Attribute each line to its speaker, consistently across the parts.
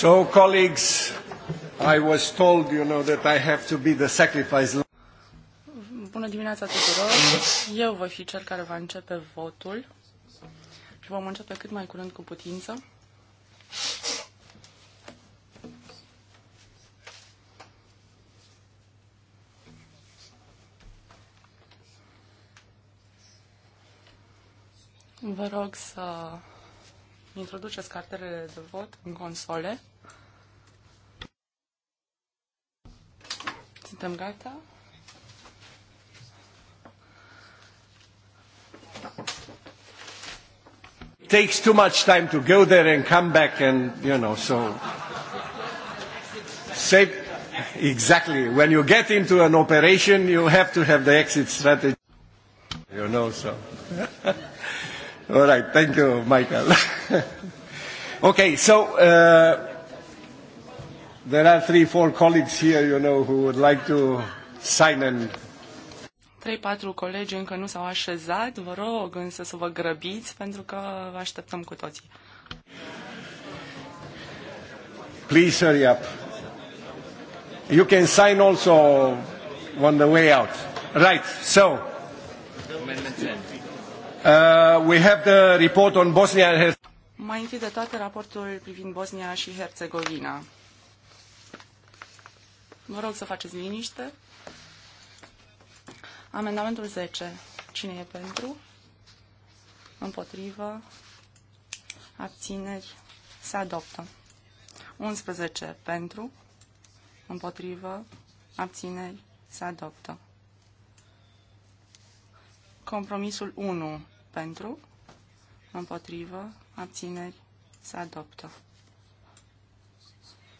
Speaker 1: So, colleagues, I was told, you know, that I have to be the sacrifice.
Speaker 2: Bună dimineața tuturor! Eu voi fi cel care va începe votul și vom începe cât mai curând cu putință. Vă rog să introduceți cartelele de vot în console. Suntem gata?
Speaker 1: takes too much time to go there and come back and you know so save exactly when you get into an operation you have to have the exit strategy you know so all right thank you michael okay so uh, There are three, four colleagues here, you know, who would like to sign
Speaker 2: colegi încă nu s-au așezat, vă rog însă să vă grăbiți pentru că vă așteptăm cu toții.
Speaker 1: Please hurry up. You can sign also on the way out. Right, so uh, we have the report on Bosnia and Herzegovina.
Speaker 2: Mai întâi de toate raportul privind Bosnia și Herzegovina. Vă rog să faceți liniște. Amendamentul 10. Cine e pentru? Împotrivă? Abțineri? Se adoptă. 11. Pentru? Împotrivă? Abțineri? Se adoptă. Compromisul 1. Pentru? Împotrivă? Abțineri? Se adoptă.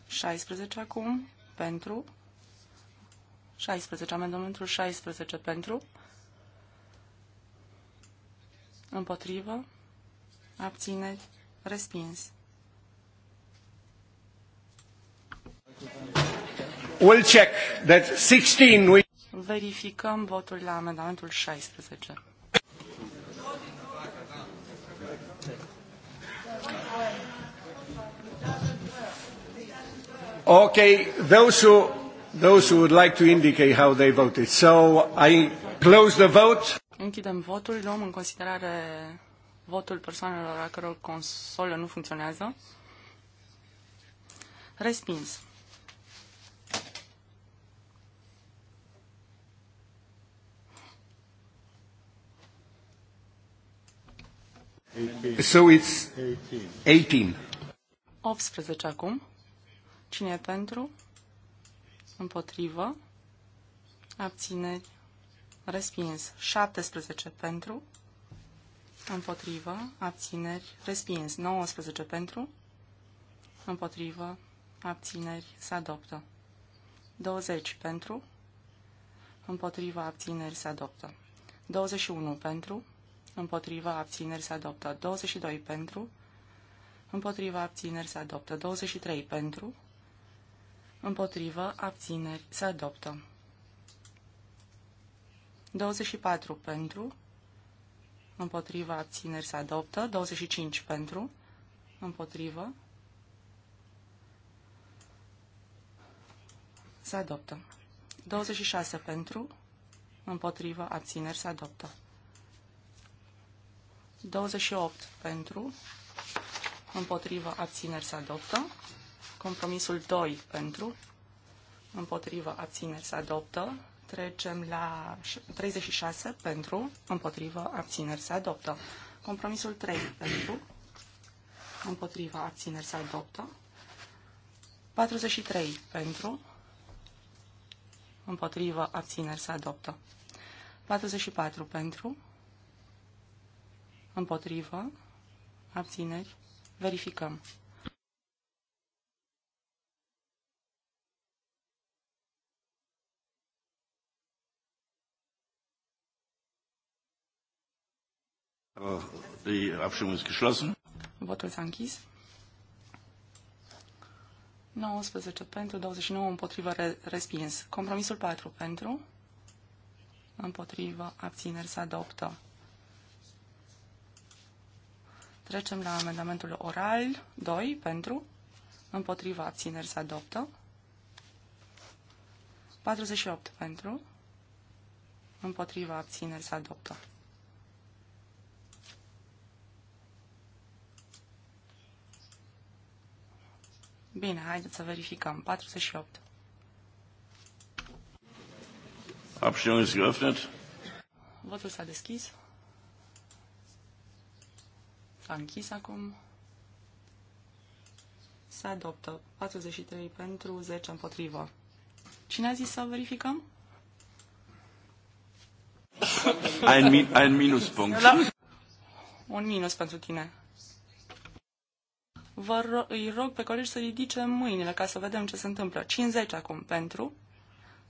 Speaker 2: 16 acum. Pentru? 16, amendamentul 16 pentru, împotrivă, abțineri, respins. We'll check
Speaker 1: that 16 we...
Speaker 2: Verificăm votul la amendamentul 16.
Speaker 1: Okay, those who those who would like to indicate how they voted. So I close the vote.
Speaker 2: Închidem votul, luăm în considerare votul persoanelor a căror consolă nu funcționează. Respins.
Speaker 1: So it's 18.
Speaker 2: 18 acum. Cine e pentru? împotrivă, abțineri, respins. 17 pentru, împotrivă, abțineri, respins. 19 pentru, împotrivă, abțineri, se adoptă. 20 pentru, împotrivă, abțineri se adoptă. 21 pentru, împotrivă, abțineri se adoptă. 22 pentru, împotrivă, abțineri se adoptă. 23 pentru, împotrivă, abțineri, se adoptă. 24 pentru, Împotrivă, abțineri, se adoptă. 25 pentru, împotrivă, se adoptă. 26 pentru, împotrivă, abțineri, se adoptă. 28 pentru, împotrivă, abțineri, se adoptă. Compromisul 2 pentru, împotrivă, abține se adoptă. Trecem la 36 pentru, împotrivă, abțineri se adoptă. Compromisul 3 pentru, împotrivă, abțineri se adoptă. 43 pentru, împotrivă, abțineri se adoptă. 44 pentru, împotrivă, abțineri, verificăm. Votul s-a închis. 19 pentru, 29 împotrivă, re respins. Compromisul 4 pentru, împotrivă, abțineri se adoptă. Trecem la amendamentul oral 2 pentru, împotrivă, abțineri se adoptă. 48 pentru, împotrivă, abțineri se adoptă. Bine, haideți să verificăm. 48.
Speaker 3: Abstimmung este geöffnet.
Speaker 2: Votul s-a deschis. S-a închis acum. Se adoptă 43 pentru, 10 împotrivă. Cine a zis să verificăm? un minus punct. minuspunct. Un minus pentru tine. Vă îi rog pe colegi să ridice mâinile ca să vedem ce se întâmplă. 50 acum pentru,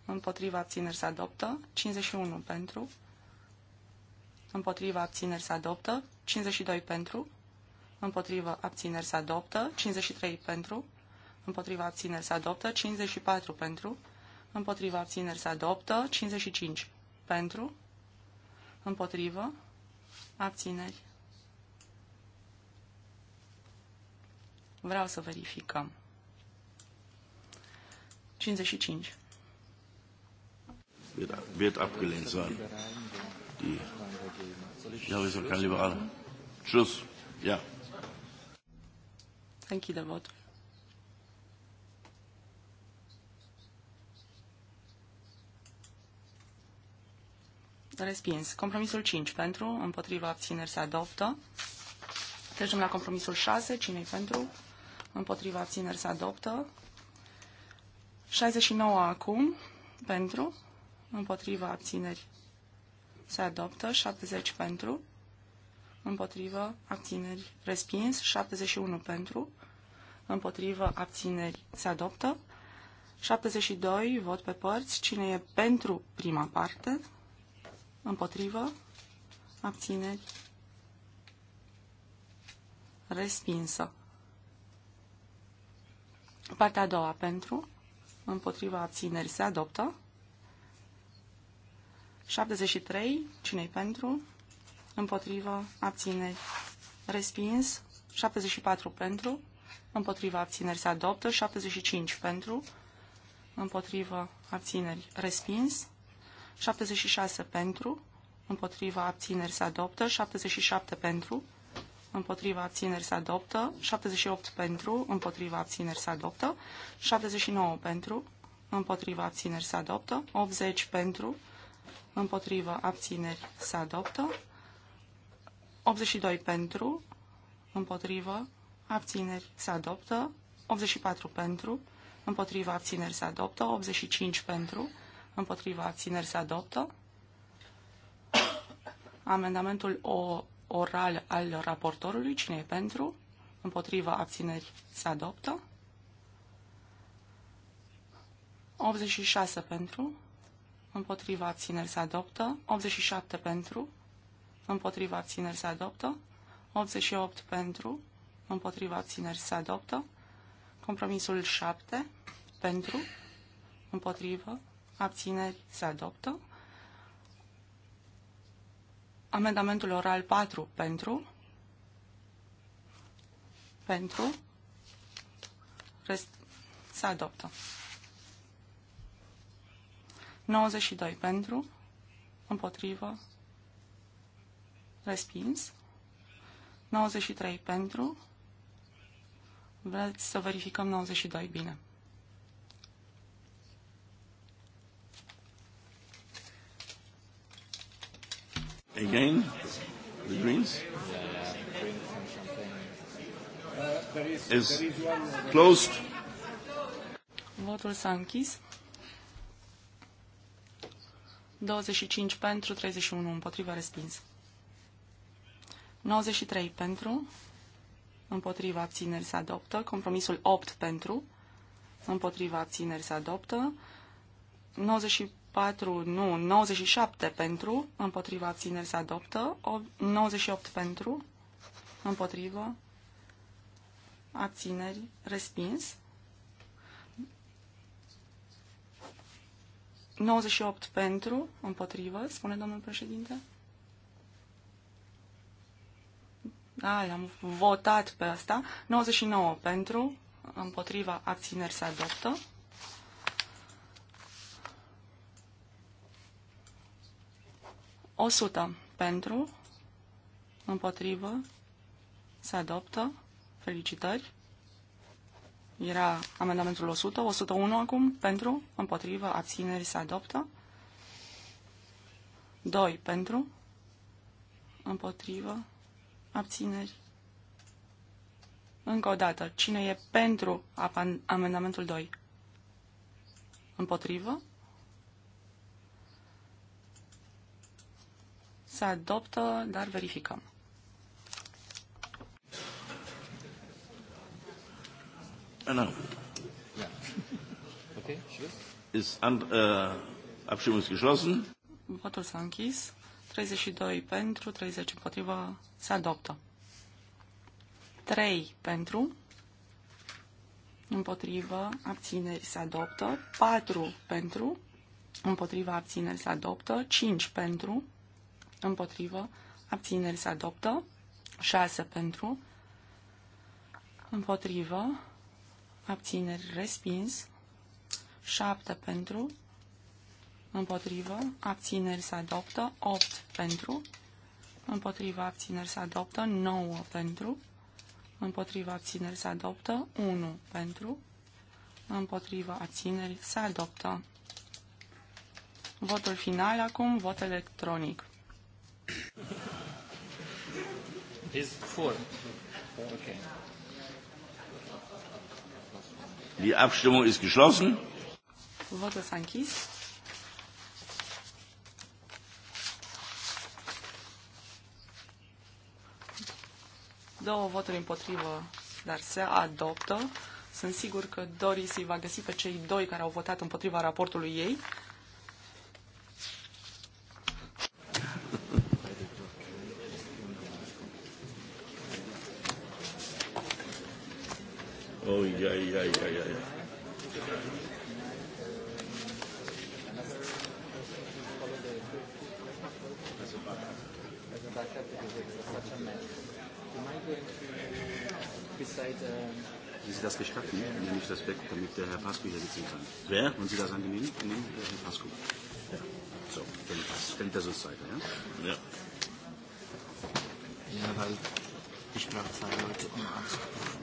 Speaker 2: împotriva abțineri se adoptă, 51 pentru, împotriva abțineri se adoptă, 52 pentru, împotriva abțineri se adoptă, 53 pentru, împotriva abțineri se adoptă, 54 pentru, împotriva abțineri se adoptă, 55 pentru, împotrivă, abțineri. Vreau să verificăm. 55.
Speaker 3: Wird, wird abgelehnt sein.
Speaker 4: Die. Ja, wir sind kein Liberaler.
Speaker 3: Tschüss. Ja.
Speaker 2: Thank you, Devot. Respins. Compromisul 5 pentru, împotriva abțineri se adoptă. Trecem la compromisul 6. Cine-i pentru? împotriva țineri se adoptă. 69 acum, pentru, împotriva abțineri se adoptă, 70 pentru, împotriva abțineri respins, 71 pentru, împotriva abțineri se adoptă, 72 vot pe părți, cine e pentru prima parte, împotriva abțineri respinsă. Partea a doua pentru, împotriva abțineri se adoptă. 73, cine pentru, împotriva abțineri respins. 74 pentru, împotriva abțineri se adoptă. 75 pentru, împotriva abțineri respins. 76 pentru, împotriva abțineri se adoptă. 77 pentru, împotriva abțineri se adoptă, 78 pentru, împotriva abțineri se adoptă, 79 pentru, împotriva abțineri se adoptă, 80 pentru, împotriva abțineri se adoptă, 82 pentru, împotriva abțineri se adoptă, 84 pentru, împotriva abțineri se adoptă, 85 pentru, împotriva abțineri se adoptă, amendamentul o oral al raportorului. Cine e pentru? Împotriva abțineri se adoptă. 86 pentru. Împotriva abțineri se adoptă. 87 pentru. Împotriva abțineri se adoptă. 88 pentru. Împotriva abțineri se adoptă. Compromisul 7 pentru. Împotrivă. Abțineri se adoptă. Amendamentul oral 4 pentru. Pentru. Rest, se adoptă. 92 pentru. Împotrivă. Respins. 93 pentru. Vreți să verificăm 92 bine.
Speaker 3: Again,
Speaker 1: the Greens. Is closed.
Speaker 2: Votul s-a închis. 25 pentru, 31 împotriva, respins. 93 pentru, împotriva, abțineri se adoptă. Compromisul 8 pentru, împotriva, abțineri se adoptă. 94 4, nu, 97 pentru, împotriva abțineri se adoptă, 98 pentru, împotrivă, abțineri, respins, 98 pentru, împotrivă, spune domnul președinte. Da, l-am votat pe asta. 99 pentru, împotriva, abțineri se adoptă. 100 pentru, împotrivă, se adoptă, felicitări. Era amendamentul 100, 101 acum, pentru, împotrivă, abțineri, se adoptă. 2 pentru, împotrivă, abțineri. Încă o dată, cine e pentru amendamentul 2? Împotrivă, se adoptă, dar verificăm. Genau. Ah, ja. Okay, Schluss.
Speaker 3: Ist an, äh,
Speaker 2: Votul s-a închis. 32 pentru, 30 împotrivă, Se adoptă. 3 pentru, împotrivă, abțineri se adoptă. 4 pentru, împotrivă, abțineri se adoptă. 5 pentru, împotrivă, abțineri se adoptă, 6 pentru, împotrivă, abțineri respins, 7 pentru, împotrivă, abțineri se adoptă, 8 pentru, Împotrivă abțineri se adoptă, 9 pentru, Împotrivă abțineri se adoptă, 1 pentru, Împotrivă abțineri se adoptă. Votul final acum, vot electronic.
Speaker 4: Is four. Okay.
Speaker 3: Die Abstimmung ist geschlossen.
Speaker 2: Votul s-a închis. Două voturi împotrivă, dar se adoptă. Sunt sigur că Doris îi va găsi pe cei doi care au votat împotriva raportului ei.
Speaker 3: ai, ai, ai.
Speaker 4: Sind
Speaker 5: Sie das gestatten, wenn ja, nicht das weg, damit der Herr Pasco hier sitzen kann? Wer? Und Sie das angenehm? Nehmen der Herr
Speaker 4: Pasco. Ja. So, dann stellt er uns weiter, ja? Ja. Ja, weil ich brauche zwei Leute, um anzurufen.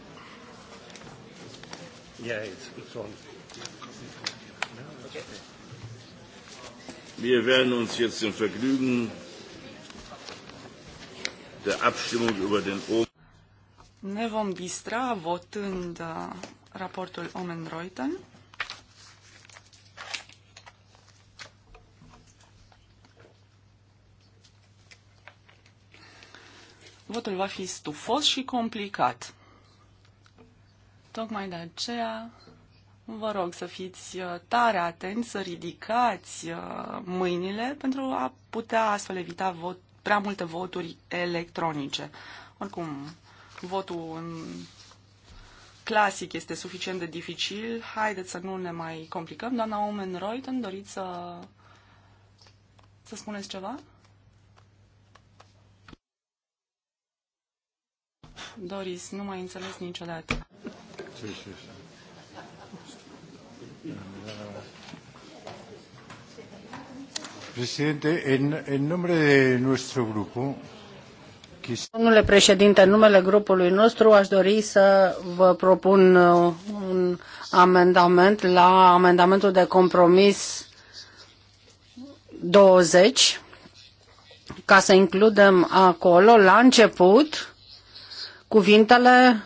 Speaker 1: Yeah, it's, it's on.
Speaker 3: Wir werden uns jetzt im Vergnügen der Abstimmung über den o
Speaker 2: Ne vom distra votând uh, raportul Omen-Reuten. Votul va fi stufos și complicat. Tocmai de aceea vă rog să fiți uh, tare atenți, să ridicați uh, mâinile pentru a putea astfel evita vot, prea multe voturi electronice. Oricum, votul în clasic este suficient de dificil. Haideți să nu ne mai complicăm. Doamna Omen Reuten, doriți să, să spuneți ceva? Doris, nu mai înțeles niciodată.
Speaker 1: Sì, sì,
Speaker 6: Presidente, en, en nombre de nuestro grupo,
Speaker 7: Domnule președinte, în numele grupului nostru aș dori să vă propun uh, un amendament la amendamentul de compromis 20 ca să includem acolo la început cuvintele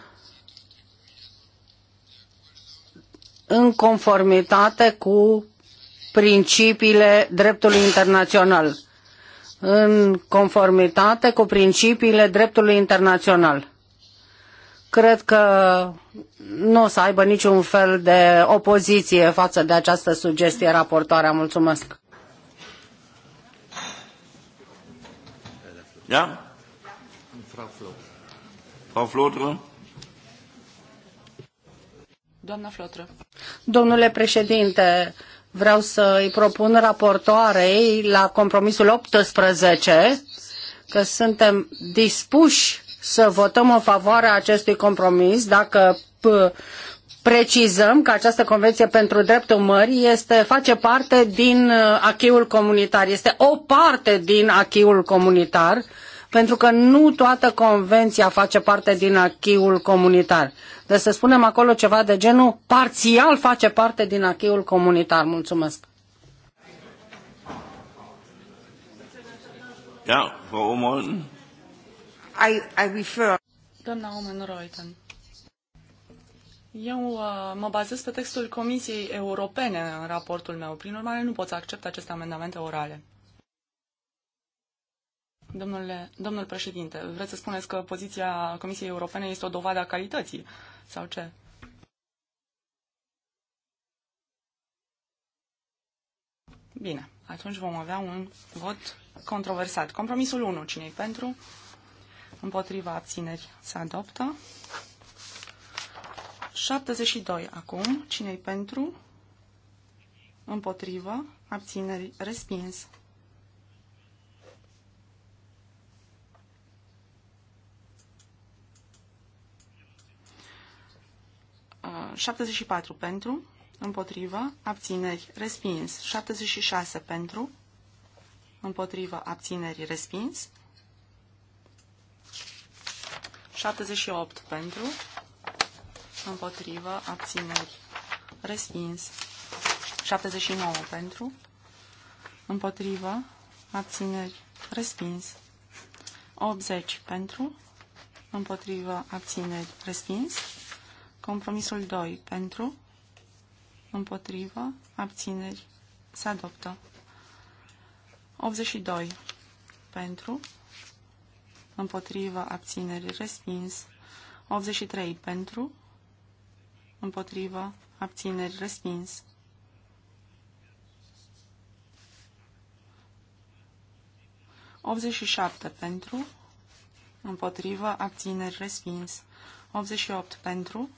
Speaker 7: în conformitate cu principiile dreptului internațional, în conformitate cu principiile dreptului internațional. Cred că nu o să aibă niciun fel de opoziție față de această sugestie raportoare. Mulțumesc. Ja?
Speaker 3: Frau Flotre. Frau Flotre?
Speaker 2: Doamna Flotră.
Speaker 7: Domnule președinte, vreau să îi propun raportoarei la compromisul 18 că suntem dispuși să votăm în favoarea acestui compromis dacă precizăm că această convenție pentru dreptul mării este, face parte din uh, achiul comunitar, este o parte din achiul comunitar uh, pentru că nu toată convenția face parte din achiul comunitar. Deci să spunem acolo ceva de genul parțial face parte din achiul comunitar. Mulțumesc.
Speaker 3: Da, Frau
Speaker 2: I, I refer. Doamna Omen Reuten. Eu uh, mă bazez pe textul Comisiei Europene în raportul meu. Prin urmare, nu pot să accept aceste amendamente orale. Domnule, domnul președinte, vreți să spuneți că poziția Comisiei Europene este o dovadă a calității sau ce? Bine, atunci vom avea un vot controversat. Compromisul 1, cine pentru? Împotriva abțineri se adoptă. 72 acum, cine pentru? Împotriva, abțineri, respins. 74 pentru, împotrivă, abțineri, respins. 76 pentru, împotrivă, abțineri, respins. 78 pentru, împotrivă, abțineri, respins. 79 pentru, împotrivă, abțineri, respins. 80 pentru, împotrivă, abțineri, respins. Compromisul 2 pentru, împotrivă, abțineri, se adoptă. 82 pentru, împotrivă, abțineri, respins. 83 pentru, împotrivă, abțineri, respins. Optzeci șapte pentru, împotrivă, abțineri, respins. 88 pentru,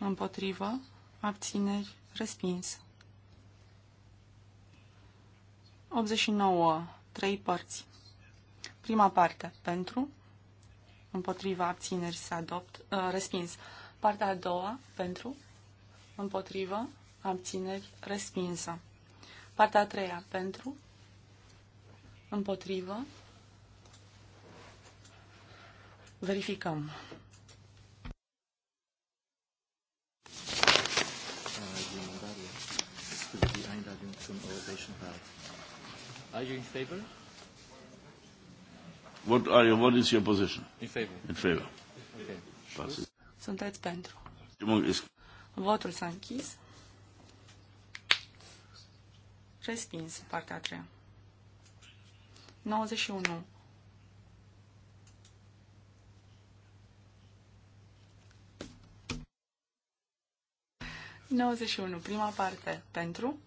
Speaker 2: împotrivă, abțineri, respins. 89, trei părți. Prima parte, pentru, împotriva, abțineri, se adopt, uh, respins. Partea a doua, pentru, împotrivă, abțineri, respinsă. Partea a treia, pentru, împotrivă, verificăm.
Speaker 4: person or patient
Speaker 2: Are you in favor?
Speaker 3: What, are you, what is your position? In favor. In favor. Okay.
Speaker 2: Sunteți pentru. Votul s-a închis. Respins partea a treia. 91. Nouăzeci și unu, prima parte pentru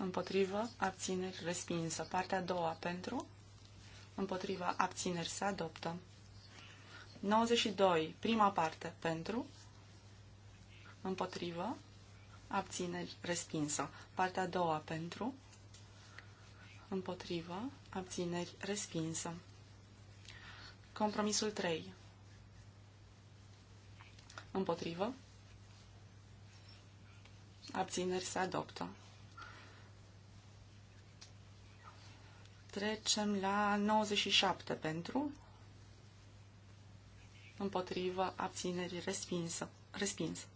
Speaker 2: împotrivă, abțineri, respinsă. Partea a doua pentru, împotrivă, abțineri, se adoptă. 92, prima parte, pentru, împotrivă, abțineri, respinsă. Partea a doua, pentru, împotrivă, abțineri, respinsă. Compromisul 3, împotrivă, abțineri, se adoptă. Trecem la 97 pentru, împotrivă, abținerii respinsă, respins.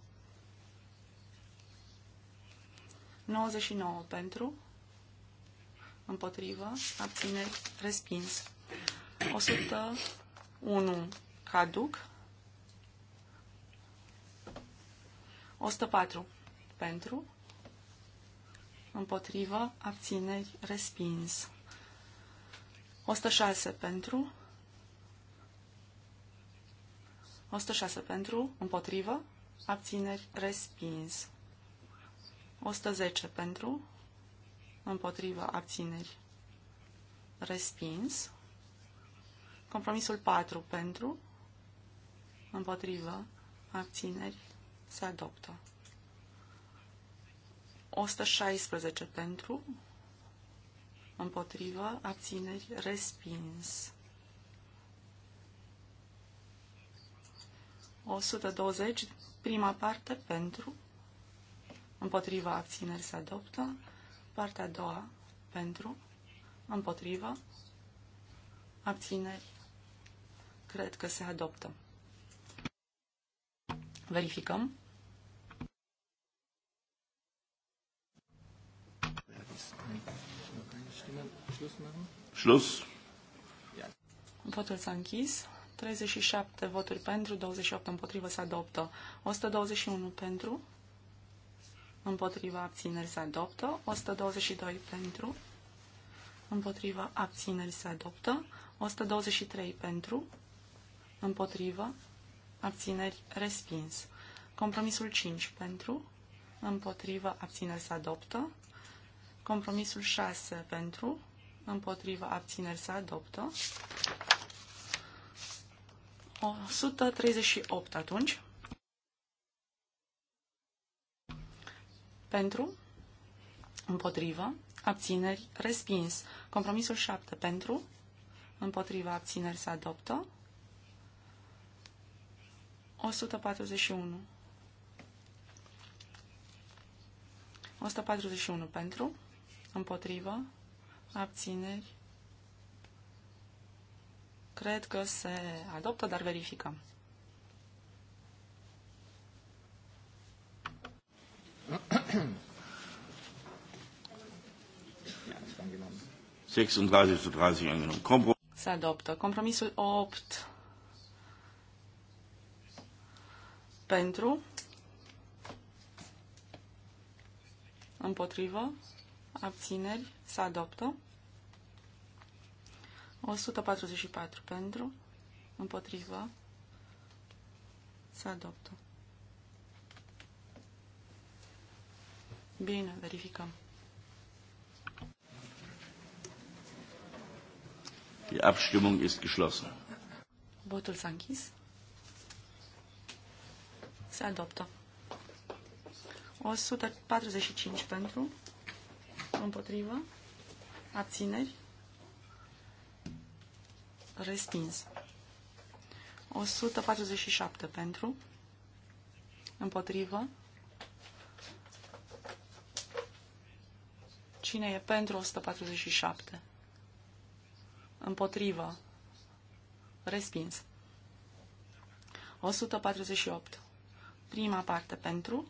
Speaker 2: 99 pentru, împotrivă, abțineri, respins. 101 caduc, 104 pentru, împotrivă, abțineri, respins. 106 pentru. 106 pentru, împotrivă, abțineri, respins. 110 pentru, împotrivă, abțineri, respins. Compromisul 4 pentru, împotrivă, abțineri, se adoptă. 116 pentru, împotrivă, abțineri, respins. 120, prima parte, pentru, împotriva, abțineri, se adoptă. Partea a doua, pentru, împotrivă, abțineri, cred că se adoptă. Verificăm. Thank you. Schluss
Speaker 1: machen?
Speaker 3: Schluss.
Speaker 2: Votul s-a închis. 37 voturi pentru, 28 împotrivă se adoptă. 121 pentru, împotriva abțineri se adoptă. 122 pentru, împotriva abțineri se adoptă. 123 pentru, împotriva abțineri respins. Compromisul 5 pentru, împotriva abțineri se adoptă. Compromisul 6 pentru, împotriva abțineri se adoptă. 138 atunci. Pentru, împotrivă, abțineri, respins. Compromisul 7 pentru, împotriva abțineri se adoptă. 141. 141 pentru, împotrivă, abțineri. Cred că se adoptă, dar verificăm. Se adoptă. Compromisul 8 pentru împotrivă abțineri se adoptă. 144 pentru, împotrivă, se adoptă. Bine, verificăm.
Speaker 3: Die Abstimmung ist geschlossen.
Speaker 2: Votul s-a închis. Se adoptă. 145 pentru, împotrivă, abțineri, Respins. 147 pentru. Împotrivă. Cine e pentru 147? Împotrivă. Respins. 148. Prima parte pentru.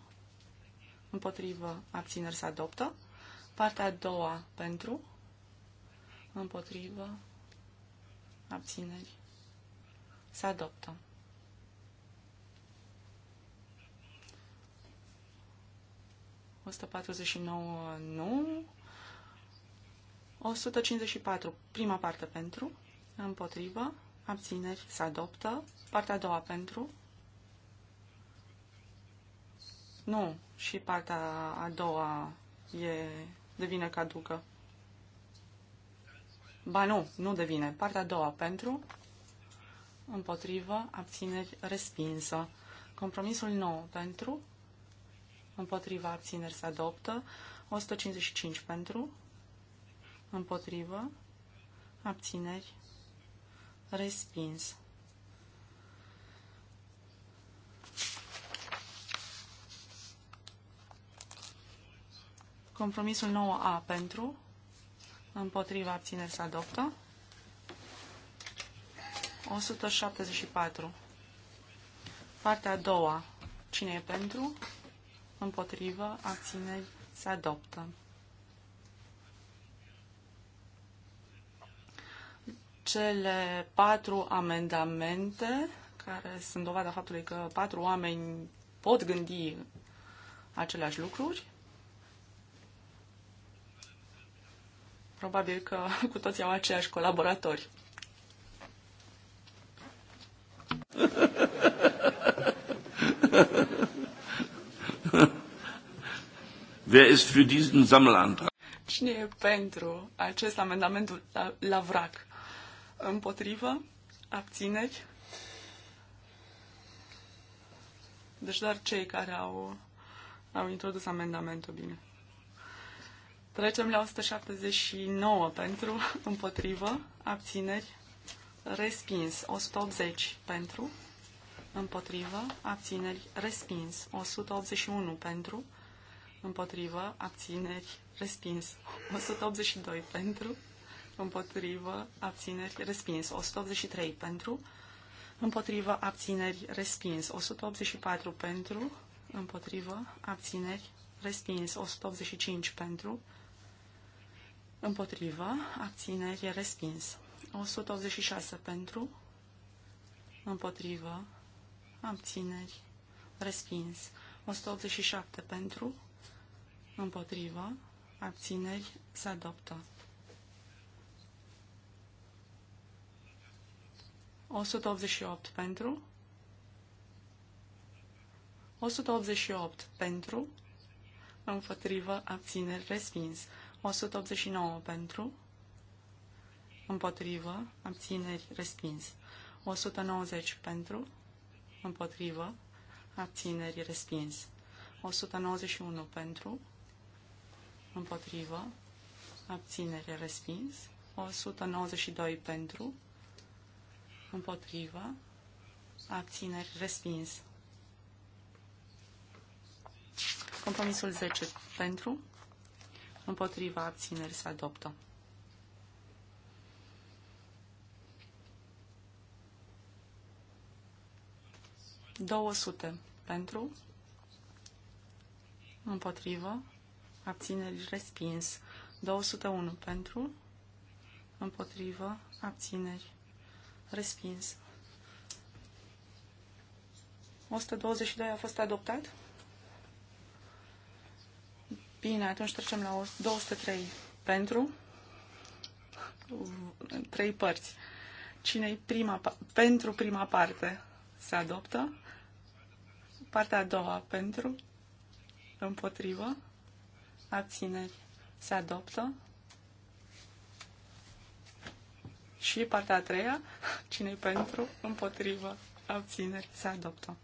Speaker 2: Împotrivă. Abțineri se adoptă. Partea a doua pentru. Împotrivă abțineri, se adoptă. nouă nu. 154, prima parte pentru, împotrivă, abțineri, se adoptă. Partea a doua pentru, nu, și partea a doua e, devine caducă. Ba nu, nu devine. Partea a doua pentru, împotrivă, abțineri, respinsă. Compromisul nou pentru, împotriva, abțineri, se adoptă. 155 pentru, împotrivă, abțineri, respins. Compromisul 9A pentru, împotriva abțineri se adoptă. 174. Partea a doua. Cine e pentru? Împotrivă, abțineri se adoptă. Cele patru amendamente care sunt dovada faptului că patru oameni pot gândi aceleași lucruri Probabil că cu toții au aceiași colaboratori.
Speaker 3: Wer ist für diesen Sammelantrag?
Speaker 2: Cine e pentru acest amendament la, la vrac? Împotrivă? Abțineri? Deci doar cei care au, au introdus amendamentul, bine. Trecem la 179 pentru, împotrivă, abțineri, respins. 180 pentru, împotrivă, abțineri, respins. 181 pentru, împotrivă, abțineri, respins. 182 pentru, împotrivă, abțineri, respins. 183 pentru, împotrivă, abțineri, respins. 184 pentru, împotrivă, abțineri, respins. 185 pentru, Împotrivă. Abțineri. Respins. 186 pentru. Împotrivă. Abțineri. Respins. 187 pentru. Împotrivă. Abțineri. Se adoptă. 188 pentru. 188 pentru. Împotrivă. Abțineri. Respins. 189 pentru, împotrivă, abțineri, respins. 190 pentru, împotrivă, abțineri, respins. 191 pentru, împotrivă, abțineri, respins. 192 pentru, împotrivă, abțineri, respins. Compromisul 10 pentru, împotriva abțineri se adoptă. Două sute pentru, împotrivă, abțineri respins. 201 pentru, împotrivă, abțineri respins. 122 a fost adoptat? Bine, atunci trecem la 203 pentru trei părți. cine prima, pentru prima parte se adoptă, partea a doua pentru, împotrivă, abțineri se adoptă și partea a treia, cine pentru, împotrivă, abțineri se adoptă.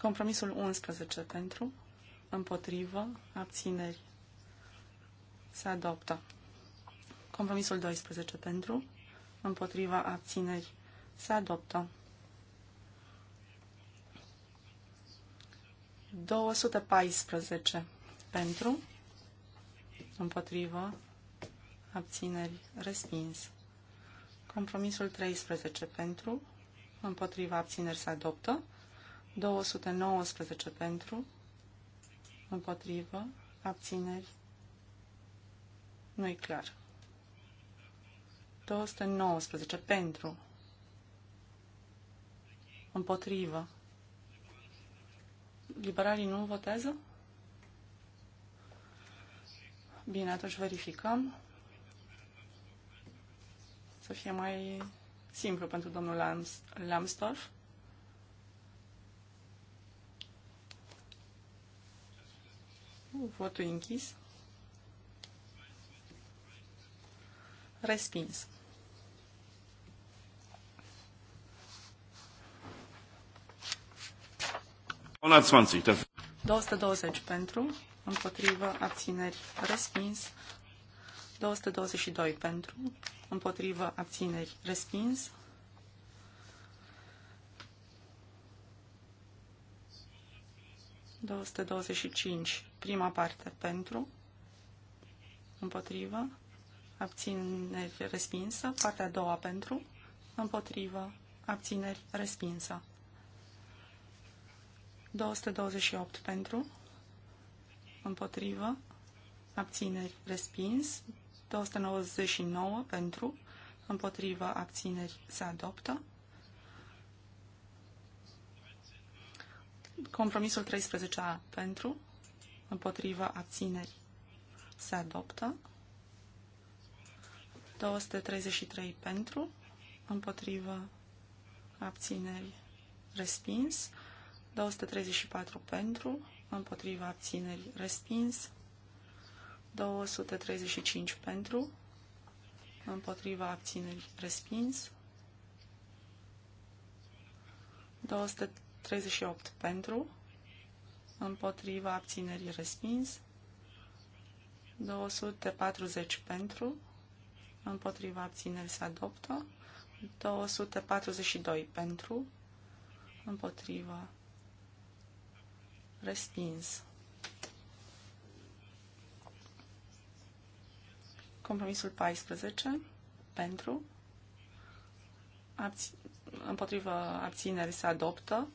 Speaker 2: Compromisul 11 pentru, împotrivă, abțineri, se adoptă. Compromisul 12 pentru, împotriva, abțineri, se adoptă. 214 pentru, împotrivă, abțineri, respins. Compromisul 13 pentru, împotriva, abțineri, se adoptă. 219 pentru, împotrivă, abțineri, nu-i clar. 219 pentru, împotrivă. Liberalii nu votează? Bine, atunci verificăm. Să fie mai simplu pentru domnul Lams Lambsdorff. Votul închis. Respins. Ona 220 pentru, împotrivă, abțineri, respins. 222 pentru, împotrivă, abțineri, respins. 225 Prima parte pentru, împotrivă, abțineri respinsă. Partea a doua pentru, împotrivă, abțineri respinsă. 228 pentru, împotrivă, abțineri respins. 299 pentru, împotrivă, abțineri se adoptă. Compromisul 13A pentru, împotriva abțineri se adoptă. 233 pentru, împotriva abținerii respins. 234 pentru, împotriva abținerii respins. 235 pentru, împotriva abținerii respins. 238 pentru, împotriva abținerii respins, 240 pentru, împotriva abținerii se adoptă, 242 pentru, împotriva, respins. Compromisul 14 pentru, abț- împotriva abținerii se adoptă,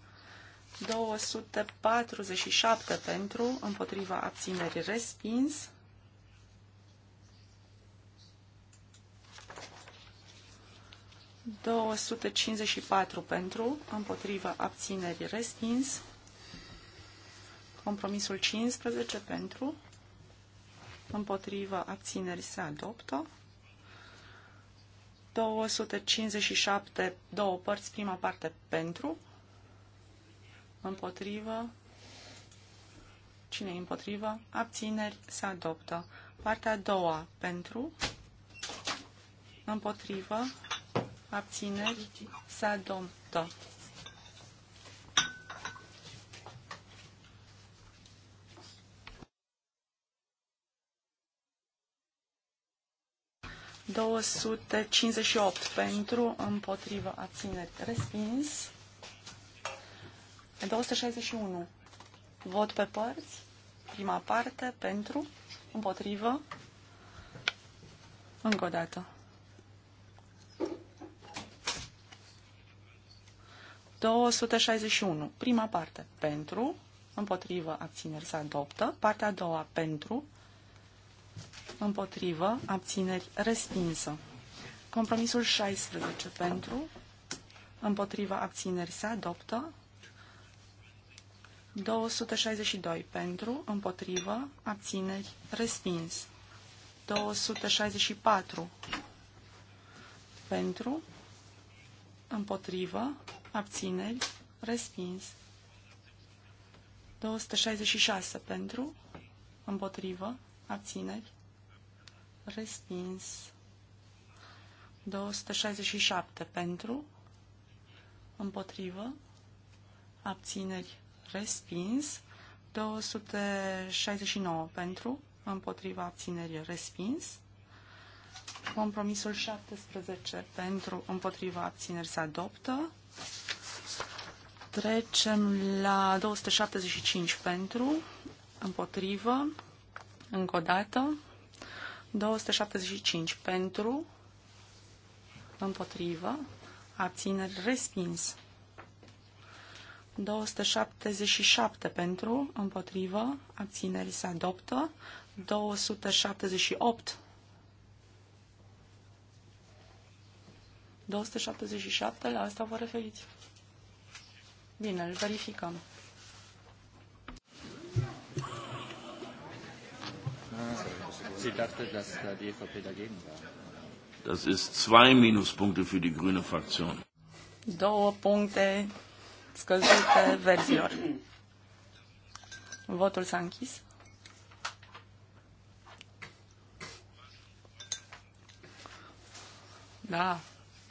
Speaker 2: 247 pentru, împotriva abținerii respins. patru pentru, împotriva abținerii respins. Compromisul 15 pentru, împotriva abținerii se adoptă. 257, două părți, prima parte pentru, împotrivă, cine e împotrivă, abțineri, se adoptă. Partea a doua, pentru, împotrivă, abțineri, se adoptă. ...258 pentru, împotrivă, abțineri, respins. 261. Vot pe părți. Prima parte pentru, împotrivă. Încă o dată. 261. Prima parte pentru, împotrivă, abțineri se adoptă. Partea a doua pentru, împotrivă, abțineri respinsă. Compromisul 16 pentru, împotriva abțineri se adoptă. 262 pentru, împotrivă, abțineri, respins. 264 pentru, împotrivă, abțineri, respins. 266 pentru, împotrivă, abțineri, respins. 267 pentru, împotrivă, abțineri, respins. 269 pentru, împotriva abținerii, respins. Compromisul 17 pentru, împotriva abținerii se adoptă. Trecem la 275 pentru, împotrivă, încă o dată. 275 pentru, împotrivă, abțineri, respins. 277 pentru, împotrivă, abținerii se adoptă. 278 277, la asta vă referiți. Bine, îl verificăm.
Speaker 4: Da
Speaker 3: das ist zwei Minuspunkte für die grüne Fraktion.
Speaker 2: Două puncte scăzute verzilor. Votul s-a închis. Da,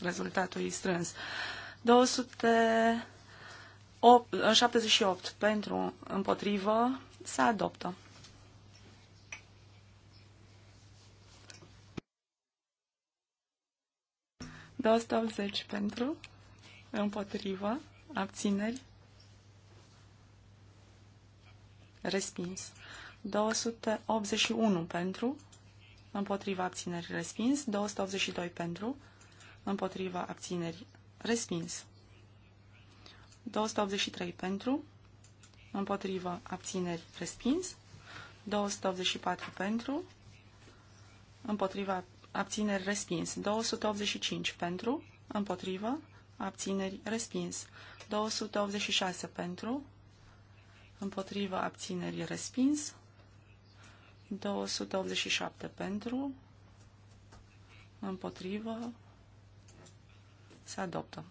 Speaker 2: rezultatul e strâns. 278 pentru împotrivă se adoptă. De pentru împotrivă Abțineri. Respins. 281 pentru. Împotriva abțineri respins. 282 pentru. Împotriva abțineri respins. 283 pentru. Împotriva abțineri respins. 284 pentru. Împotriva abțineri respins. 285 pentru. Împotriva abțineri, respins. 286 pentru, împotrivă, abțineri, respins. 287 pentru, împotrivă, se adoptă.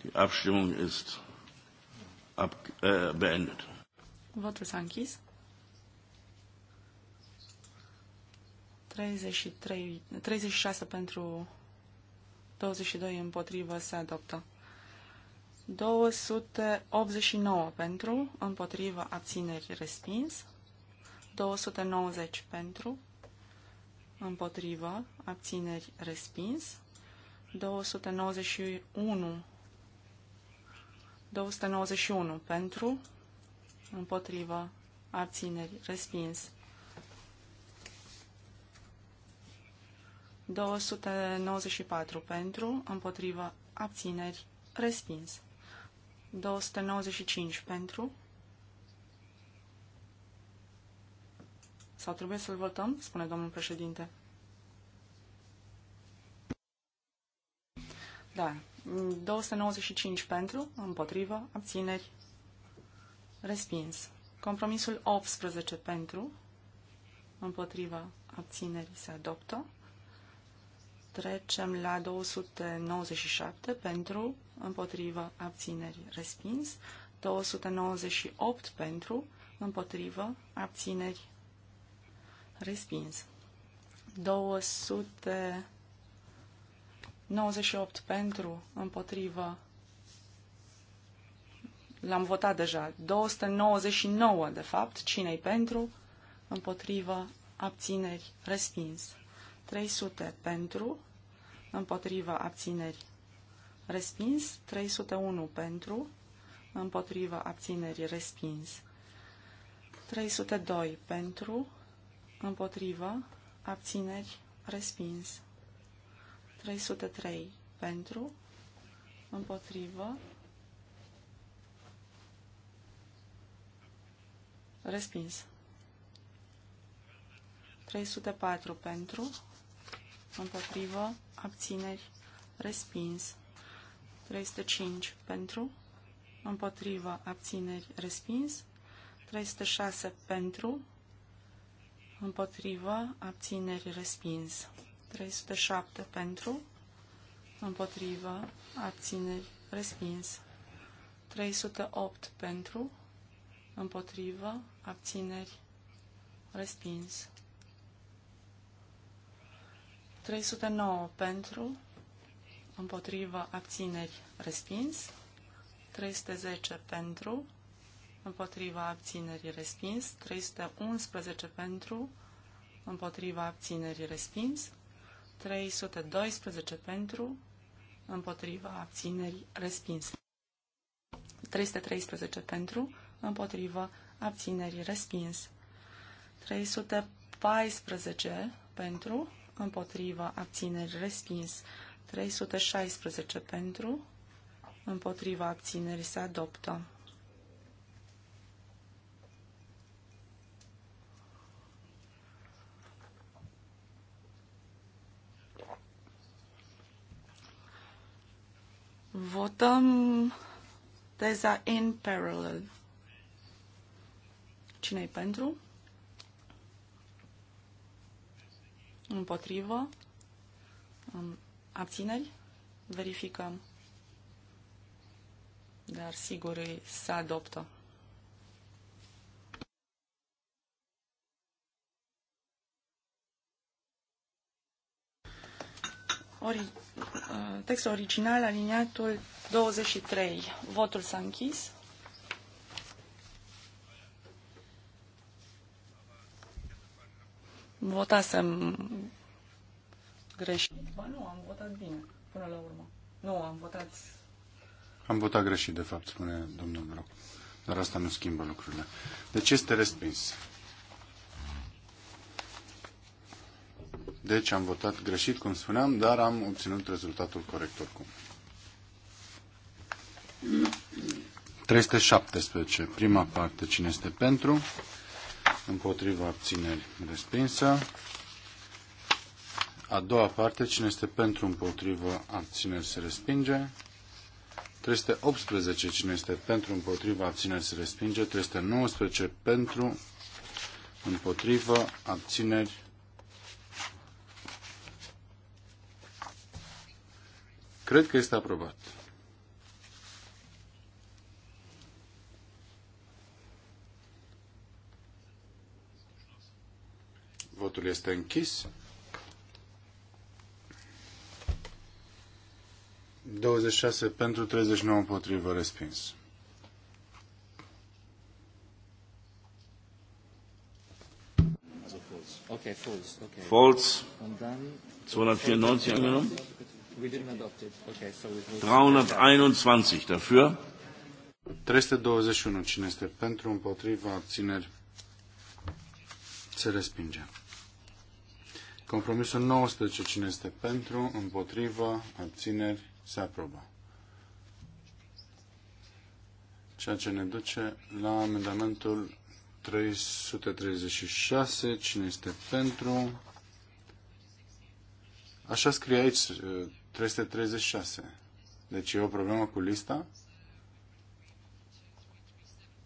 Speaker 3: Die Abstimmung ist ab, äh, beendet.
Speaker 2: Votul s-a închis. 33, 36 pentru 22 împotrivă se adoptă. 289 pentru, împotrivă abțineri respins. 290 pentru, împotrivă abțineri respins. 291 291 pentru, împotrivă, abțineri, respins. 294 pentru, împotrivă, abțineri, respins. 295 pentru. Sau trebuie să-l votăm? Spune domnul președinte. Da. 295 pentru, împotrivă, abțineri, Respins. Compromisul 18 pentru, împotriva abținerii se adoptă. Trecem la 297 pentru, împotriva abținerii respins. 298 pentru, împotriva abținerii. respins. 298 pentru, împotriva L-am votat deja. 299, de fapt. Cine-i pentru? Împotrivă. Abțineri. Respins. 300 pentru. Împotrivă. Abțineri. Respins. 301 pentru. Împotrivă. Abțineri. Respins. 302 pentru. Împotrivă. Abțineri. Respins. 303 pentru. Împotrivă. Respins. 304 pentru, împotrivă, abțineri, respins. 305 pentru, împotrivă, abțineri, respins. 306 pentru, împotrivă, abțineri, respins. 307 pentru, împotrivă, abțineri, respins. 308 pentru, împotrivă, abțineri, respins. 309 pentru, împotrivă, abțineri, respins. 310 pentru, împotriva abținerii respins, 311 pentru, împotriva abținerii respins, 312 pentru, împotriva abținerii respins, 313 pentru, împotrivă, abținerii respins. 314 pentru, împotrivă, abțineri, respins. 316 pentru, împotriva abținerii se adoptă. Votăm teza in parallel. Cine-i pentru? Împotrivă? Abțineri? Verificăm. Dar sigur se adoptă. Ori, uh, textul original, aliniatul 23. Votul s-a închis. Votasem greșit. Ba nu, am votat bine până la urmă. Nu, am votat...
Speaker 6: Am votat greșit, de fapt, spune domnul Broc. Dar asta nu schimbă lucrurile. Deci este respins. Deci am votat greșit, cum spuneam, dar am obținut rezultatul corect oricum. 317. Prima parte. Cine este pentru? împotriva abțineri respinsă. A doua parte, cine este pentru împotriva abțineri se respinge. 318, cine este pentru împotriva abțineri se respinge. 319, pentru împotriva abțineri Cred că este aprobat. Votul este închis. 26 pentru, 39 împotrivă, respins.
Speaker 4: Okay, false. Okay. False. 294 angenommen. 321
Speaker 6: dafür. 321. Cine este pentru, împotriva, abțineri, se respinge. Compromisul 19. Cine este pentru? Împotrivă? Abțineri? Se aprobă. Ceea ce ne duce la amendamentul 336. Cine este pentru? Așa scrie aici 336. Eh, deci e o problemă cu lista?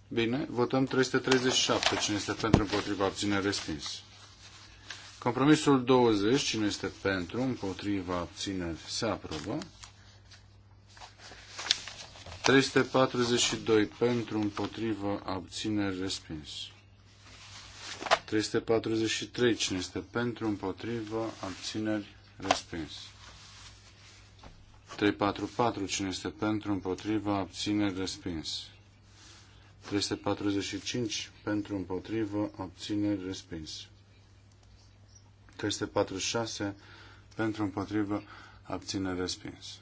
Speaker 6: Bine, votăm 337. Cine este pentru împotriva abține respins? Compromisul 20, cine este pentru, împotriva, abțineri, se aprobă. 342 pentru, împotriva, abțineri, respins. 343, cine este pentru, împotriva, abțineri, respins. 344, cine este pentru, împotriva, abțineri, respins. 345, pentru, împotriva, abțineri, respins. 346 pentru împotrivă abține respins.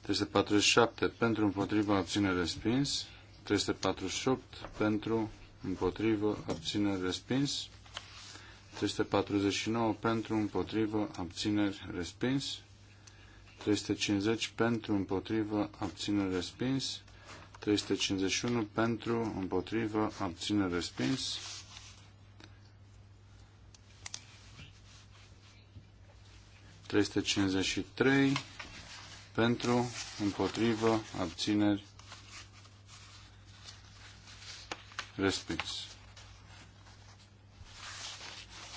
Speaker 6: 347 pentru împotrivă abține respins. 348 pentru împotrivă abține respins. 349 pentru împotrivă abțineri respins. 350 pentru împotrivă abține respins. 351 pentru împotrivă abține respins. 353 pentru, împotrivă, abțineri, respins.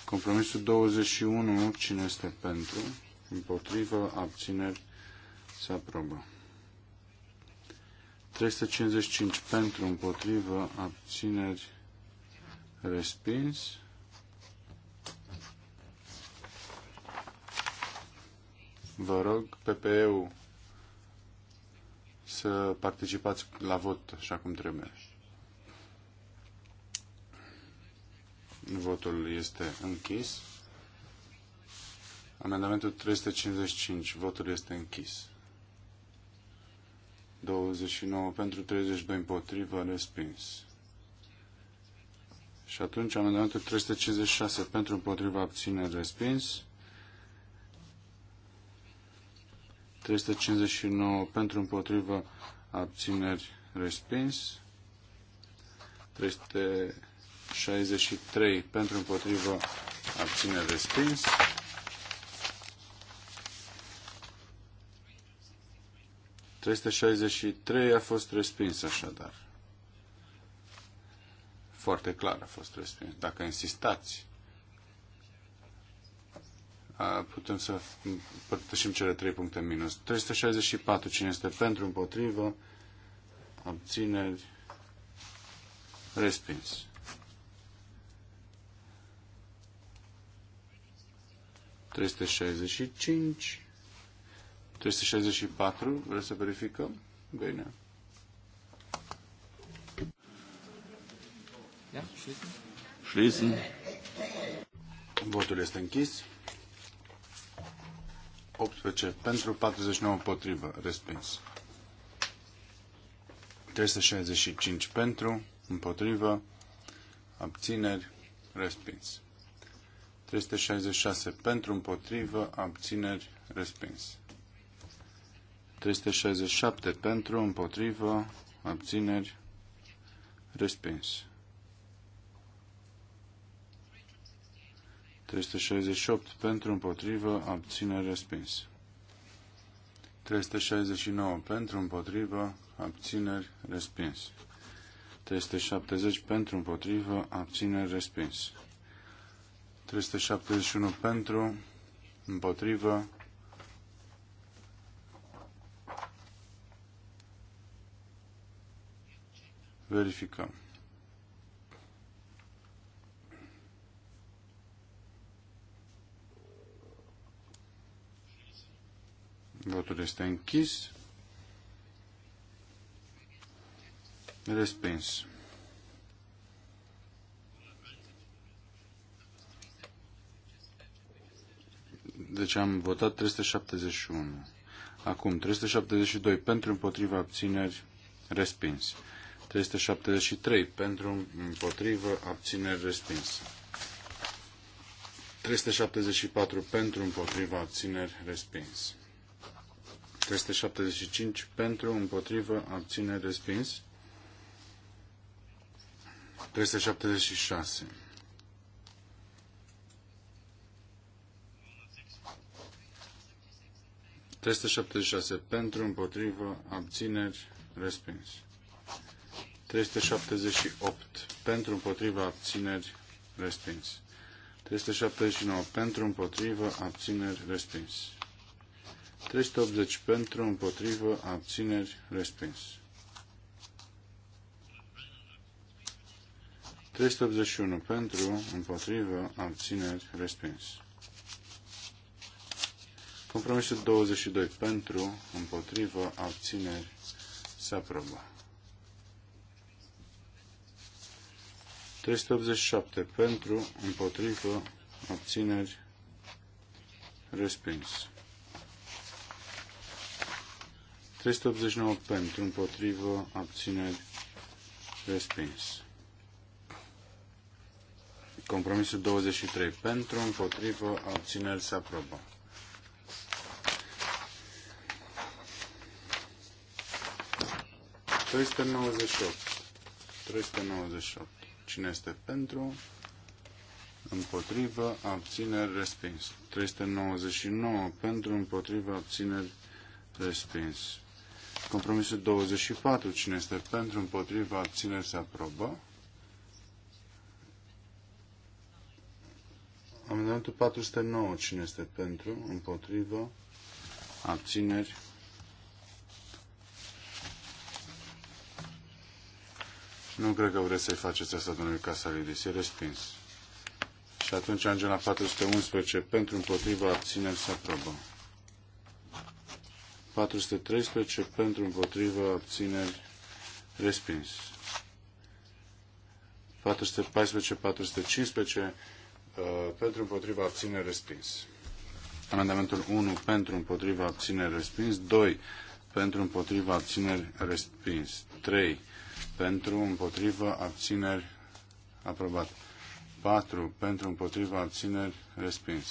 Speaker 6: Compromisul 21, cine este pentru, împotrivă, abțineri, se aprobă. 355 pentru, împotrivă, abțineri, respins. Vă rog, PPE-ul, să participați la vot așa cum trebuie. Votul este închis. Amendamentul 355. Votul este închis. 29 pentru 32 împotrivă, respins. Și atunci amendamentul 356 pentru împotriva abține, respins. 359 pentru împotrivă abțineri respins. 363 pentru împotrivă abțineri respins. 363 a fost respins așadar. Foarte clar a fost respins. Dacă insistați putem să împărtășim cele trei puncte în minus. 364, cine este pentru, împotrivă, abțineri, respins. Treste și patru. vreți să verificăm? Bine. Schließen. Votul este închis. 18 pentru 49 împotrivă. Respins. 365 pentru, împotrivă, abțineri, respins. 366 pentru, împotrivă, abțineri, respins. 367 pentru, împotrivă, abțineri, respins. 368 pentru, împotrivă, abțineri, respins. 369 pentru, împotrivă, abțineri, respins. 370 pentru, împotrivă, abțineri, respins. 371 pentru, împotrivă, verificăm. Votul este închis. Respins. Deci am votat 371. Acum, 372 pentru împotriva abțineri, respins. 373 pentru împotriva abțineri, respins. 374 pentru împotriva abțineri, respins. 375 pentru, împotrivă, abține, respins. 376. 376 pentru, împotrivă, abțineri, respins. 378 pentru, împotrivă, abțineri, respins. 379 pentru, împotrivă, abțineri, respins. 380 pentru, împotrivă, abțineri, respins. 381 pentru, împotrivă, abțineri, respins. Compromisul 22 pentru, împotrivă, abțineri, se aprobă. 387 pentru, împotrivă, abțineri, respins. 389 pentru, împotrivă, abțineri, respins. Compromisul 23 pentru, împotrivă, abțineri, se aprobă. Este 98. 398. Cine este pentru? Împotrivă, abțineri, respins. 399 pentru, împotrivă, abțineri, respins. Compromisul 24. Cine este pentru, împotriva, abține, se aprobă. Amendamentul 409. Cine este pentru, împotriva abțineri, Nu cred că vreți să-i faceți asta domnului Casalidis. E respins. Și atunci Angela 411 pentru împotriva abțineri se aprobă. 413 pentru împotrivă abțineri respins. 414-415 uh, pentru împotriva abțineri respins. Amendamentul 1 pentru împotriva abțineri respins. 2 pentru împotriva abțineri respins. 3 pentru împotriva abțineri aprobat. 4 pentru împotriva abțineri respins.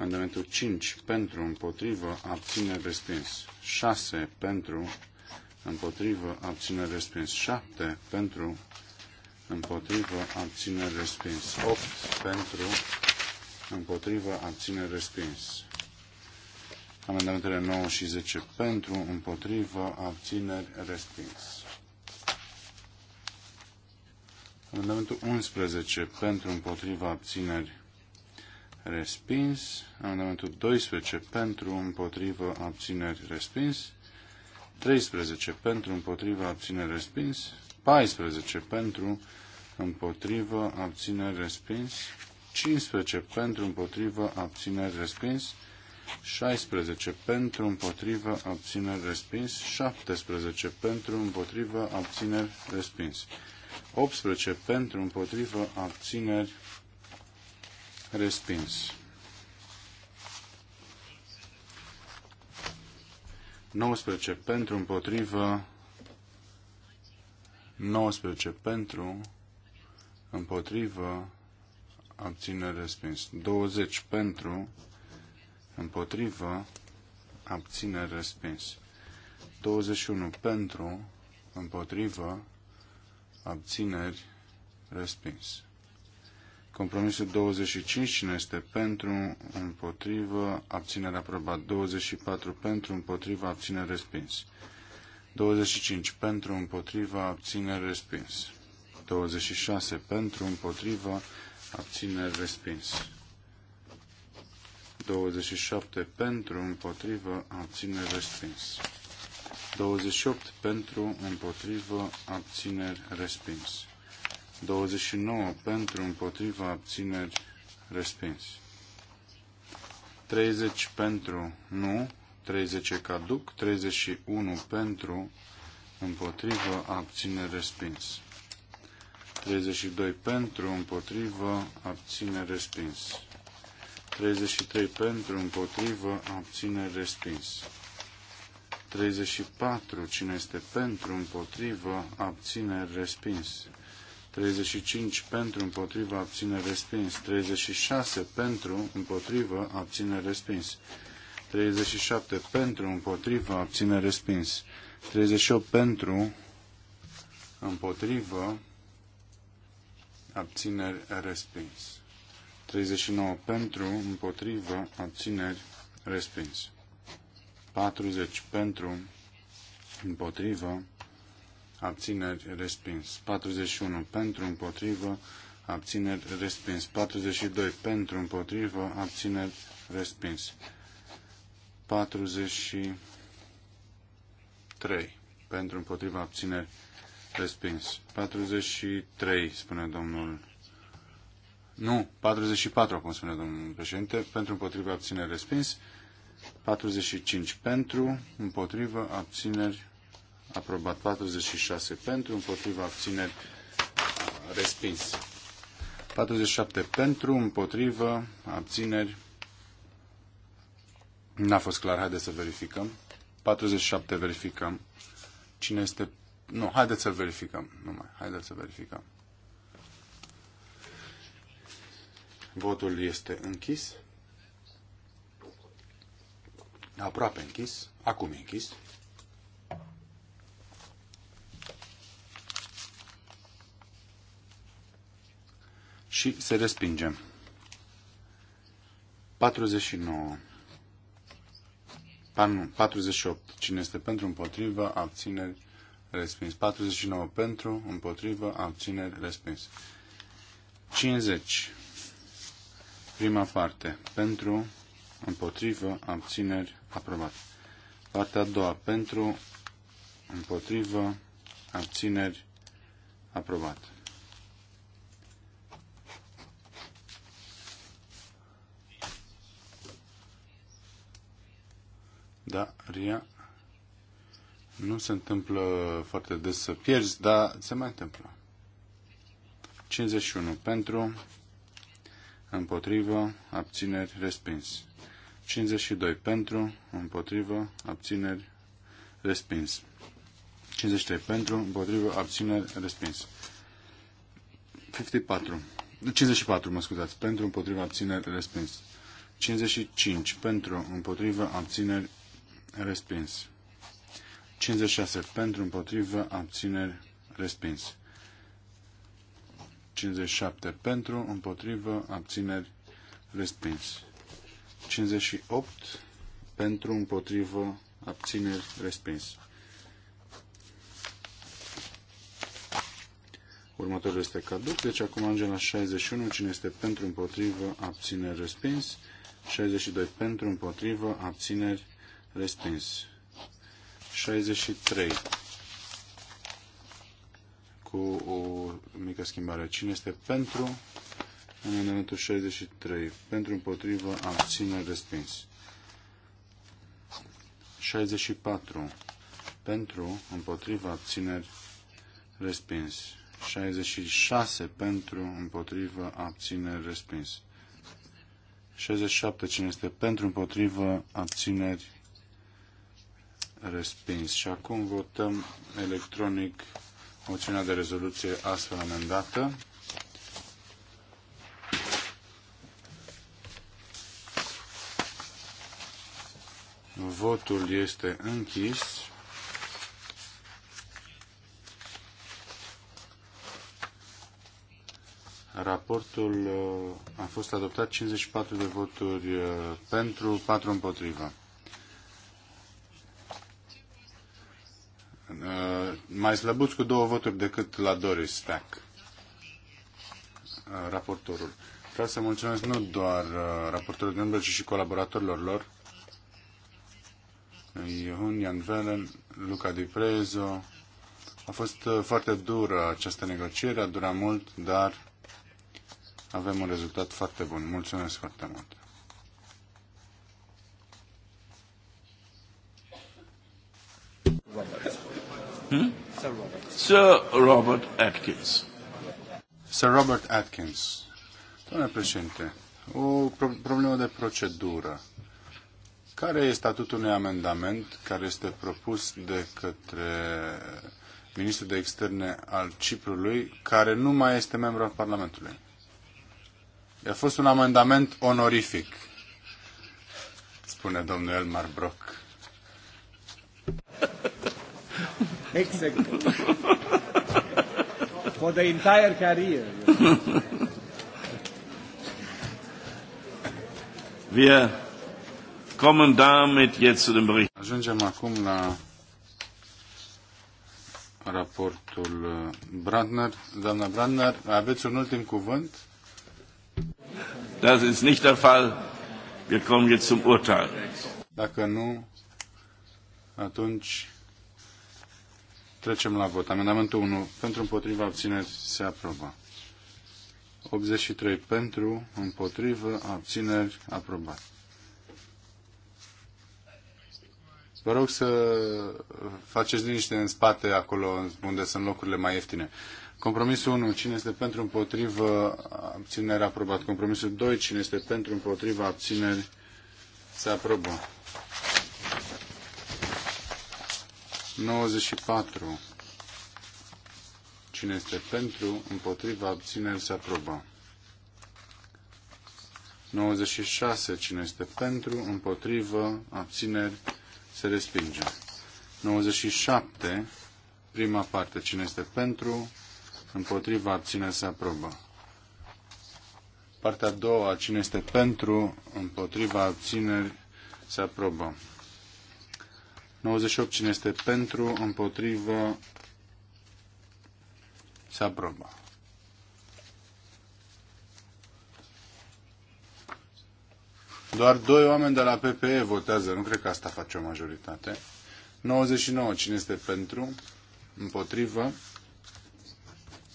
Speaker 6: Amendamentul 5 pentru, împotrivă, abține respins. 6 pentru, împotrivă, abține respins. 7 pentru, împotrivă, abține respins. 8 pentru, împotrivă, abține respins. Amendamentele 9 și 10 pentru, împotrivă, abțineri, respins. Amendamentul 11 pentru, împotrivă, abțineri, respins. Amendamentul 12 pentru, împotrivă, abțineri, respins. 13 pentru, împotrivă, abțineri, respins. 14 pentru, împotrivă, abțineri, respins. 15 pentru, împotrivă, abțineri, respins. 16 pentru, împotrivă, abțineri, respins. 17 pentru, împotrivă, abțineri, respins. 18 pentru, împotrivă, abțineri, Respins. Nouăsprezece pentru, împotrivă. 19 pentru, împotrivă, abține respins. 20 pentru, împotrivă, abține respins. 21 pentru, împotrivă, abțineri, respins. Compromisul 25, cine este pentru, împotrivă, abținere aprobat. 24 pentru, împotrivă, abținere respins. 25 pentru, împotrivă, abținere respins. 26 pentru, împotrivă, abținere respins. 27 pentru, împotrivă, abținere respins. 28 pentru, împotrivă, abțineri respins. 29 pentru, împotriva, abțineri, respins. 30 pentru, nu. 30 caduc. 31 pentru, împotrivă, abțineri respins. 32 pentru, împotrivă, abțineri respins. 33 pentru, împotrivă, abțineri respins. 34. Cine este pentru, împotrivă, abține, respins. 35 pentru, împotrivă, abține, respins. 36 pentru, împotrivă, abține, respins. 37 pentru, împotrivă, abține, respins. 38 pentru, împotrivă, abțineri, respins. 39 pentru, împotrivă, abțineri, respins. 40 pentru, împotrivă, abțineri, respins. 41 pentru, împotrivă, abțineri, respins. 42 pentru, împotrivă, abțineri, respins. 43 pentru, împotrivă, abțineri, respins. 43, spune domnul. Nu, 44, acum spune domnul președinte, pentru, împotrivă, abțineri, respins. 45 pentru, împotrivă, abțineri, aprobat 46 pentru, împotriva abțineri respins. 47 pentru, împotrivă, abțineri. N-a fost clar, haideți să verificăm. 47 verificăm. Cine este... Nu, haideți să verificăm. Numai, haideți să verificăm. Votul este închis. Aproape închis. Acum e închis. și se respinge. 49. Pardon, 48. Cine este pentru, împotrivă, abțineri, respins. 49 pentru, împotrivă, abțineri, respins. 50. Prima parte. Pentru, împotrivă, abțineri, aprobat. Partea a doua. Pentru, împotrivă, abțineri, aprobat. Da, Ria. Nu se întâmplă foarte des să pierzi, dar se mai întâmplă. 51 pentru, împotrivă, abțineri, respins. 52 pentru, împotrivă, abțineri, respins. 53 pentru, împotrivă, abțineri, respins. 54. 54, mă scuzați, pentru, împotrivă, abțineri, respins. 55 pentru, împotrivă, abțineri, respins. 56 pentru, împotrivă, abțineri, respins. 57 pentru, împotrivă, abțineri, respins. 58 pentru, împotrivă, abțineri, respins. Următorul este caduc, deci acum ajungem la 61, cine este pentru, împotrivă, abțineri, respins. 62 pentru, împotrivă, abțineri, respins. Respins. 63. Cu o mică schimbare. Cine este pentru? Amendamentul 63. Pentru împotrivă, abține, respins. 64. Pentru, împotriva, abțineri, respins. 66. Pentru, împotriva, abțineri, respins. 67. Cine este pentru, împotriva, abțineri, respins. Și acum votăm electronic moțiunea de rezoluție astfel amendată. Votul este închis. Raportul uh, a fost adoptat 54 de voturi uh, pentru, 4 împotriva. mai slăbuți cu două voturi decât la Doris Stack, uh, raportorul. Vreau să mulțumesc nu doar uh, raportorul de ci și colaboratorilor lor, Ihun Jan Velen, Luca Di Prezo. A fost uh, foarte dură această negociere, a durat mult, dar avem un rezultat foarte bun. Mulțumesc foarte mult! Hmm? Sir Robert. Atkins. Sir Robert Atkins. Domnule președinte, o pro- problemă de procedură. Care este statutul unui amendament care este propus de către ministrul de externe al Ciprului, care nu mai este membru al Parlamentului? A fost un amendament onorific, spune domnul Elmar Brock. Exactly.
Speaker 1: For the entire career.
Speaker 3: Wir kommen damit jetzt zu dem Bericht.
Speaker 6: Ajungem acum la raportul uh, Brandner. Doamna Brandner, aveți un ultim cuvânt?
Speaker 3: Das ist nicht der Fall. Wir kommen jetzt zum Urteil.
Speaker 6: Dacă nu, atunci Trecem la vot. Amendamentul 1. Pentru împotriva abțineri se aprobă. 83 pentru, împotrivă, abțineri, aprobat. Vă rog să faceți liniște în spate, acolo unde sunt locurile mai ieftine. Compromisul 1. Cine este pentru împotrivă abțineri aprobat. Compromisul 2. Cine este pentru împotrivă abțineri se aprobă. 94. Cine este pentru, împotriva, abțineri, se aprobă. 96. Cine este pentru, împotrivă, abțineri, se respinge. 97. Prima parte. Cine este pentru, împotriva, abțineri, se aprobă. Partea a doua. Cine este pentru, împotriva, abțineri, se aprobă. 98 cine este pentru, împotrivă, se aprobă. Doar doi oameni de la PPE votează, nu cred că asta face o majoritate. 99 cine este pentru, împotrivă,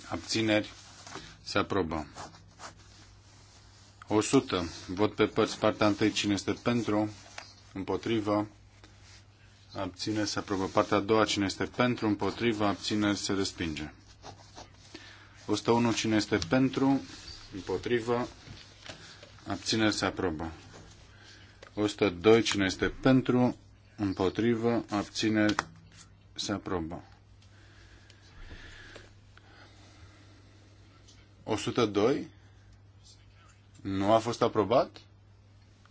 Speaker 6: abțineri, se aprobă. 100. Vot pe părți. Partea întâi. Cine este pentru? Împotrivă? abține, se aprobă. Partea a doua, cine este pentru, împotriva, abține, se respinge. 101, cine este pentru, împotriva, abține, se aprobă. 102, cine este pentru, împotrivă, abține, se aprobă. 102 nu a fost aprobat?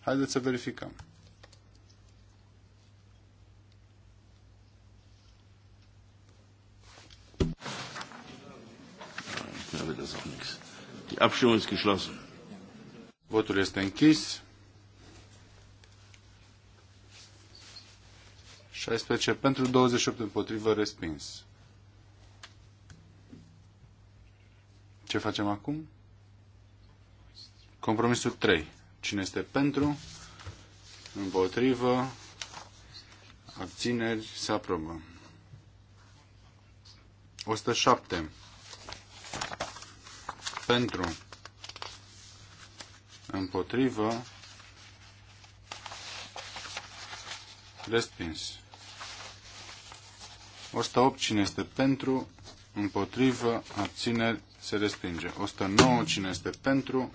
Speaker 6: Haideți să verificăm.
Speaker 3: Mehr da wird das auch nichts. Die Abstimmung ist
Speaker 6: geschlossen. Votul este închis. 16 pentru, 28 împotrivă, respins. Ce facem acum? Compromisul 3. Cine este pentru? Împotrivă? Abțineri? Se aprobă. 107 pentru împotrivă respins. 108 cine este pentru împotrivă abțineri se respinge. 109 cine este pentru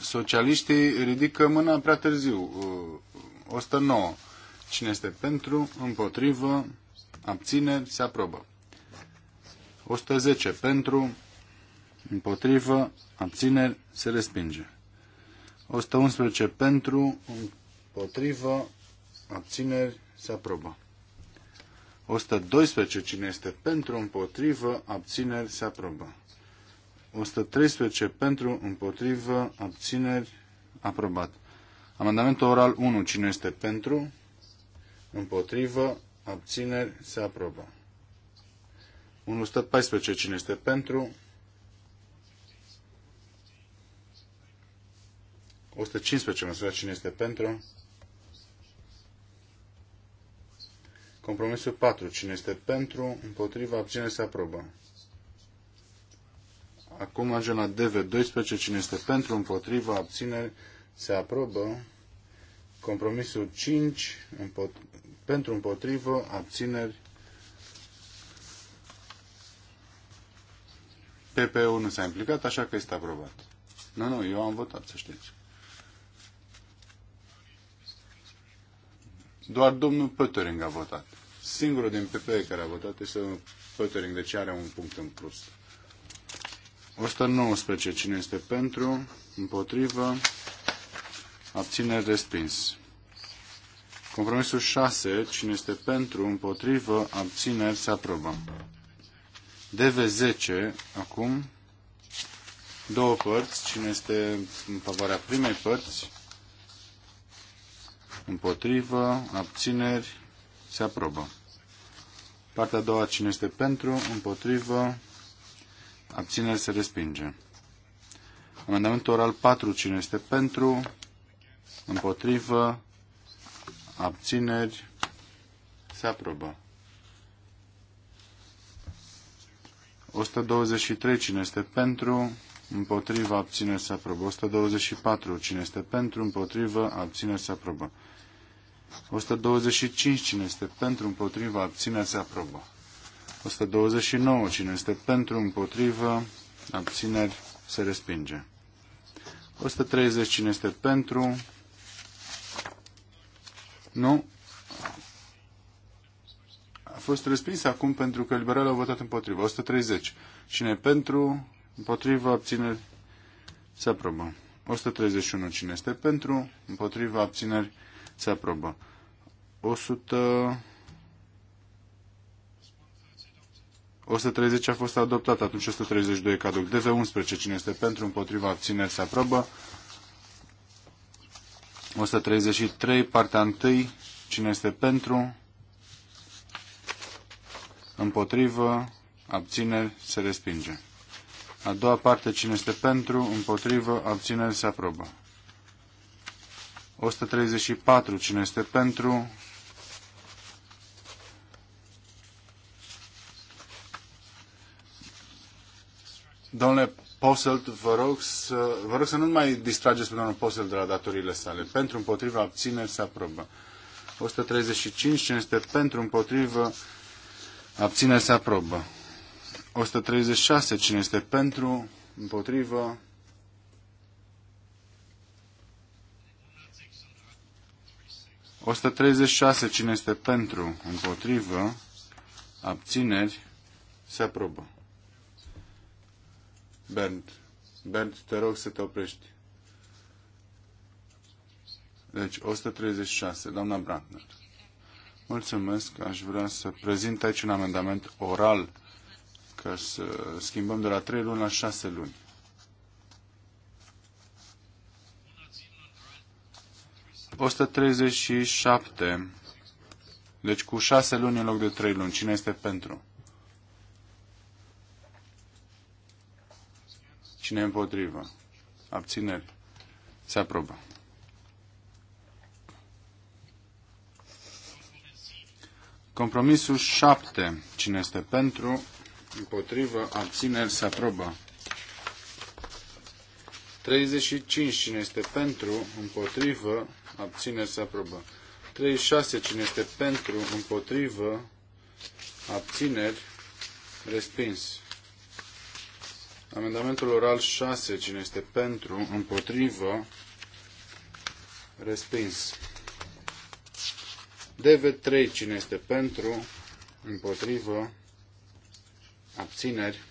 Speaker 6: Socialiștii ridică mâna prea târziu. 109. Cine este pentru, împotrivă, abține, se aprobă. 110 pentru, împotrivă, abține, se respinge. 111 pentru, împotrivă, abțineri, se aprobă. 112 cine este pentru, împotrivă, abțineri, se aprobă. 113 pentru, împotrivă, abțineri, aprobat. Amendamentul oral 1, cine este pentru, împotrivă, abțineri, se aprobă. 114. Cine este pentru? 115. Mă cine este pentru? Compromisul 4. Cine este pentru, împotriva, abține, se aprobă. Acum ajung la DV12. Cine este pentru, împotriva, abține, se aprobă. Compromisul 5 pentru împotrivă, abțineri. PPU nu s-a implicat, așa că este aprobat. Nu, nu, eu am votat, să știți. Doar domnul Pöttering a votat. Singurul din PP care a votat este Pöttering, deci are un punct în plus. 119. Cine este pentru? Împotrivă? Abțineri respins. Compromisul 6, cine este pentru, împotrivă, abțineri, se aprobă. DV10, acum, două părți, cine este în favoarea primei părți, împotrivă, abțineri, se aprobă. Partea a doua, cine este pentru, împotrivă, abțineri, se respinge. Amendamentul oral 4, cine este pentru, împotrivă, abțineri, se aprobă. 123. Cine este pentru? Împotrivă, abține, se aprobă. 124. Cine este pentru? Împotrivă, abține, se aprobă. 125. Cine este pentru? Împotrivă, abține, se aprobă. 129. Cine este pentru? Împotrivă, abțineri, se respinge. 130. Cine este pentru? Nu? A fost respinsă acum pentru că liberalii au votat împotriva. 130. Cine pentru? împotriva, abțineri, se aprobă. 131. Cine este pentru? împotriva, abțineri, se aprobă. 100... 130 a fost adoptat, atunci 132 caduc. DV11, cine este pentru, împotriva, abțineri, se aprobă. 133, partea 1, cine este pentru, împotrivă, abțineri, se respinge. A doua parte, cine este pentru, împotrivă, abțineri, se aprobă. 134, cine este pentru, Domnule Poselt, vă rog să, vă rog să nu mai distrageți pe domnul Poselt de la datoriile sale. Pentru, împotriva, abțineri, se aprobă. 135, cine este pentru, împotrivă, abțineri, se aprobă. 136, cine este pentru, împotrivă, Osta 136. Cine este pentru, împotrivă, abțineri, se aprobă. Bernd. Bernd, te rog să te oprești. Deci, 136. Doamna Brandner. Mulțumesc. Aș vrea să prezint aici un amendament oral ca să schimbăm de la 3 luni la 6 luni. șapte. Deci cu 6 luni în loc de 3 luni. Cine este pentru? Cine e împotrivă? Abțineri. Se aprobă. Compromisul 7. Cine este pentru? Împotrivă. Abțineri. Se aprobă. 35. Cine este pentru? Împotrivă. Abțineri. Se aprobă. 36. Cine este pentru? Împotrivă. Abțineri. Respins. Amendamentul oral 6, cine este pentru, împotrivă, respins. DV3, cine este pentru, împotrivă, abțineri.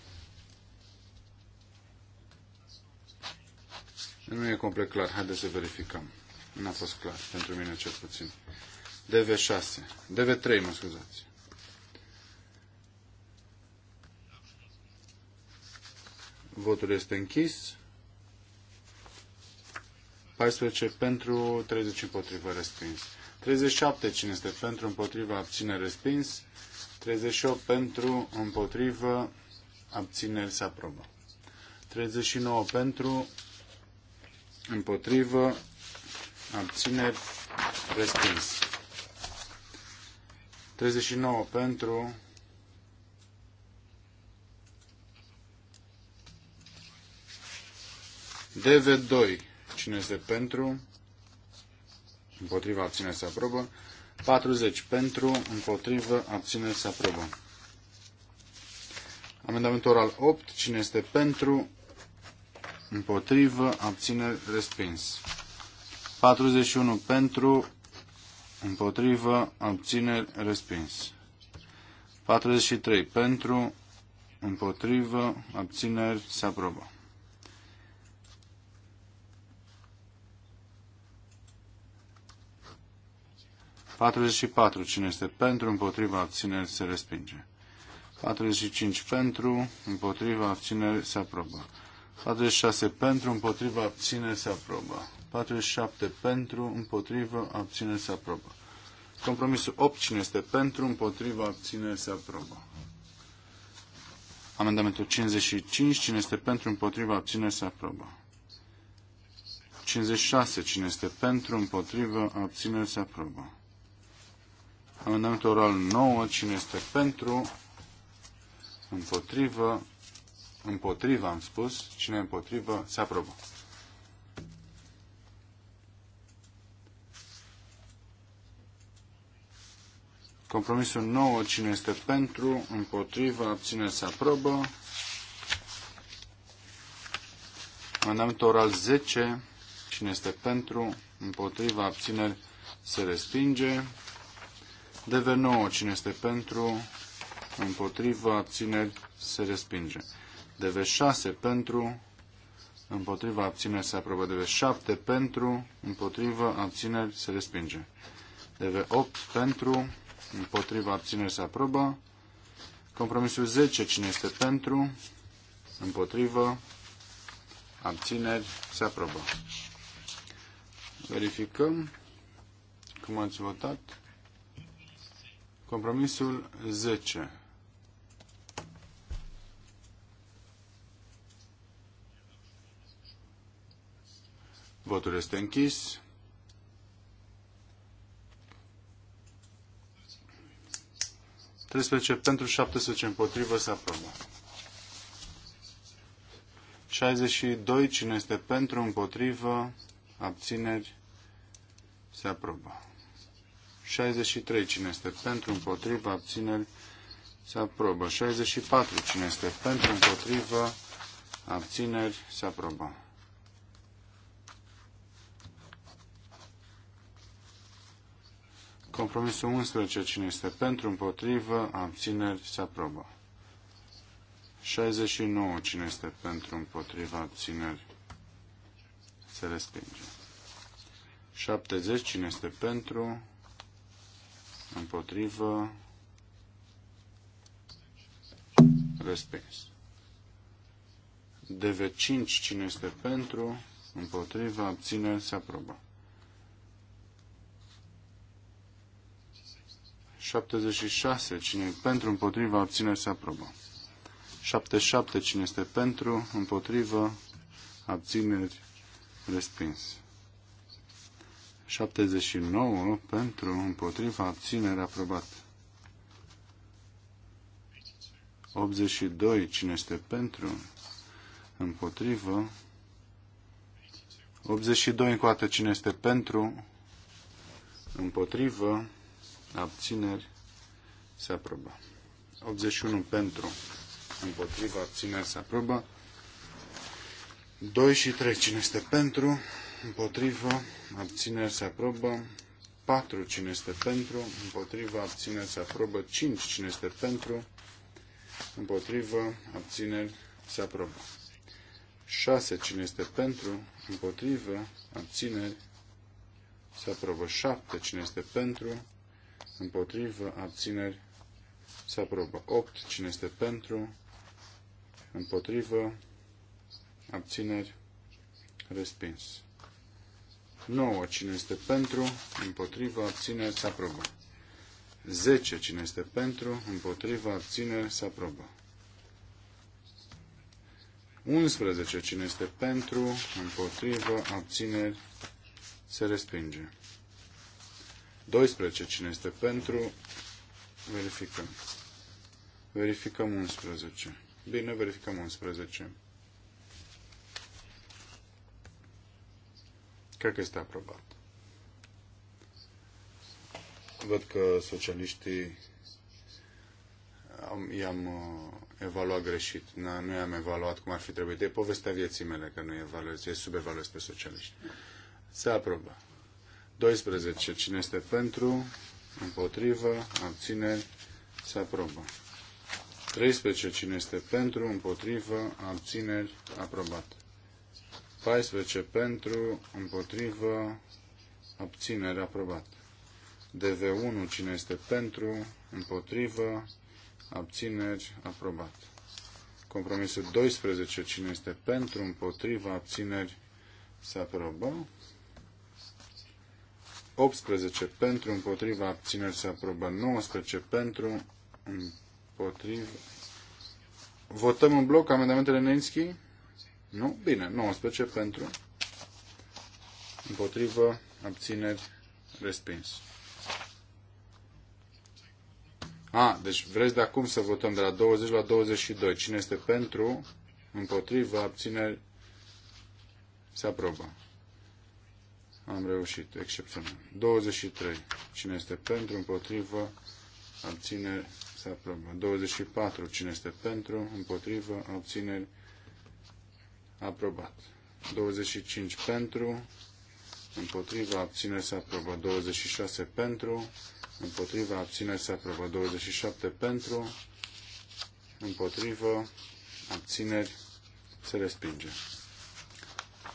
Speaker 6: Nu e complet clar, haideți să verificăm. Nu a fost clar, pentru mine cel puțin. DV6, DV3, mă scuzați. Votul este închis. 14 pentru, 30 împotrivă, respins. 37, cine este pentru, împotrivă, abține, respins. 38 pentru, împotrivă, abțineri, se aprobă. 39 pentru, împotrivă, abțineri, respins. 39 pentru, DV2. Cine este pentru? Împotriva abține se aprobă. 40 pentru, împotrivă, abține se aprobă. Amendamentul oral 8. Cine este pentru? Împotrivă, abține, respins. 41 pentru, împotrivă, abține, respins. 43 pentru, împotrivă, abține, se aprobă. 44. Cine este pentru, împotriva, abțineri, se respinge. 45 pentru, împotriva, abțineri, se aprobă. 46 pentru, împotriva, abțineri, se aprobă. 47 pentru, împotriva, abțineri, se aprobă. Compromisul 8. Cine este pentru, împotriva, abțineri, se aprobă. Amendamentul 55. Cine este pentru, împotriva, abțineri, se aprobă. 56. Cine este pentru, împotriva abțineri, se aprobă. Amendamentul oral 9. Cine este pentru? Împotrivă. Împotrivă, am spus. Cine împotrivă, se aprobă. Compromisul 9, cine este pentru, împotrivă, abține, se aprobă. Amendamentul oral 10, cine este pentru, împotrivă, abțineri, se respinge. DV9, cine este pentru, împotriva abțineri, se respinge. DV6 pentru, împotriva abțineri, se aprobă. DV7 pentru, împotriva abțineri, se respinge. DV8 pentru, împotriva abțineri, se aprobă. Compromisul 10, cine este pentru, împotriva abțineri, se aprobă. Verificăm cum ați votat. Compromisul 10. Votul este închis. Treisprezece pentru 17 împotrivă se aprobă. 62. Cine este pentru, împotrivă, abțineri, se aprobă. 63. Cine este pentru, împotrivă, abțineri, se aprobă. 64. Cine este pentru, împotrivă, abțineri, se aprobă. Compromisul 11. Cine este pentru, împotrivă, abțineri, se aprobă. 69. Cine este pentru, împotrivă, abțineri, se respinge. 70. Cine este pentru, împotrivă, respins. DV5, cine este pentru, împotrivă, abține se aprobă. 76, cine pentru, împotrivă, abține se aprobă. 77, cine este pentru, împotrivă, abțineri, respins. 79 pentru, împotriva, abținere, aprobat. 82, cine este pentru, împotrivă. 82 încoată, cine este pentru, împotrivă, abțineri, se aprobă. 81 pentru, împotrivă, abțineri, se aprobă. 2 și 3, cine este pentru, împotrivă, abțineri se aprobă. 4. Cine este pentru? Împotrivă, abțineri se aprobă. 5. Cine este pentru? Împotrivă, abțineri se aprobă. 6. Cine este pentru? Împotrivă, abțineri se aprobă. 7. Cine este pentru? Împotrivă, abțineri se aprobă. 8. Cine este pentru? Împotrivă, abțineri respins. 9. Cine este pentru? Împotrivă. Abține? Se aprobă. 10. Cine este pentru? Împotrivă. Abține? Se aprobă. 11. Cine este pentru? Împotrivă. Abține? Se respinge. 12. Cine este pentru? Verificăm. Verificăm 11. Bine, verificăm 11. Cred că este aprobat. Văd că socialiștii i-am uh, evaluat greșit. Nu i-am evaluat cum ar fi trebuit. E povestea vieții mele că nu evaluez, e subevaluez pe socialiști. Se aprobă. 12. Cine este pentru? Împotrivă? Abțineri? Se aprobă. 13. Cine este pentru? Împotrivă? Abțineri? Aprobat. 14 pentru, împotrivă, abținere, aprobat. DV1, cine este pentru, împotrivă, abțineri, aprobat. Compromisul 12, cine este pentru, împotrivă, abțineri, se aprobă. 18 pentru, împotriva, abțineri se aprobă. 19 pentru, împotriva. Votăm în bloc amendamentele Nenski? Nu? Bine, 19 pentru, împotrivă, abțineri, respins. A, deci vreți de acum să votăm de la 20 la 22. Cine este pentru, împotrivă, abțineri, se aprobă. Am reușit, excepțional. 23. Cine este pentru, împotrivă, abțineri, se aprobă. 24. Cine este pentru, împotrivă, abțineri, se aprobat. 25 pentru, împotriva abțineri se aprobă 26 pentru, împotriva abțineri se aprobă 27 pentru, împotrivă abțineri se respinge.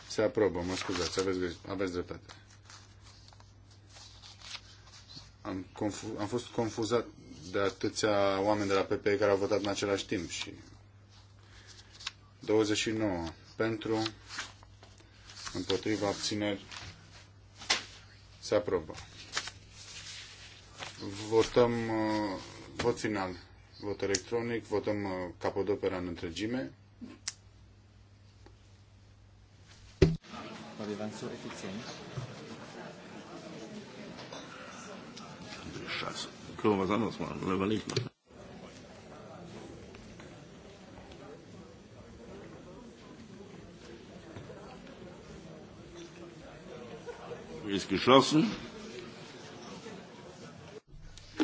Speaker 6: Se aprobă, mă scuzați, aveți, aveți dreptate. Am, confu- am fost confuzat de atâția oameni de la PPE care au votat în același timp și 29 pentru, împotriva abțineri, se aprobă. Votăm uh, vot final, vot electronic, votăm uh, capodopera în întregime.
Speaker 4: Cum eficient.
Speaker 3: Scheiße. Können Nu le valim.
Speaker 6: ist geschlossen.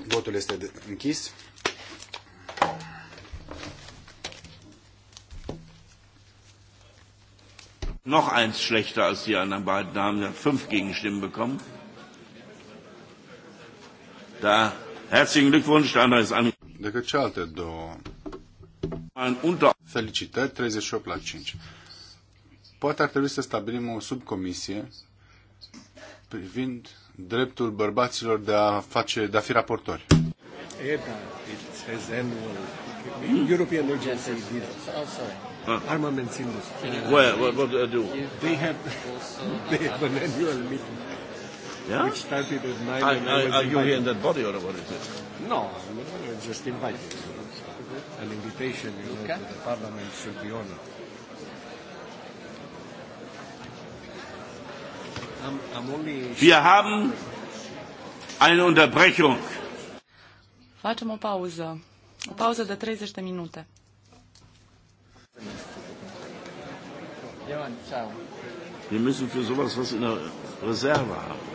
Speaker 6: Votul este închis.
Speaker 3: Noch eins schlechter als die anderen beiden Damen, haben ja fünf Gegenstimmen bekommen.
Speaker 6: Da herzlichen Glückwunsch, der andere ist angekommen. Decât cealaltă două. Felicitări, 38 la 5. Poate ar trebui să stabilim o subcomisie privind dreptul bărbaților de a, face, de a fi raportori.
Speaker 1: European agency did oh, ah. sorry. Armaments industry. Where? What, what do they do? They have, they have an annual meeting. Yeah? Which started at 9 and Are you here in that body or what is it? No, I'm just invited. An invitation, you know, to the parliament should be honored.
Speaker 3: Wir haben eine Unterbrechung.
Speaker 2: Facem o pauză. O pauză de 30 de minute.
Speaker 3: Wir müssen für sowas was in der Reserve haben.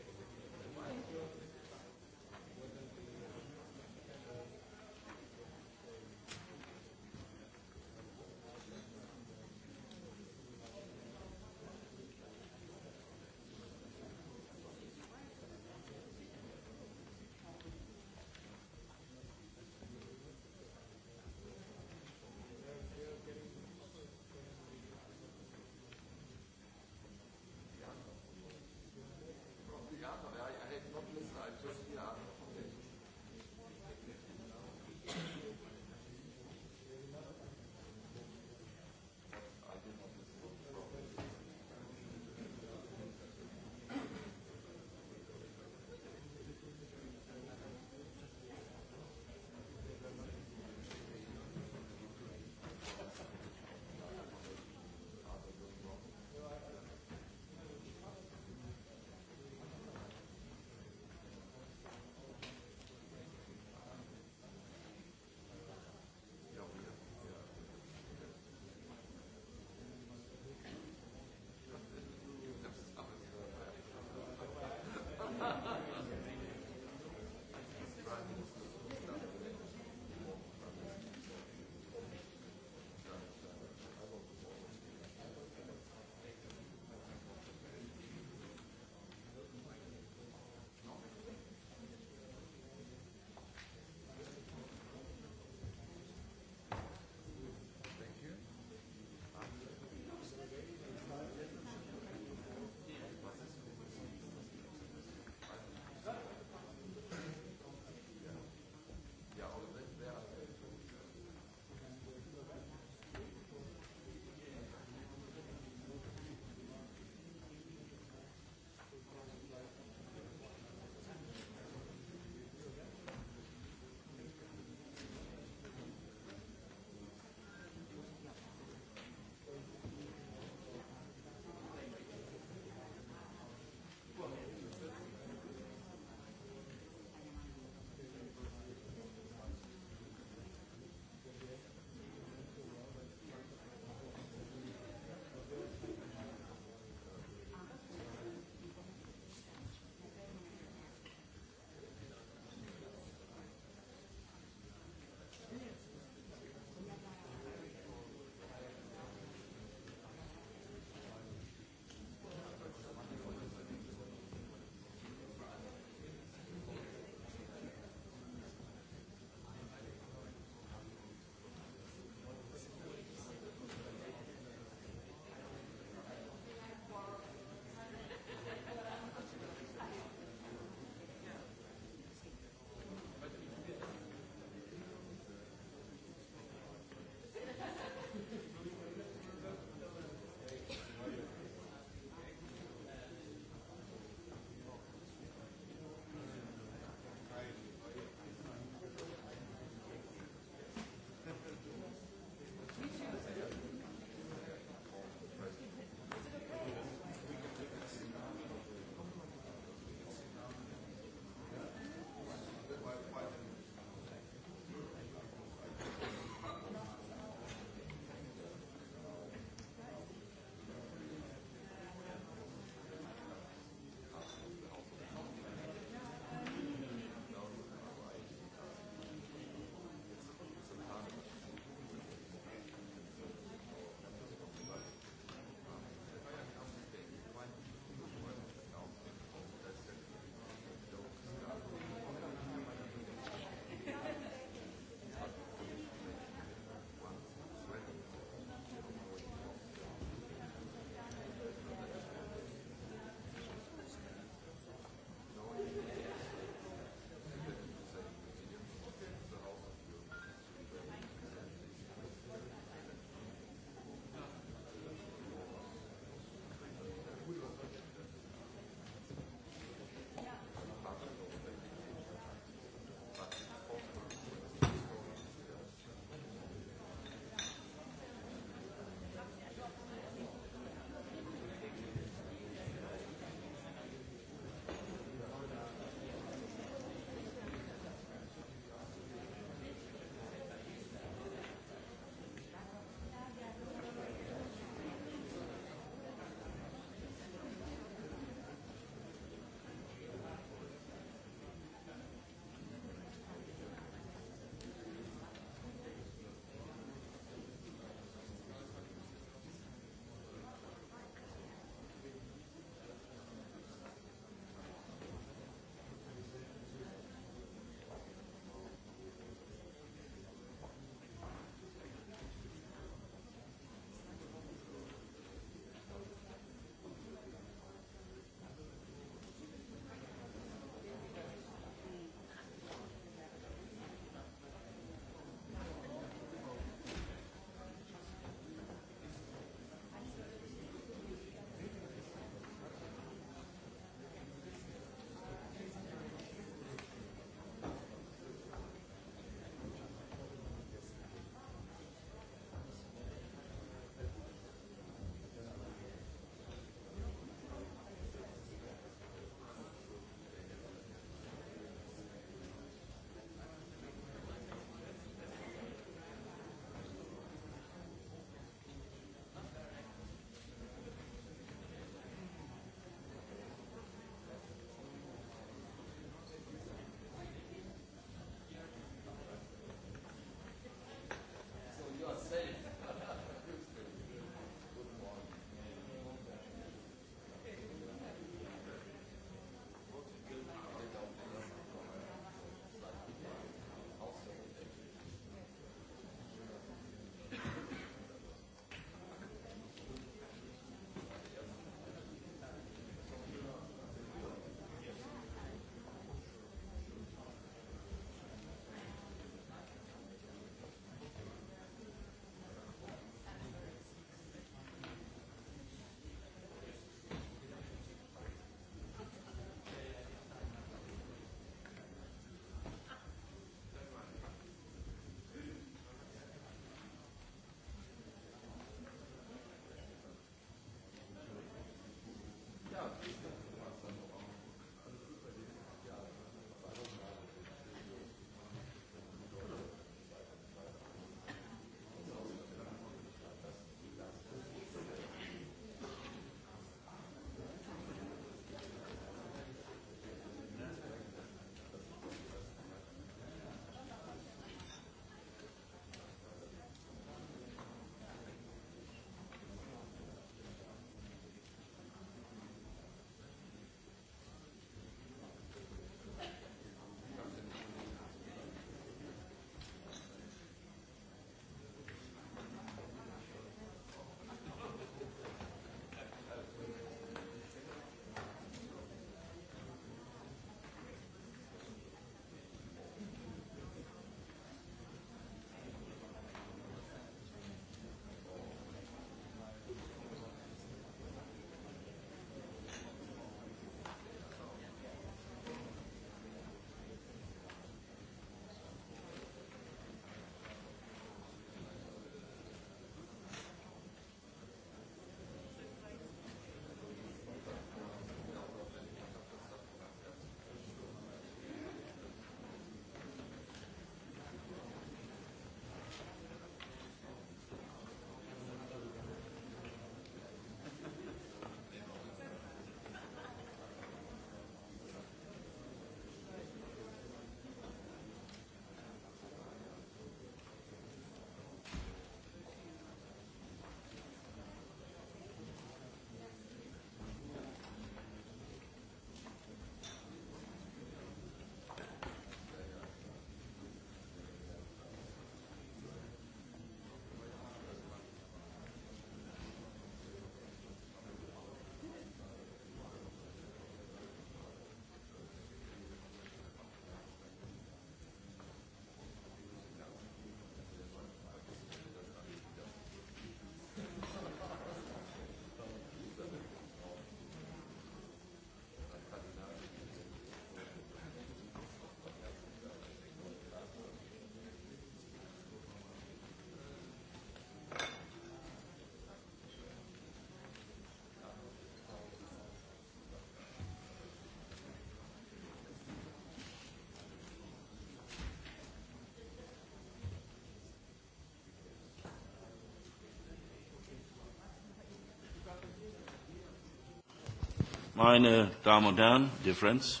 Speaker 3: Meine Damen und Herren, dear friends,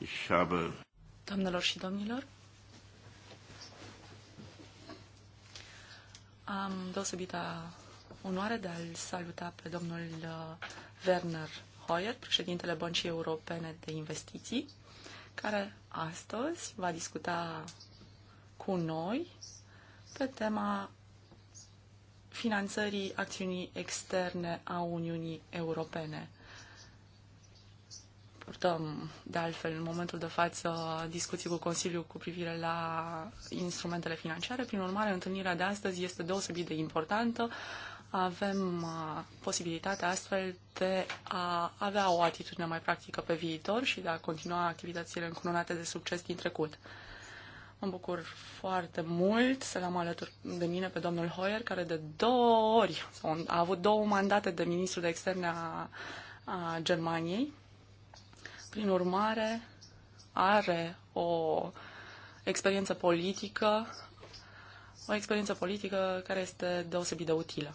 Speaker 3: ich habe...
Speaker 2: Doamnelor și domnilor, am deosebită onoare de a-l saluta pe domnul uh, Werner Hoyer, președintele Băncii Europene de Investiții, care astăzi va discuta cu noi pe tema finanțării acțiunii externe a Uniunii Europene așteptăm, de altfel, în momentul de față, discuții cu Consiliul cu privire la instrumentele financiare. Prin urmare, întâlnirea de astăzi este deosebit de importantă. Avem uh, posibilitatea astfel de a avea o atitudine mai practică pe viitor și de a continua activitățile încununate de succes din trecut. Mă bucur foarte mult să l-am alături de mine pe domnul Hoyer, care de două ori a avut două mandate de ministru de externe a, a Germaniei. Prin urmare, are o experiență politică, o experiență politică care este deosebit de utilă.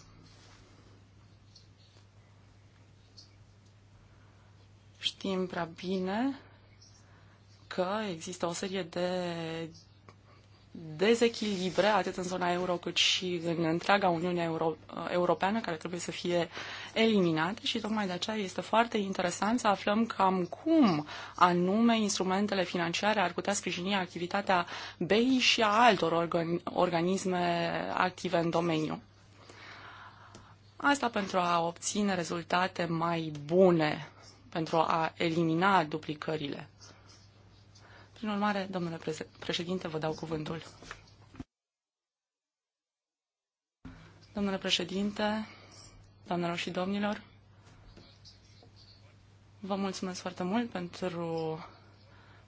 Speaker 2: Știm prea bine că există o serie de dezechilibre, atât în zona euro cât și în întreaga Uniune Euro- Europeană, care trebuie să fie eliminate și tocmai de aceea este foarte interesant să aflăm cam cum anume instrumentele financiare ar putea sprijini activitatea BEI și a altor organisme active în domeniu. Asta pentru a obține rezultate mai bune, pentru a elimina duplicările. Prin urmare, domnule președinte, vă dau cuvântul. Domnule președinte, doamnelor și domnilor. Vă mulțumesc foarte mult pentru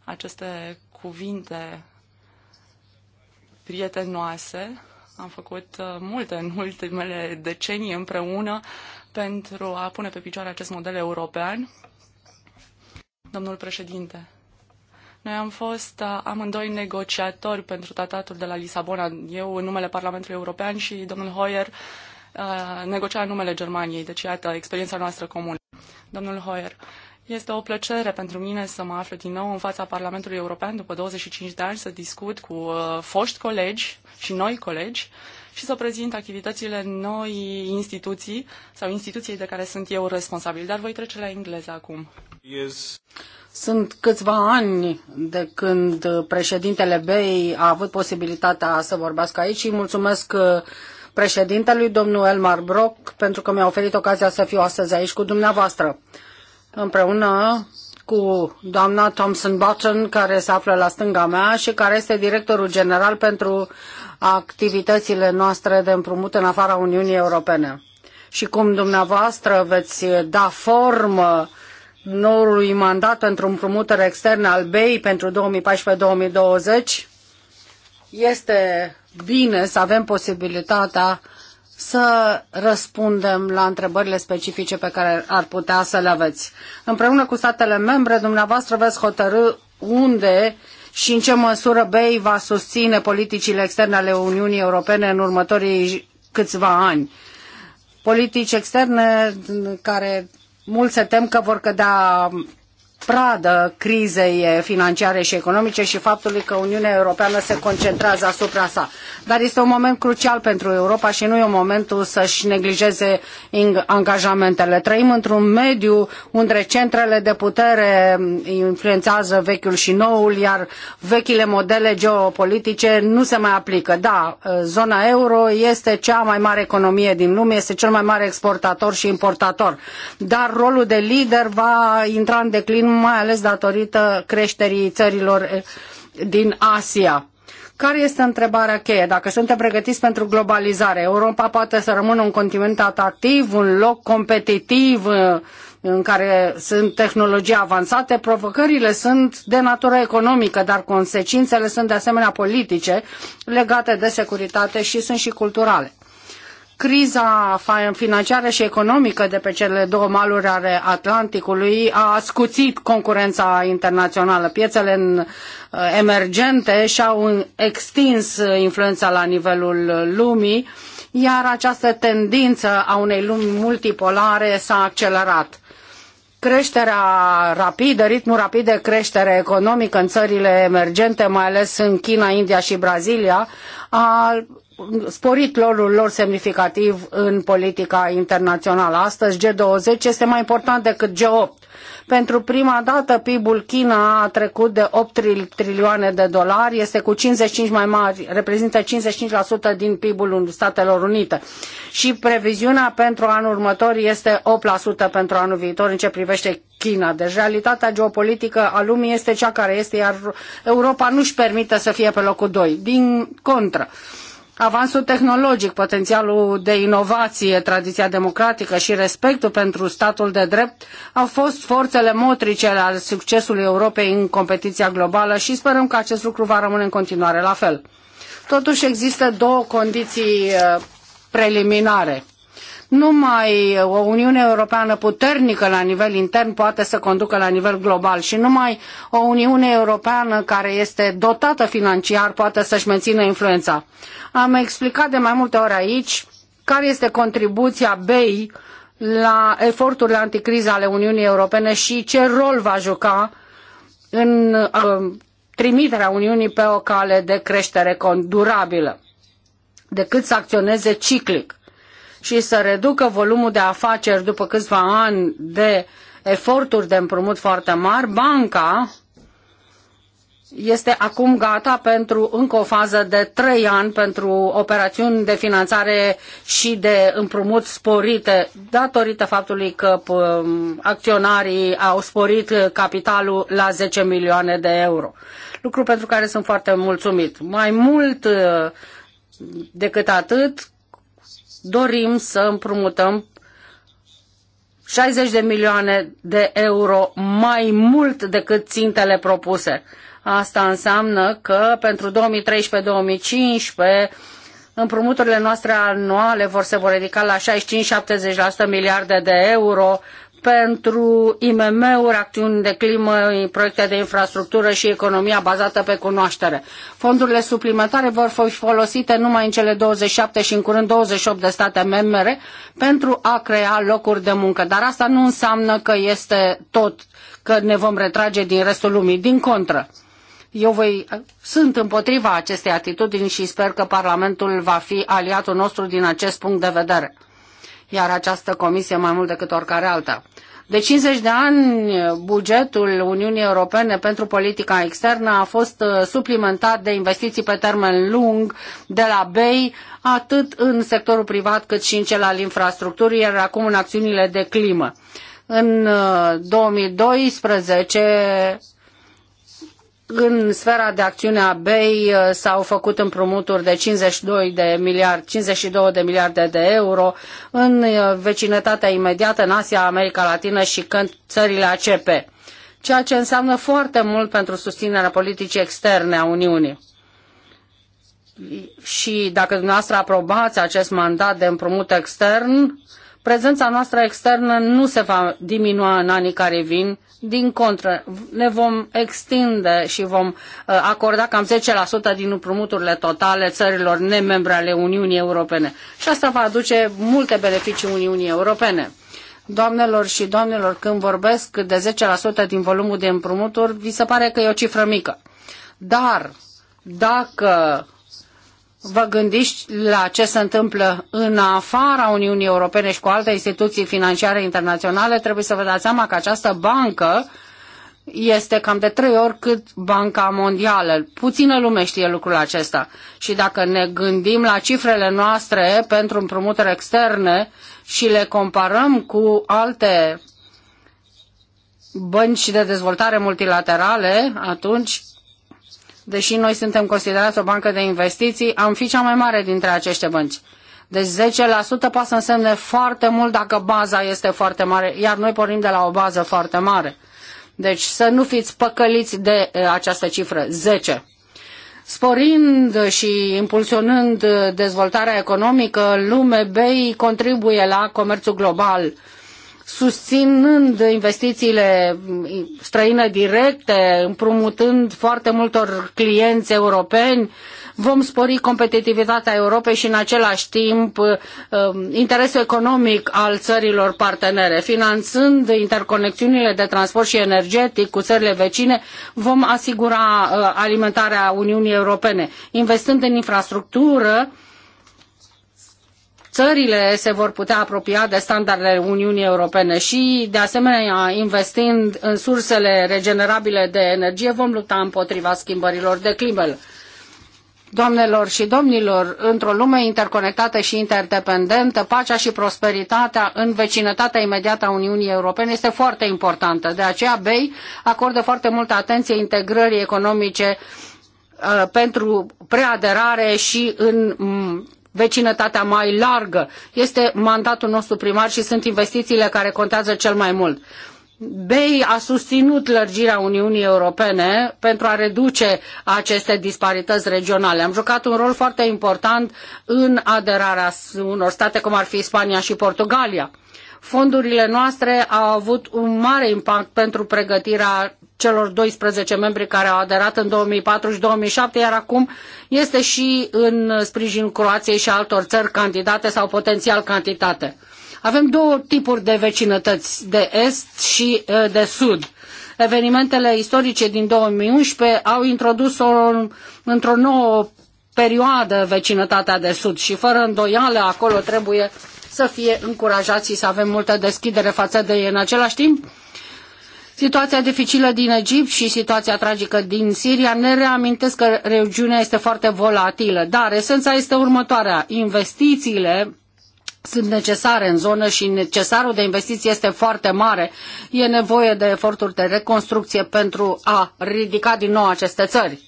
Speaker 2: aceste cuvinte prietenoase. Am făcut uh, multe în ultimele decenii împreună pentru a pune pe picioare acest model european. Domnul președinte, noi am fost uh, amândoi negociatori pentru tratatul de la Lisabona, eu în numele Parlamentului European și domnul Hoyer Uh, negocia în numele Germaniei. Deci, iată, experiența noastră comună. Domnul Hoyer, este o plăcere pentru mine să mă aflu din nou în fața Parlamentului European după 25 de ani, să discut cu uh, foști colegi și noi colegi și să prezint activitățile noi instituții sau instituției de care sunt eu responsabil. Dar voi trece la engleză acum.
Speaker 7: Yes. Sunt câțiva ani de când președintele BEI a avut posibilitatea să vorbească aici și mulțumesc uh, președintelui, domnul Elmar Brock, pentru că mi-a oferit ocazia să fiu astăzi aici cu dumneavoastră, împreună cu doamna Thompson Button, care se află la stânga mea și care este directorul general pentru activitățile noastre de împrumut în afara Uniunii Europene. Și cum dumneavoastră veți da formă noului mandat pentru împrumutări externe al BEI pentru 2014-2020, este bine să avem posibilitatea să răspundem la întrebările specifice pe care ar putea să le aveți. Împreună cu statele membre, dumneavoastră veți hotărâ unde și în ce măsură BEI va susține politicile externe ale Uniunii Europene în următorii câțiva ani. Politici externe care mulți se tem că vor cădea pradă crizei financiare și economice și faptului că Uniunea Europeană se concentrează asupra sa. Dar este un moment crucial pentru Europa și nu e momentul să-și neglijeze angajamentele. Trăim într-un mediu unde centrele de putere influențează vechiul și noul, iar vechile modele geopolitice nu se mai aplică. Da, zona euro este cea mai mare economie din lume, este cel mai mare exportator și importator, dar rolul de lider va intra în declin mai ales datorită creșterii țărilor eh, din Asia. Care este întrebarea cheie? Dacă suntem pregătiți pentru globalizare, Europa poate să rămână un continent atractiv, un loc competitiv eh, în care sunt tehnologii avansate, provocările sunt de natură economică, dar consecințele sunt de asemenea politice, legate de securitate și sunt și culturale. Criza financiară și economică de pe cele două maluri ale Atlanticului a scuțit concurența internațională. Piețele eh, emergente și-au extins influența la nivelul lumii, iar această tendință a unei lumi multipolare s-a accelerat creșterea rapidă, ritmul rapid de creștere economică în țările emergente, mai ales în China, India și Brazilia, a sporit rolul lor semnificativ în politica internațională. Astăzi G20 este mai important decât G8. Pentru prima dată PIB-ul China a trecut de 8 trilioane de dolari, este cu 55 mai mari, reprezintă 55% din PIB-ul Statelor Unite. Și previziunea pentru anul următor este 8% pentru anul viitor în ce privește China. Deci realitatea geopolitică a lumii este cea care este, iar Europa nu-și permite să fie pe locul doi. Din contră avansul tehnologic, potențialul de inovație, tradiția democratică și respectul pentru statul de drept au fost forțele motrice ale succesului Europei în competiția globală și sperăm că acest lucru va rămâne în continuare la fel. Totuși există două condiții eh, preliminare numai o Uniune Europeană puternică la nivel intern poate să conducă la nivel global și numai o Uniune Europeană care este dotată financiar poate să-și mențină influența. Am explicat de mai multe ori aici care este contribuția BEI la eforturile anticriză ale Uniunii Europene și ce rol va juca în uh, trimiterea Uniunii pe o cale de creștere durabilă, decât să acționeze ciclic și să reducă volumul de afaceri după câțiva ani de eforturi de împrumut foarte mari, banca este acum gata pentru încă o fază de trei ani pentru operațiuni de finanțare și de împrumut sporite, datorită faptului că um, acționarii au sporit capitalul la 10 milioane de euro. Lucru pentru care sunt foarte mulțumit. Mai mult uh, decât atât, dorim să împrumutăm 60 de milioane de euro mai mult decât țintele propuse. Asta înseamnă că pentru 2013-2015 împrumuturile noastre anuale vor se vor ridica la 65-70% miliarde de euro pentru IMM-uri, acțiuni de climă, proiecte de infrastructură și economia bazată pe cunoaștere. Fondurile suplimentare vor fi folosite numai în cele 27 și în curând 28 de state membre pentru a crea locuri de muncă. Dar asta nu înseamnă că este tot, că ne vom retrage din restul lumii. Din contră, eu voi, sunt împotriva acestei atitudini și sper că Parlamentul va fi aliatul nostru din acest punct de vedere iar această comisie mai mult decât oricare alta. De 50 de ani, bugetul Uniunii Europene pentru politica externă a fost uh, suplimentat de investiții pe termen lung de la BEI, atât în sectorul privat cât și în cel al infrastructurii, iar acum în acțiunile de climă. În 2012, uh, în sfera de acțiune a BEI uh, s-au făcut împrumuturi de 52 de, miliard, 52 de miliarde de euro în uh, vecinătatea imediată, în Asia, America Latină și țările ACP, ceea ce înseamnă foarte mult pentru susținerea politicii externe a Uniunii. Și dacă dumneavoastră aprobați acest mandat de împrumut extern, prezența noastră externă nu se va diminua în anii care vin, din contră, ne vom extinde și vom uh, acorda cam 10% din împrumuturile totale țărilor nemembre ale Uniunii Europene. Și asta va aduce multe beneficii Uniunii Europene. Doamnelor și domnilor, când vorbesc de 10% din volumul de împrumuturi, vi se pare că e o cifră mică. Dar dacă vă gândiți la ce se întâmplă în afara Uniunii Europene și cu alte instituții financiare internaționale, trebuie să vă dați seama că această bancă este cam de trei ori cât Banca Mondială. Puțină lume știe lucrul acesta. Și dacă ne gândim la cifrele noastre pentru împrumuturi externe și le comparăm cu alte bănci de dezvoltare multilaterale, atunci deși noi suntem considerați o bancă de investiții, am fi cea mai mare dintre aceste bănci. Deci 10% poate să însemne foarte mult dacă baza este foarte mare, iar noi pornim de la o bază foarte mare. Deci să nu fiți păcăliți de această cifră, 10. Sporind și impulsionând dezvoltarea economică, lume BEI contribuie la comerțul global susținând investițiile străine directe, împrumutând foarte multor clienți europeni, vom spori competitivitatea Europei și în același timp um, interesul economic al țărilor partenere. Finanțând interconexiunile de transport și energetic cu țările vecine, vom asigura uh, alimentarea Uniunii Europene. Investând în infrastructură, țările se vor putea apropia de standardele Uniunii Europene și, de asemenea, investind în sursele regenerabile de energie, vom lupta împotriva schimbărilor de climă. Doamnelor și domnilor, într-o lume interconectată și interdependentă, pacea și prosperitatea în vecinătatea imediată a Uniunii Europene este foarte importantă. De aceea BEI acordă foarte multă atenție integrării economice uh, pentru preaderare și în vecinătatea mai largă. Este mandatul nostru primar și sunt investițiile care contează cel mai mult. BEI a susținut lărgirea Uniunii Europene pentru a reduce aceste disparități regionale. Am jucat un rol foarte important în aderarea unor state cum ar fi Spania și Portugalia. Fondurile noastre au avut un mare impact pentru pregătirea celor 12 membri care au aderat în 2004 și 2007, iar acum este și în sprijinul Croației și altor țări candidate sau potențial candidate. Avem două tipuri de vecinătăți, de est și uh, de sud. Evenimentele istorice din 2011 au introdus într-o nouă perioadă vecinătatea de sud și fără îndoială acolo trebuie să fie încurajați și să avem multă deschidere față de ei. În același timp, Situația dificilă din Egipt și situația tragică din Siria ne reamintesc că regiunea este foarte volatilă, dar esența este următoarea. Investițiile sunt necesare în zonă și necesarul de investiții este foarte mare. E nevoie de eforturi de reconstrucție pentru a ridica din nou aceste țări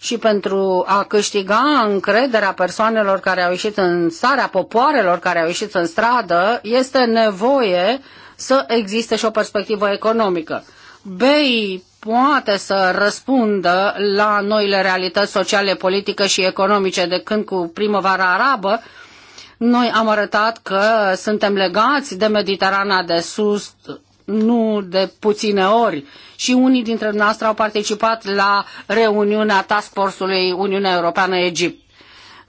Speaker 7: și pentru a câștiga încrederea persoanelor care au ieșit în starea popoarelor care au ieșit în stradă, este nevoie să existe și o perspectivă economică. BEI poate să răspundă la noile realități sociale, politică și economice de când cu primăvara arabă, noi am arătat că suntem legați de Mediterana de Sus, nu de puține ori. Și unii dintre noastre au participat la reuniunea Task Force-ului Uniunea Europeană-Egipt.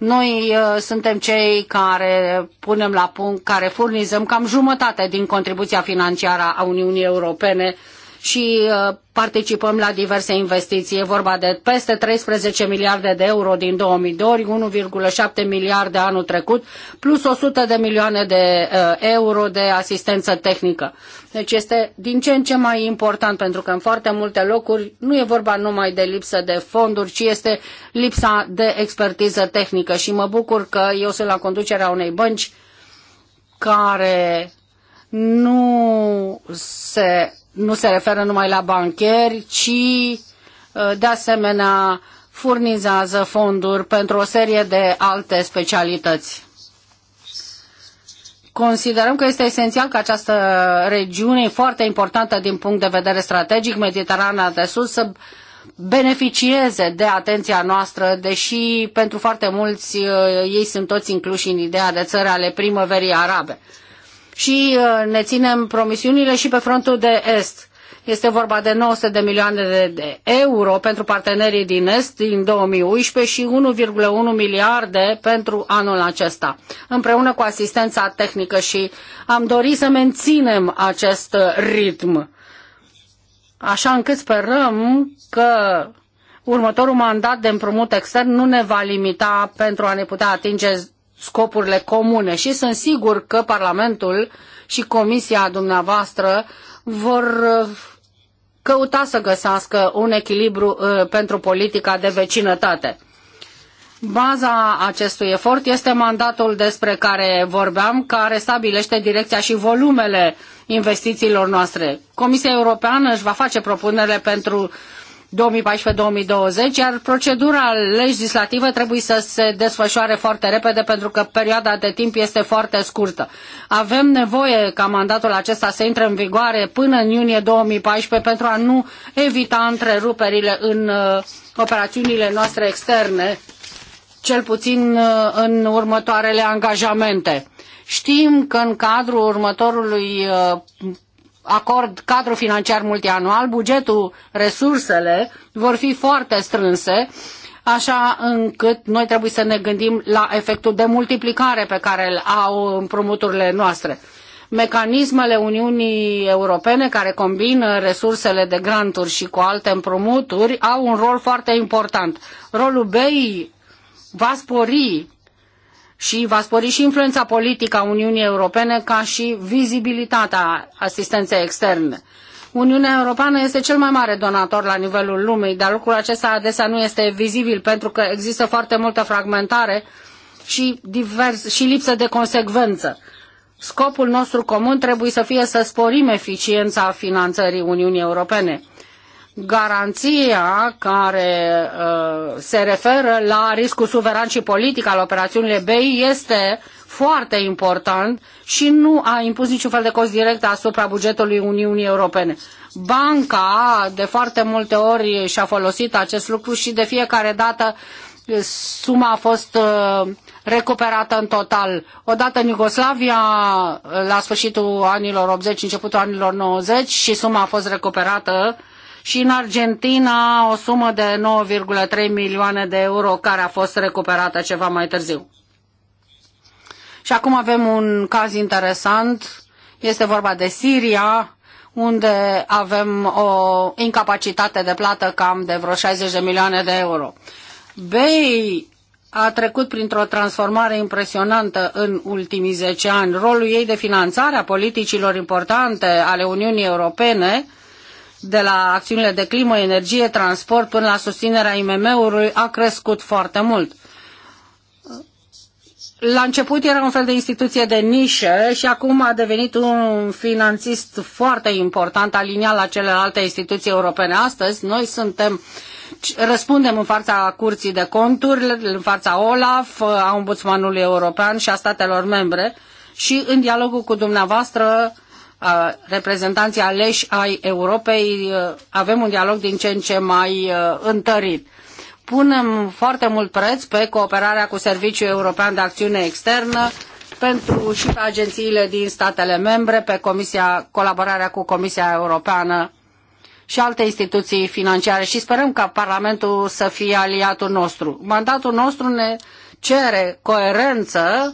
Speaker 7: Noi uh, suntem cei care punem la punct, care furnizăm cam jumătate din contribuția financiară a Uniunii Europene uh, și uh, participăm la diverse investiții. E vorba de peste 13 miliarde de euro din 2002, 1,7 miliarde anul trecut, plus 100 de milioane de uh, euro de asistență tehnică. Deci este din ce în ce mai important, pentru că în foarte multe locuri nu e vorba numai de lipsă de fonduri, ci este lipsa de expertiză tehnică. Și mă bucur că eu sunt la conducerea unei bănci care nu se nu se referă numai la bancheri, ci uh, de asemenea furnizează fonduri pentru o serie de alte specialități. Considerăm că este esențial că această regiune foarte importantă din punct de vedere strategic, Mediterana de Sud, să beneficieze de atenția noastră, deși pentru foarte mulți uh, ei sunt toți incluși în ideea de țări ale primăverii arabe și uh, ne ținem promisiunile și pe frontul de est. Este vorba de 900 de milioane de euro pentru partenerii din Est din 2011 și 1,1 miliarde pentru anul acesta, împreună cu asistența tehnică și am dorit să menținem acest ritm. Așa încât sperăm că următorul mandat de împrumut extern nu ne va limita pentru a ne putea atinge scopurile comune și sunt sigur că Parlamentul și Comisia dumneavoastră vor uh, căuta să găsească un echilibru uh, pentru politica de vecinătate. Baza acestui efort este mandatul despre care vorbeam, care stabilește direcția și volumele investițiilor noastre. Comisia Europeană își va face propunere pentru 2014-2020, iar procedura legislativă trebuie să se desfășoare foarte repede pentru că perioada de timp este foarte scurtă. Avem nevoie ca mandatul acesta să intre în vigoare până în iunie 2014 pentru a nu evita întreruperile în uh, operațiunile noastre externe, cel puțin uh, în următoarele angajamente. Știm că în cadrul următorului uh, acord cadru financiar multianual, bugetul, resursele vor fi foarte strânse, așa încât noi trebuie să ne gândim la efectul de multiplicare pe care îl au împrumuturile noastre. Mecanismele Uniunii Europene care combină resursele de granturi și cu alte împrumuturi au un rol foarte important. Rolul BEI va spori și va spori și influența politică a Uniunii Europene ca și vizibilitatea asistenței externe. Uniunea Europeană este cel mai mare donator la nivelul lumii, dar lucrul acesta adesea nu este vizibil pentru că există foarte multă fragmentare și, divers, și lipsă de consecvență. Scopul nostru comun trebuie să fie să sporim eficiența finanțării Uniunii Europene garanția care uh, se referă la riscul suveran și politic al operațiunilor BEI este foarte important și nu a impus niciun fel de cost direct asupra bugetului Uniunii Europene. Banca de foarte multe ori și-a folosit acest lucru și de fiecare dată uh, suma a fost uh, recuperată în total. Odată în Iugoslavia, uh, la sfârșitul anilor 80, începutul anilor 90 și suma a fost recuperată uh, și în Argentina o sumă de 9,3 milioane de euro care a fost recuperată ceva mai târziu. Și acum avem un caz interesant, este vorba de Siria, unde avem o incapacitate de plată cam de vreo 60 de milioane de euro. Bei a trecut printr-o transformare impresionantă în ultimii 10 ani. Rolul ei de finanțare a politicilor importante ale Uniunii Europene de la acțiunile de climă, energie, transport până la susținerea IMM-ului a crescut foarte mult. La început era un fel de instituție de nișă și acum a devenit un finanțist foarte important, aliniat la celelalte instituții europene. Astăzi noi suntem răspundem în fața Curții de Conturi, în fața OLAF, a Ombudsmanului European și a statelor membre și în dialogul cu dumneavoastră reprezentanții aleși ai Europei, avem un dialog din ce în ce mai întărit. Punem foarte mult preț pe cooperarea cu Serviciul European de Acțiune Externă, pentru și pe agențiile din statele membre, pe comisia, colaborarea cu Comisia Europeană și alte instituții financiare și sperăm ca Parlamentul să fie aliatul nostru. Mandatul nostru ne cere coerență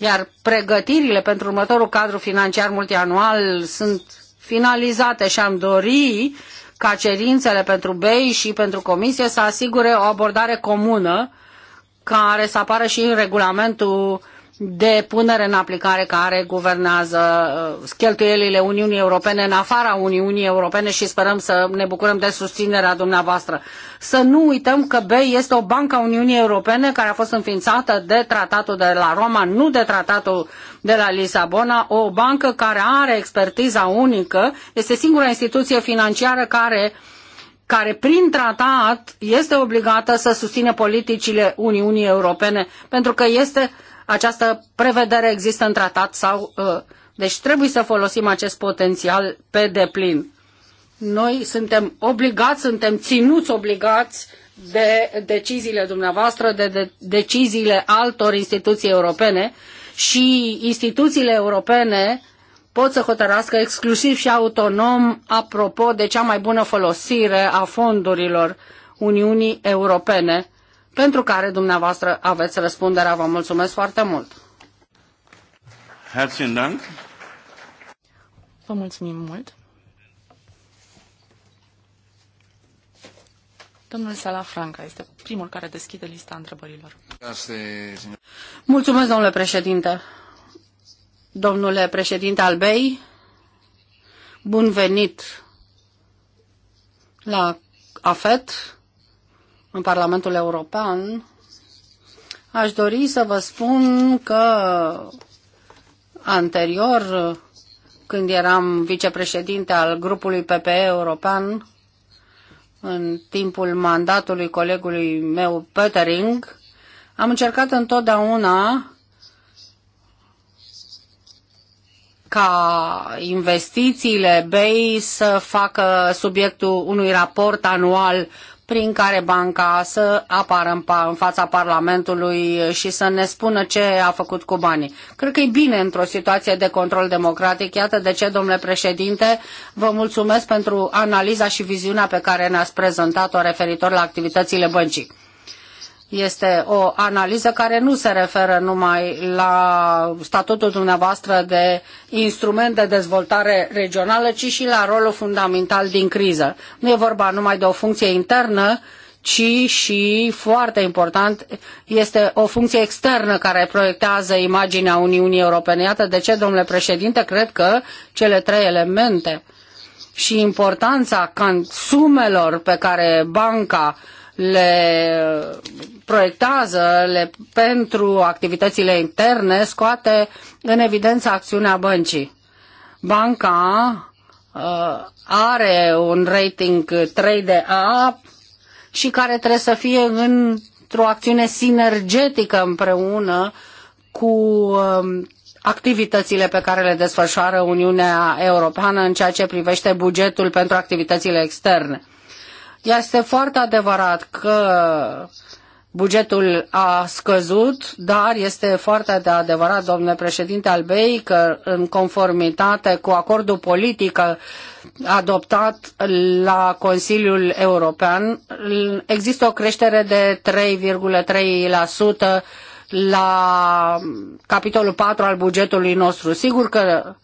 Speaker 7: iar pregătirile pentru următorul cadru financiar multianual sunt finalizate și am dori ca cerințele pentru BEI și pentru Comisie să asigure o abordare comună care să apară și în regulamentul de punere în aplicare care guvernează uh, cheltuielile Uniunii Europene în afara Uniunii Europene și sperăm să ne bucurăm de susținerea dumneavoastră. Să nu uităm că BEI este o bancă a Uniunii Europene care a fost înființată de tratatul de la Roma, nu de tratatul de la Lisabona, o bancă care are expertiza unică, este singura instituție financiară care care prin tratat este obligată să susțină politicile Uniunii Europene, pentru că este această prevedere există în tratat sau... Uh, deci trebuie să folosim acest potențial pe deplin. Noi suntem obligați, suntem ținuți obligați de deciziile dumneavoastră, de, de deciziile altor instituții europene și instituțiile europene pot să hotărască exclusiv și autonom apropo de cea mai bună folosire a fondurilor Uniunii Europene pentru care dumneavoastră aveți răspunderea. Vă mulțumesc foarte mult!
Speaker 3: Herzlichen Dank!
Speaker 2: Vă mulțumim mult! Domnul Sala Franca este primul care deschide lista întrebărilor.
Speaker 7: Mulțumesc, domnule președinte. Domnule președinte Albei, bun venit la AFET în Parlamentul European, aș dori să vă spun că anterior, când eram vicepreședinte al grupului PPE european, în timpul mandatului colegului meu Petering, am încercat întotdeauna ca investițiile BEI să facă subiectul unui raport anual prin care banca să apară în, în fața Parlamentului și să ne spună ce a făcut cu banii. Cred că e bine într-o situație de control democratic. Iată de ce, domnule președinte, vă mulțumesc pentru analiza și viziunea pe care ne-ați prezentat-o referitor la activitățile băncii. Este o analiză care nu se referă numai la statutul dumneavoastră de instrument de dezvoltare regională, ci și la rolul fundamental din criză. Nu e vorba numai de o funcție internă, ci și, foarte important, este o funcție externă care proiectează imaginea Uniunii Europene. Iată de ce, domnule președinte, cred că cele trei elemente și importanța sumelor pe care banca le proiectează le, pentru activitățile interne scoate în evidență acțiunea băncii. Banca uh, are un rating 3 de A și care trebuie să fie într-o acțiune sinergetică împreună cu uh, activitățile pe care le desfășoară Uniunea Europeană în ceea ce privește bugetul pentru activitățile externe. Este foarte adevărat că Bugetul a scăzut, dar este foarte de adevărat, domnule președinte Albei, că în conformitate cu acordul politic adoptat la Consiliul European, există o creștere de 3,3% la capitolul 4 al bugetului nostru. Sigur că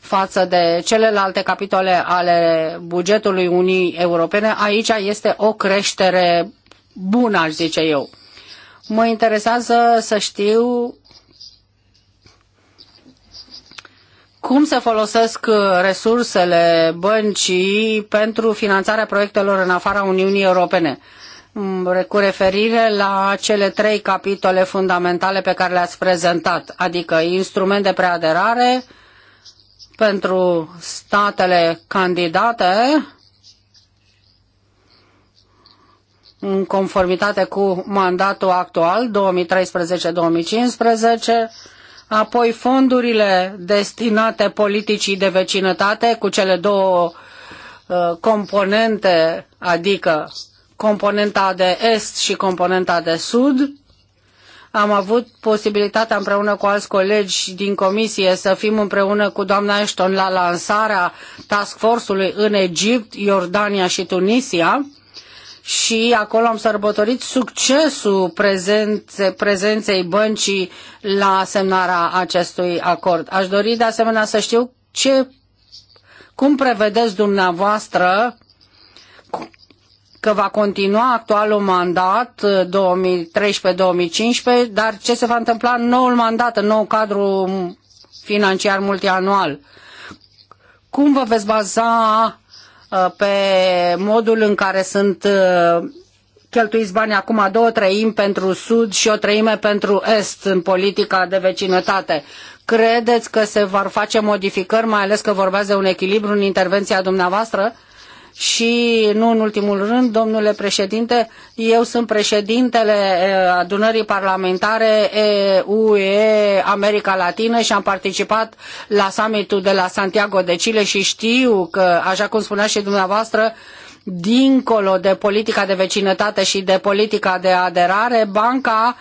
Speaker 7: față de celelalte capitole ale bugetului Unii Europene, aici este o creștere bună, aș zice eu. Mă interesează să știu cum se folosesc uh, resursele băncii pentru finanțarea proiectelor în afara Uniunii Europene mm, cu referire la cele trei capitole fundamentale pe care le-ați prezentat, adică instrument de preaderare pentru statele candidate, în conformitate cu mandatul actual 2013-2015, apoi fondurile destinate politicii de vecinătate cu cele două uh, componente, adică componenta de est și componenta de sud. Am avut posibilitatea împreună cu alți colegi din comisie să fim împreună cu doamna Ashton la lansarea task force-ului în Egipt, Iordania și Tunisia și acolo am sărbătorit succesul prezențe, prezenței băncii la semnarea acestui acord. Aș dori de asemenea să știu ce, cum prevedeți dumneavoastră că va continua actualul mandat 2013-2015, uh, dar ce se va întâmpla în noul mandat, în nou cadru financiar multianual? Cum vă veți baza Uh, pe modul în care sunt uh, cheltuiți bani acum două treimi pentru Sud și o treime pentru Est în politica de vecinătate. Credeți că se vor face modificări, mai ales că vorbeați de un echilibru în intervenția dumneavoastră? Uh, și nu în ultimul rând, domnule președinte, eu sunt președintele adunării parlamentare UE America Latină și am participat la summitul de la Santiago de Chile și știu că, așa cum spunea și dumneavoastră, dincolo de politica de vecinătate și de politica de aderare, banca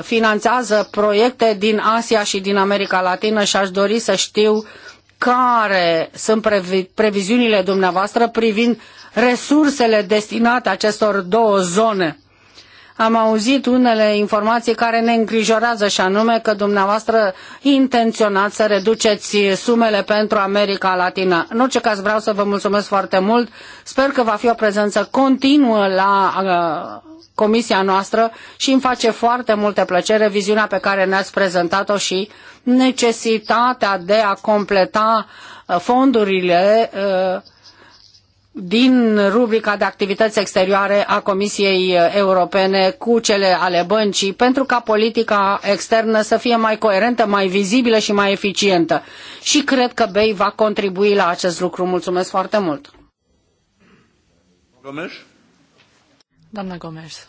Speaker 7: finanțează proiecte din Asia și din America Latină și aș dori să știu uh, care sunt previ, previziunile dumneavoastră privind resursele destinate acestor două zone am auzit unele informații care ne îngrijorează și anume că dumneavoastră intenționați să reduceți sumele pentru America Latină. În orice caz vreau să vă mulțumesc foarte mult. Sper că va fi o prezență continuă la uh, comisia noastră și îmi face foarte multă plăcere viziunea pe care ne-ați prezentat-o și necesitatea de a completa uh, fondurile uh, din rubrica de activități exterioare a Comisiei Europene cu cele ale băncii pentru ca politica externă să fie mai coerentă, mai vizibilă și mai eficientă. Și cred că BEI va contribui la acest lucru. Mulțumesc foarte mult! Gomes? Doamna Gomes.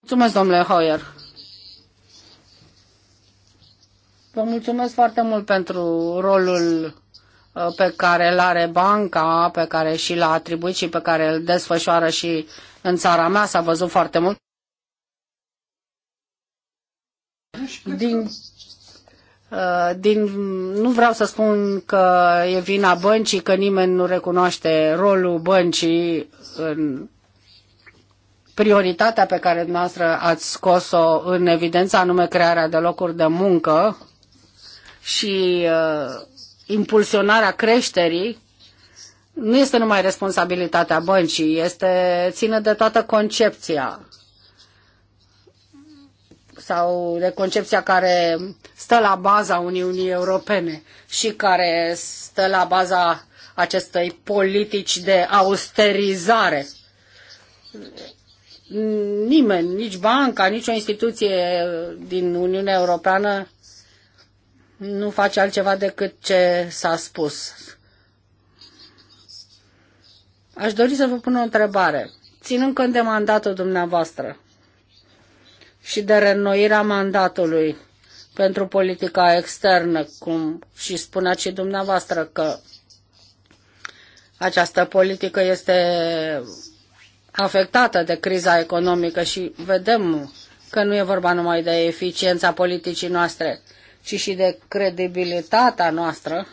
Speaker 7: Mulțumesc, domnule Hoyer. Vă mulțumesc foarte mult pentru rolul Uh, pe care îl are banca, pe care și l-a atribuit și pe care îl desfășoară și în țara mea, s-a văzut foarte mult. Din, uh, din, nu vreau să spun că e vina băncii, că nimeni nu recunoaște rolul băncii în prioritatea pe care dumneavoastră ați scos-o în evidență, anume crearea de locuri de muncă și uh, impulsionarea creșterii nu este numai responsabilitatea băncii, este ține de toată concepția sau de concepția care stă la baza Uniunii Europene și care stă la baza acestei politici de austerizare. Nimeni, nici banca, nici o instituție din Uniunea Europeană nu face altceva decât ce s-a spus. Aș dori să vă pun o întrebare. Ținând cont de mandatul dumneavoastră și de reînnoirea mandatului pentru politica externă, cum și spunea și dumneavoastră că această politică este afectată de criza economică și vedem că nu e vorba numai de eficiența politicii noastre, ci și de credibilitatea noastră.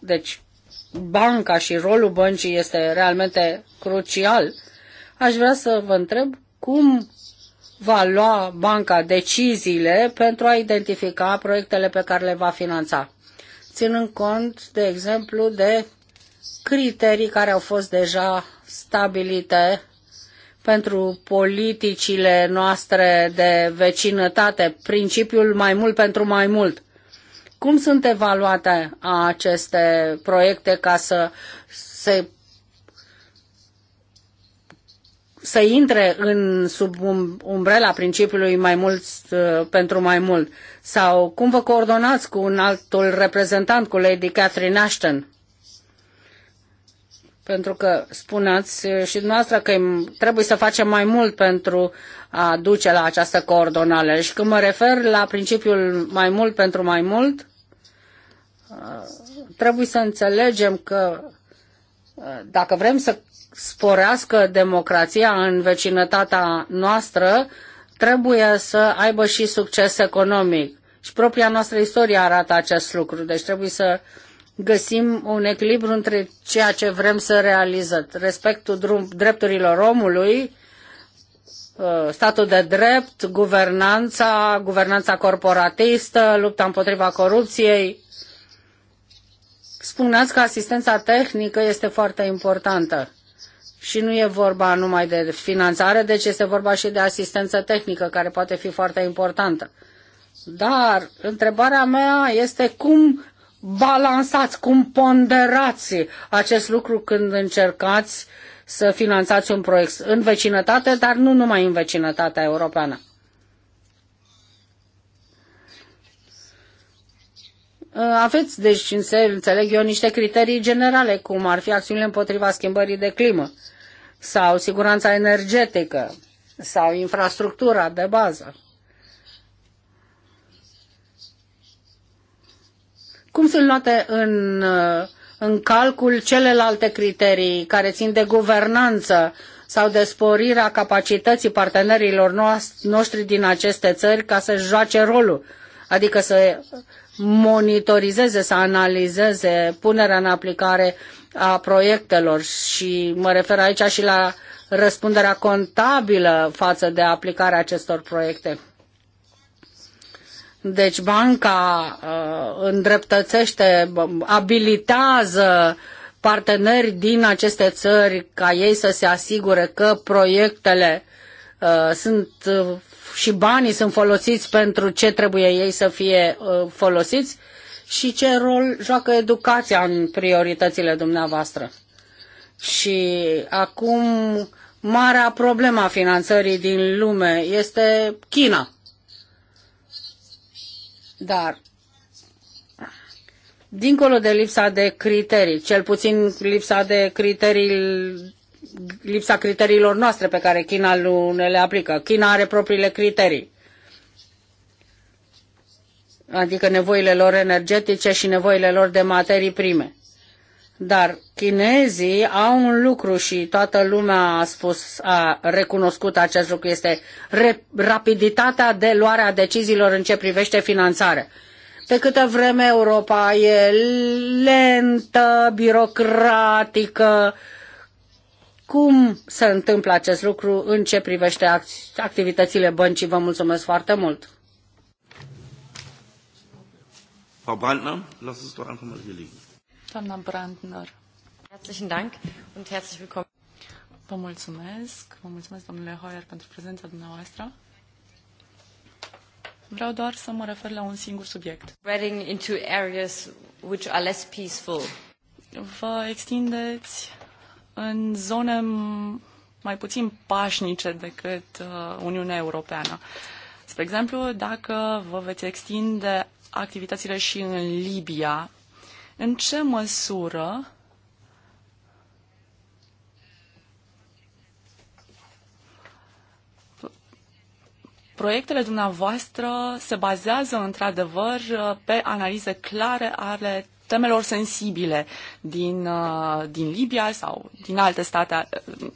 Speaker 7: Deci, banca și rolul băncii este realmente crucial. Aș vrea să vă întreb cum va lua banca deciziile pentru a identifica proiectele pe care le va finanța, ținând cont, de exemplu, de criterii care au fost deja stabilite pentru politicile noastre de vecinătate, principiul mai mult pentru mai mult. Cum sunt evaluate aceste proiecte ca să se să intre în sub um, umbrela principiului mai mult uh, pentru mai mult? Sau cum vă coordonați cu un altul reprezentant, cu Lady Catherine Ashton? pentru că spuneați și dumneavoastră că trebuie să facem mai mult pentru a duce la această coordonare. Și când mă refer la principiul mai mult pentru mai mult, trebuie să înțelegem că dacă vrem să sporească democrația în vecinătatea noastră, trebuie să aibă și succes economic. Și propria noastră istorie arată acest lucru, deci trebuie să uh, găsim un echilibru între ceea ce vrem să realizăm, respectul drepturilor omului, uh, statul de drept, guvernanța, guvernanța corporatistă, lupta împotriva corupției. Spuneați că asistența tehnică este foarte importantă și nu e vorba numai de finanțare, deci este vorba și de asistență tehnică, care poate fi foarte importantă. Dar întrebarea mea este cum balansați, cum ponderați acest lucru când încercați să finanțați un proiect în vecinătate, dar nu numai în vecinătatea europeană. Aveți, deci, înțeleg eu, niște criterii generale, cum ar fi acțiunile împotriva schimbării de climă sau siguranța energetică sau infrastructura de bază. Cum sunt luate în, uh, în calcul celelalte criterii care țin de guvernanță sau de sporirea capacității partenerilor noștri din aceste țări ca să joace rolul, adică să monitorizeze, să analizeze punerea în aplicare a proiectelor și mă refer aici și la răspunderea contabilă față de aplicarea acestor proiecte. Deci banca uh, îndreptățește, abilitează parteneri din aceste țări ca ei să se asigure că proiectele uh, sunt uh, și banii sunt folosiți pentru ce trebuie ei să fie folosiți și ce rol joacă educația în prioritățile dumneavoastră. Și acum marea problema finanțării din lume este China. Dar dincolo de lipsa de criterii, cel puțin lipsa de criterii lipsa criteriilor noastre pe care China ne le aplică. China are propriile criterii. Adică nevoile lor energetice și nevoile lor de materii prime. Dar chinezii au un lucru și toată lumea a spus, a recunoscut acest lucru, este re- rapiditatea de luare a deciziilor în ce privește finanțare. Pe câtă vreme Europa e lentă, birocratică, cum se întâmplă acest lucru în ce privește
Speaker 8: activitățile
Speaker 7: băncii? Vă mulțumesc foarte mult!
Speaker 3: Frau Brandner, lass es doch einfach mal hier liegen.
Speaker 8: Doamna Brandner. Herzlichen Dank
Speaker 2: und herzlich willkommen. Vă mulțumesc. Vă mulțumesc, domnule Hoyer, pentru prezența dumneavoastră. Vreau doar să mă refer la un singur subiect. Spreading into areas which are less peaceful. Vă extindeți în zone mai puțin pașnice decât uh, Uniunea Europeană. Spre exemplu, dacă vă veți extinde activitățile și în Libia, în ce măsură proiectele dumneavoastră se bazează într-adevăr pe analize clare ale temelor sensibile din, uh, din Libia sau din alte state uh,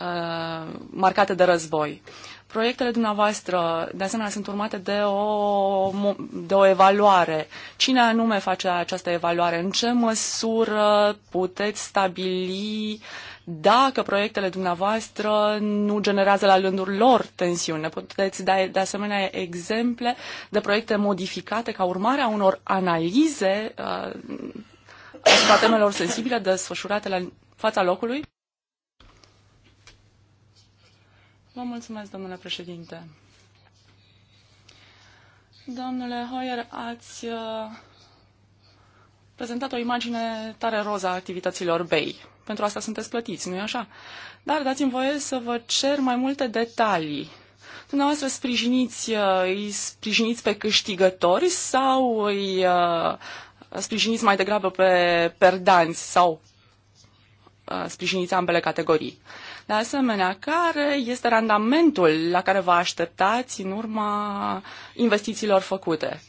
Speaker 2: uh, marcate de război. Uh, Proiectele dumneavoastră, de asemenea, sunt urmate de o, de o evaluare. Cine anume face această evaluare? În ce măsură puteți stabili dacă proiectele dumneavoastră nu generează la rândul lor tensiune? Puteți da de asemenea exemple de proiecte modificate ca urmare a unor analize uh, asupra temelor sensibile desfășurate la fața locului? Vă mulțumesc, domnule președinte. Domnule Hoyer, ați uh, prezentat o imagine tare roză a activităților BEI. Pentru asta sunteți plătiți, nu-i așa? Dar dați-mi voie să vă cer mai multe detalii. Dumneavoastră sprijiniți, uh, îi sprijiniți pe câștigători sau îi uh, sprijiniți mai degrabă pe perdanți sau sprijiniți ambele categorii? De asemenea, care este randamentul la care vă așteptați în urma investițiilor făcute?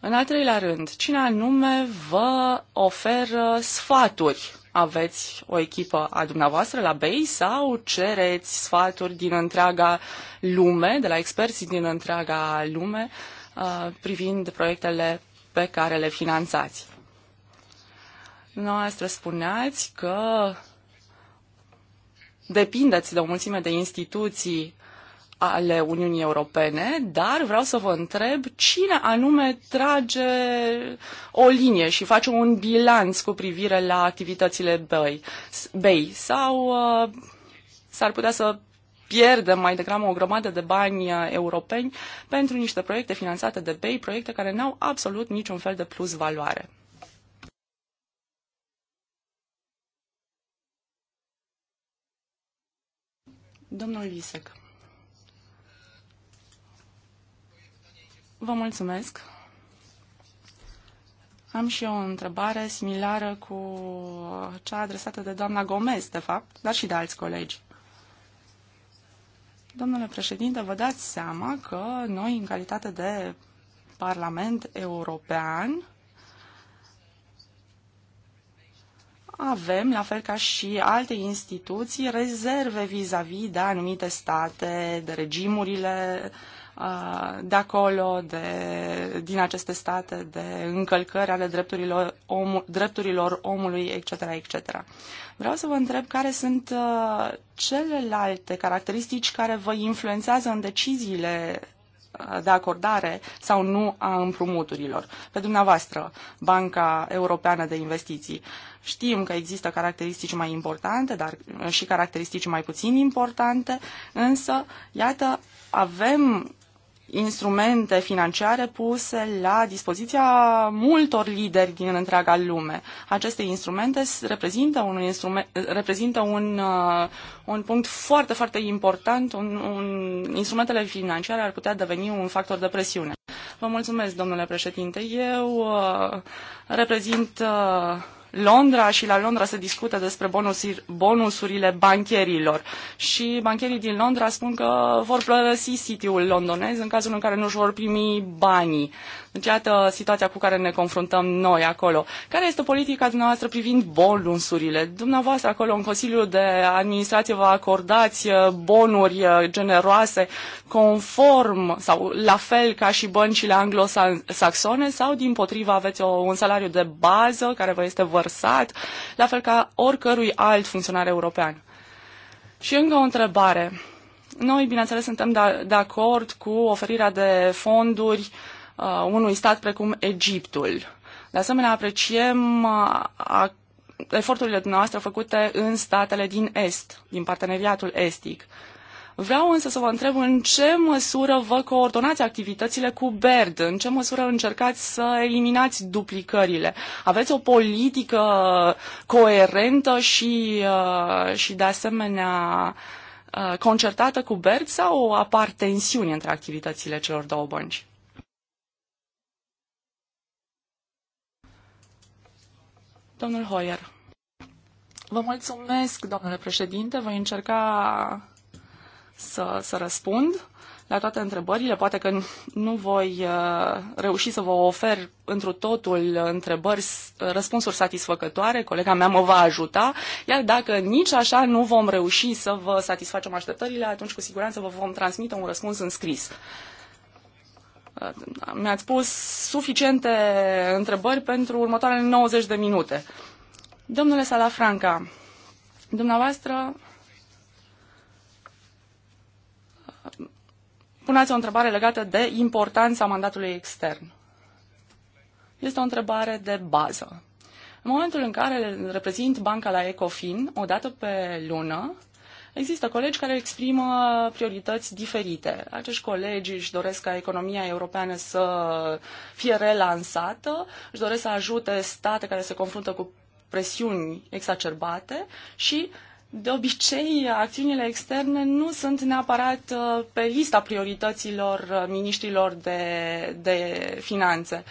Speaker 2: În al treilea rând, cine anume vă oferă sfaturi? Aveți o echipă a dumneavoastră la BEI sau cereți sfaturi din întreaga lume, de la experții din întreaga lume, uh, privind proiectele pe care le finanțați? Noastră spuneați că Depindeți de o mulțime de instituții ale Uniunii Europene, dar vreau să vă întreb cine anume trage o linie și face un bilanț cu privire la activitățile BEI, BEI sau uh, s-ar putea să pierdem mai degrabă o grămadă de bani uh, europeni pentru niște proiecte finanțate de BEI, proiecte care n-au absolut niciun fel de plus valoare. Domnul Lisek. Vă mulțumesc. Am și eu o întrebare similară cu cea adresată de doamna Gomez, de fapt, dar și de alți colegi. Domnule președinte, vă dați seama că noi, în calitate de Parlament European, avem, la fel ca și alte instituții, rezerve vis-a-vis -vis de anumite state, de regimurile uh, de acolo, de, din aceste state, de încălcări ale drepturilor, om, drepturilor omului, etc., etc. Vreau să vă întreb care sunt uh, celelalte caracteristici care vă influențează în deciziile de acordare sau nu a împrumuturilor. Pe dumneavoastră, Banca Europeană de Investiții, știm că există caracteristici mai importante dar și caracteristici mai puțin importante, însă, iată, avem instrumente financiare puse la dispoziția multor lideri din întreaga lume. Aceste instrumente reprezintă un, instrument, reprezintă un, uh, un punct foarte, foarte important. Un, un, instrumentele financiare ar putea deveni un factor de presiune. Vă mulțumesc, domnule președinte. Eu uh, reprezint uh, Londra și la Londra se discută despre bonusuri, bonusurile bancherilor. Și bancherii din Londra spun că vor părăsi City-ul londonez în cazul în care nu își vor primi banii. Deci, iată situația cu care ne confruntăm noi acolo. Care este politica dumneavoastră privind bonusurile? Dumneavoastră acolo în Consiliul de Administrație vă acordați uh, bonuri uh, generoase conform sau la fel ca și băncile anglosaxone sau din potriva aveți o, un salariu de bază care vă este vărsat, la fel ca oricărui alt funcționar european? Și încă o întrebare. Noi, bineînțeles, suntem de, da, de acord cu oferirea de fonduri uh, unui stat precum Egiptul. De asemenea, apreciem uh, a, eforturile noastre făcute în statele din Est, din parteneriatul estic. Vreau însă să vă întreb în ce măsură vă coordonați activitățile cu BERD, în ce măsură încercați să eliminați duplicările. Aveți o politică coerentă și, uh, și de asemenea uh, concertată cu BERD sau apar tensiuni între activitățile celor două bănci? Domnul Hoyer. Vă mulțumesc, domnule președinte. Voi încerca să, să răspund la toate întrebările. Poate că nu voi uh, reuși să vă ofer întru totul întrebări, răspunsuri satisfăcătoare. Colega mea mă va ajuta. Iar dacă nici așa nu vom reuși să vă satisfacem așteptările, atunci cu siguranță vă vom transmite un răspuns în scris mi-ați pus suficiente întrebări pentru următoarele 90 de minute. Domnule Salafranca, dumneavoastră puneți o întrebare legată de importanța mandatului extern. Este o întrebare de bază. În momentul în care reprezint banca la Ecofin, o dată pe lună, Există colegi care exprimă priorități diferite. Acești colegi își doresc ca economia europeană să fie relansată, își doresc să ajute state care se confruntă cu presiuni exacerbate și de obicei, acțiunile externe nu sunt neapărat uh, pe lista priorităților uh, miniștrilor de, de finanțe.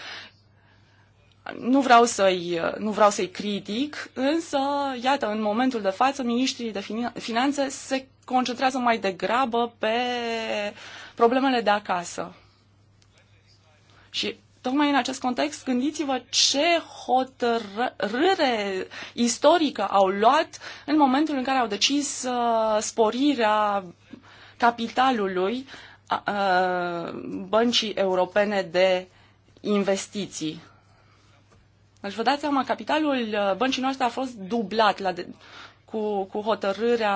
Speaker 2: Nu vreau să-i, nu vreau să-i critic, însă, iată, în momentul de față, ministrii de finanțe se concentrează mai degrabă pe problemele de acasă. Și tocmai în acest context, gândiți-vă ce hotărâre istorică au luat în momentul în care au decis uh, sporirea capitalului uh, uh, băncii europene de investiții. Deci vă dați seama, capitalul uh, băncii noastre a fost dublat la de, cu, cu hotărârea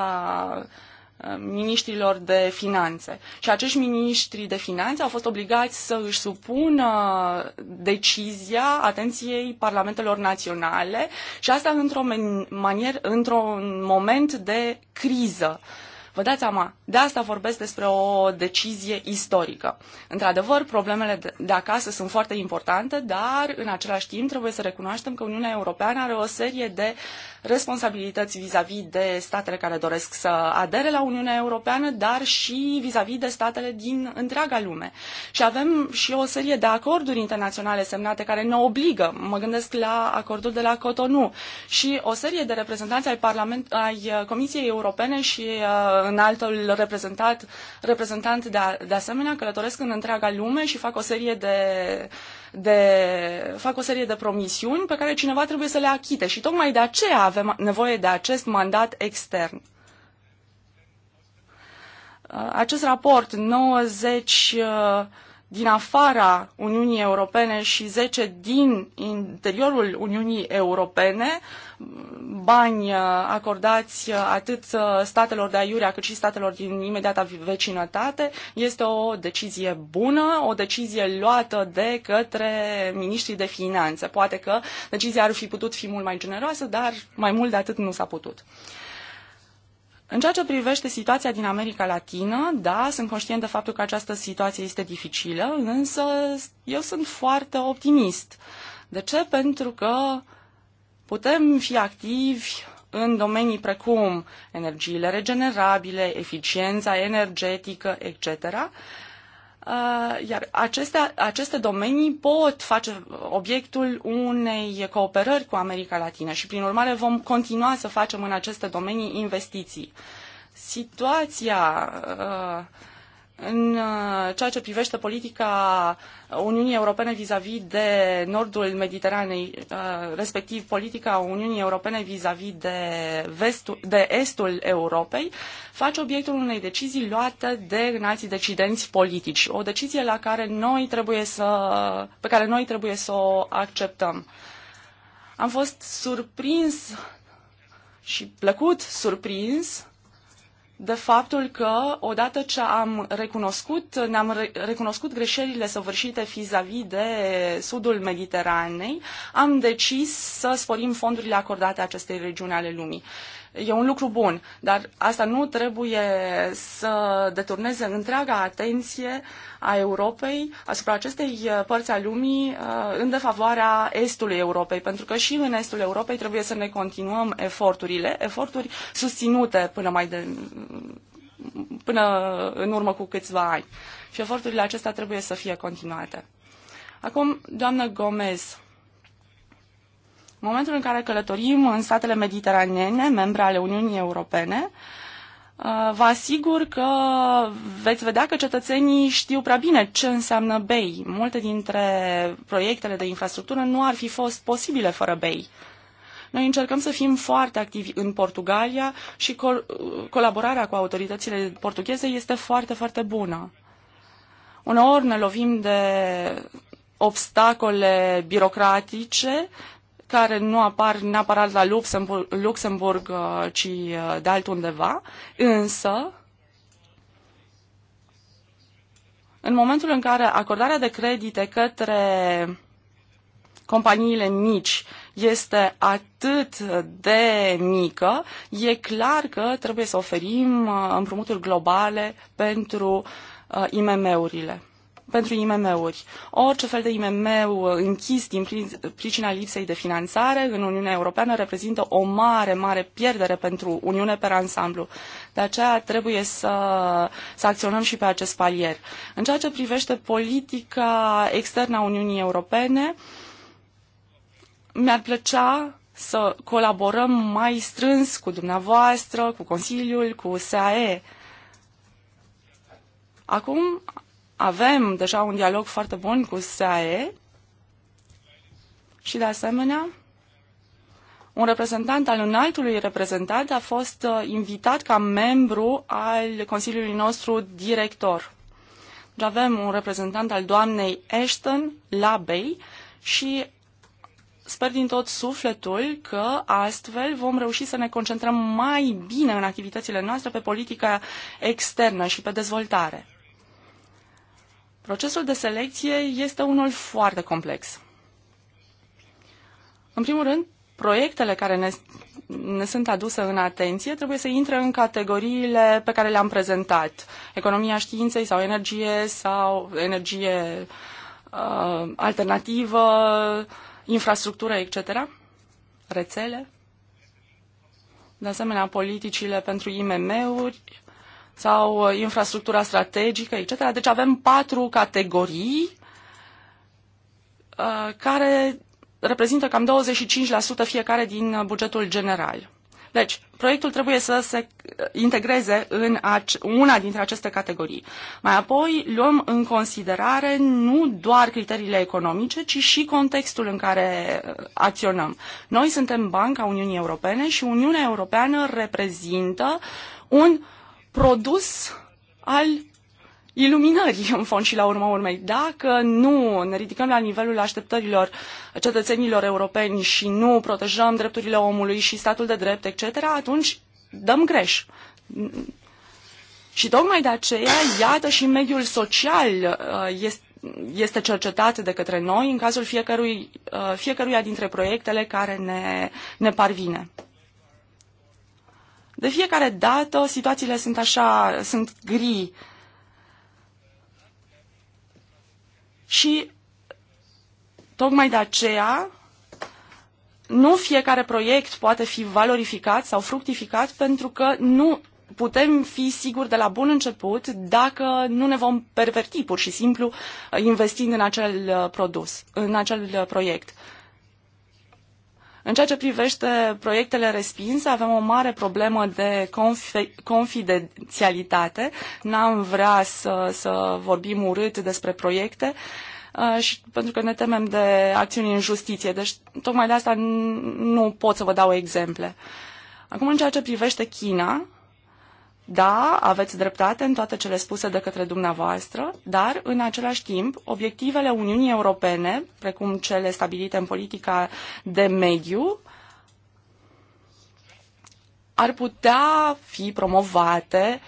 Speaker 2: uh, miniștrilor de finanțe. Și acești miniștri de finanțe au fost obligați să își supună decizia atenției parlamentelor naționale și asta într-o manier, într-un moment de criză. Uh, Vă dați seama, de asta vorbesc despre o decizie istorică. Într-adevăr, problemele de acasă sunt foarte importante, dar în același timp trebuie să recunoaștem că Uniunea Europeană are o serie de responsabilități vis-a-vis -vis de statele care doresc să adere la Uniunea Europeană, dar și vis-a-vis -vis de statele din întreaga lume. Și avem și o serie de acorduri internaționale semnate care ne obligă, mă gândesc la acordul de la Cotonou și o serie de reprezentanți ai, Parlament, ai Comisiei Europene și uh, în altul reprezentat, reprezentant de, a, de asemenea călătoresc în întreaga lume și fac o serie de de, fac o serie de promisiuni pe care cineva trebuie să le achite și tocmai de aceea avem nevoie de acest mandat extern. Uh, acest raport, 90 din afara Uniunii Europene și 10 din interiorul Uniunii Europene, bani uh, acordați uh, atât uh, statelor de aiurea cât și statelor din imediata vecinătate, este o decizie bună, o decizie luată de către ministrii de finanțe. Poate că decizia ar fi putut fi mult mai generoasă, dar mai mult de atât nu s-a putut. În ceea ce privește situația din America Latină, da, sunt conștient de faptul că această situație este dificilă, însă eu sunt foarte optimist. De ce? Pentru că putem fi activi în domenii precum energiile regenerabile, eficiența energetică, etc., Uh, iar aceste domenii pot face obiectul unei cooperări cu America Latină și, prin urmare, vom continua să facem în aceste domenii investiții. Situația uh, în uh, ceea ce privește politica Uniunii Europene vis-a-vis de nordul Mediteranei, uh, respectiv politica Uniunii Europene vis-a-vis de, vestul, de estul Europei, face obiectul unei decizii luate de înalții decidenți politici. O decizie la care noi trebuie să, pe care noi trebuie să o acceptăm. Am fost surprins și plăcut surprins de faptul că odată ce am recunoscut, ne-am re- recunoscut greșelile săvârșite vis-a-vis -vis de sudul Mediteranei, am decis să sporim fondurile acordate acestei regiuni ale lumii e un lucru bun, dar asta nu trebuie să deturneze întreaga atenție a Europei asupra acestei uh, părți a lumii uh, în defavoarea estului Europei, pentru că și în estul Europei trebuie să ne continuăm eforturile, eforturi susținute până mai de până în urmă cu câțiva ani. Și eforturile acestea trebuie să fie continuate. Acum, doamnă Gomez, în momentul în care călătorim în statele mediteranene, membre ale Uniunii Europene, uh, vă asigur că veți vedea că cetățenii știu prea bine ce înseamnă BEI. Multe dintre proiectele de infrastructură nu ar fi fost posibile fără BEI. Noi încercăm să fim foarte activi în Portugalia și col- colaborarea cu autoritățile portugheze este foarte, foarte bună. Uneori ne lovim de obstacole birocratice care nu apar neapărat la Luxemburg, Luxemburg uh, ci uh, de altundeva, însă în momentul în care acordarea de credite către companiile mici este atât de mică, e clar că trebuie să oferim uh, împrumuturi globale pentru IMM-urile pentru IMM-uri. Orice fel de IMM închis din pricina lipsei de finanțare în Uniunea Europeană reprezintă o mare, mare pierdere pentru Uniune pe ansamblu. De aceea trebuie să, să acționăm și pe acest palier. În ceea ce privește politica externă a Uniunii Europene, mi-ar plăcea să colaborăm mai strâns cu dumneavoastră, cu Consiliul, cu SAE. Acum avem deja un dialog foarte bun cu SAE și, de asemenea, un reprezentant al înaltului reprezentant a fost uh, invitat ca membru al Consiliului nostru director. Deci avem un reprezentant al doamnei Ashton la Bay și sper din tot sufletul că astfel vom reuși să ne concentrăm mai bine în activitățile noastre pe politica externă și pe dezvoltare. Procesul de selecție este unul foarte complex. În primul rând, proiectele care ne, ne sunt aduse în atenție trebuie să intre în categoriile pe care le-am prezentat. Economia științei sau energie sau energie uh, alternativă, infrastructură, etc. Rețele. De asemenea, politicile pentru IMM-uri, sau uh, infrastructura strategică, etc. Deci avem patru categorii uh, care reprezintă cam 25% fiecare din uh, bugetul general. Deci, proiectul trebuie să se integreze în una dintre aceste categorii. Mai apoi, luăm în considerare nu doar criteriile economice, ci și contextul în care acționăm. Noi suntem Banca Uniunii Europene și Uniunea Europeană reprezintă un produs al iluminării, în fond și la urma urmei. Dacă nu ne ridicăm la nivelul așteptărilor cetățenilor europeni și nu protejăm drepturile omului și statul de drept, etc., atunci dăm greș. Și tocmai de aceea, iată și mediul social uh, este cercetat de către noi în cazul fiecărui, uh, fiecăruia dintre proiectele care ne, ne parvine. De fiecare dată situațiile sunt așa, sunt gri. Și tocmai de aceea nu fiecare proiect poate fi valorificat sau fructificat pentru că nu putem fi siguri de la bun început dacă nu ne vom perverti pur și simplu investind în acel uh, produs, în acel uh, proiect. În ceea ce privește proiectele respinse, avem o mare problemă de confi- confidențialitate. N-am vrea să, să vorbim urât despre proiecte uh, și pentru că ne temem de acțiuni în justiție. Deci, tocmai de asta nu pot să vă dau exemple. Acum, în ceea ce privește China, da, aveți dreptate în toate cele spuse de către dumneavoastră, dar, în același timp, obiectivele Uniunii Europene, precum cele stabilite în politica de mediu, ar putea fi promovate,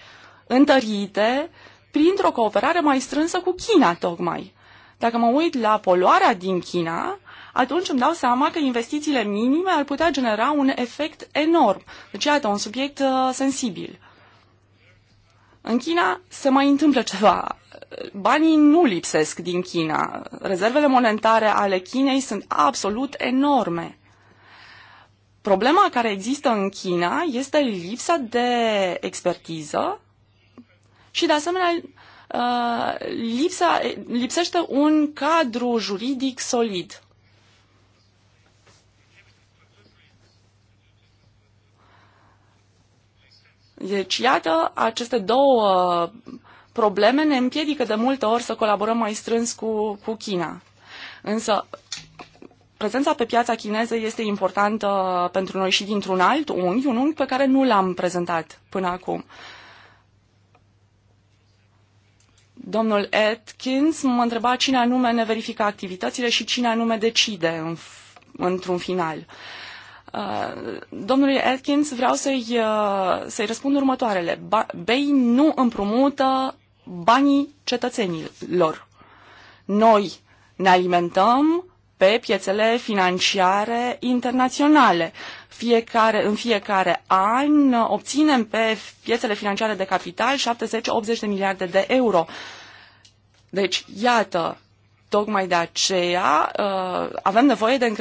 Speaker 2: întărite, printr-o cooperare mai strânsă cu China, tocmai. Dacă mă uit la poluarea din China, atunci îmi dau seama că investițiile minime ar putea genera un efect enorm. Deci, iată, un subiect uh, sensibil. În China se mai întâmplă ceva. Banii nu lipsesc din China. Rezervele monetare ale Chinei sunt absolut enorme. Problema care există în China este lipsa de expertiză și, de asemenea, uh, lipsa, lipsește un cadru juridic solid. Deci, iată, aceste două probleme ne împiedică de multe ori să colaborăm mai strâns cu, cu China. Însă, prezența pe piața chineză este importantă pentru noi și dintr-un alt unghi, un unghi pe care nu l-am prezentat până acum. Domnul Atkins mă întreba cine anume ne verifică activitățile și cine anume decide în, într-un final. Uh, Domnului Atkins vreau să-i, uh, să-i răspund următoarele. Bei nu împrumută banii cetățenilor. Noi ne alimentăm pe piețele financiare internaționale. Fiecare, în fiecare an obținem pe piețele financiare de capital 70-80 de miliarde de euro. Deci, iată, tocmai de aceea uh, avem nevoie de,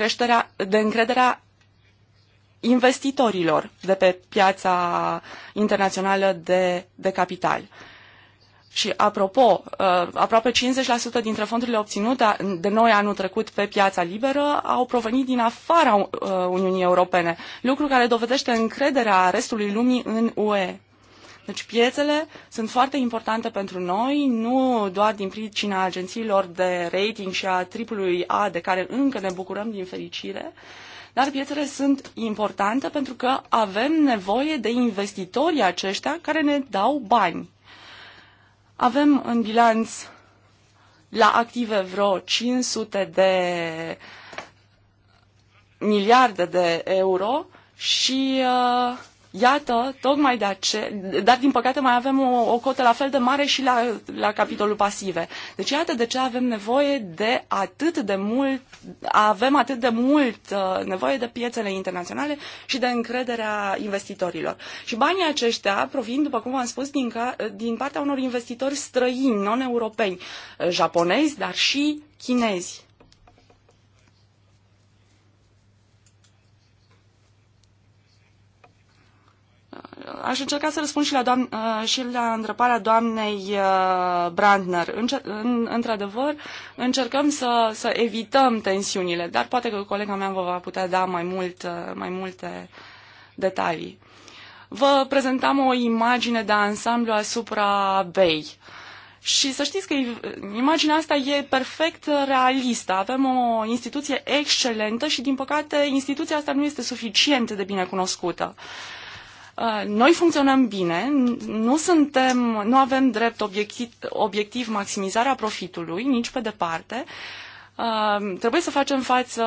Speaker 2: de încrederea investitorilor de pe piața internațională de, de capital. Și apropo, uh, aproape 50% dintre fondurile obținute de noi anul trecut pe piața liberă au provenit din afara uh, Uniunii Europene, lucru care dovedește încrederea restului lumii în UE. Deci piețele sunt foarte importante pentru noi, nu doar din pricina agențiilor de rating și a AAA de care încă ne bucurăm din fericire, uh, dar piețele sunt importante pentru că avem nevoie de investitorii aceștia care ne dau bani. Avem în bilanț la active vreo 500 de miliarde de euro și uh, Iată, tocmai de aceea, dar din păcate mai avem o, o cotă la fel de mare și la, la capitolul pasive. Deci iată de ce avem nevoie de atât de mult, avem atât de mult uh, nevoie de piețele internaționale și de încrederea investitorilor. Și banii aceștia provin, după cum v-am spus, din, ca, din partea unor investitori străini, non-europeni, uh, japonezi, dar și chinezi. aș încerca să răspund și la, doamn, uh, și la întrebarea doamnei uh, Brandner. în, într-adevăr, încercăm să, să evităm tensiunile, dar poate că colega mea vă va putea da mai, mult, uh, mai multe detalii. Vă prezentam o imagine de ansamblu asupra BEI. Și să știți că imaginea asta e perfect realistă. Avem o instituție excelentă și, din păcate, instituția asta nu este suficient de bine cunoscută. Uh, Uh, noi funcționăm bine, nu, suntem, nu avem drept obiectiv, obiectiv maximizarea profitului, nici pe departe. Uh, trebuie să facem față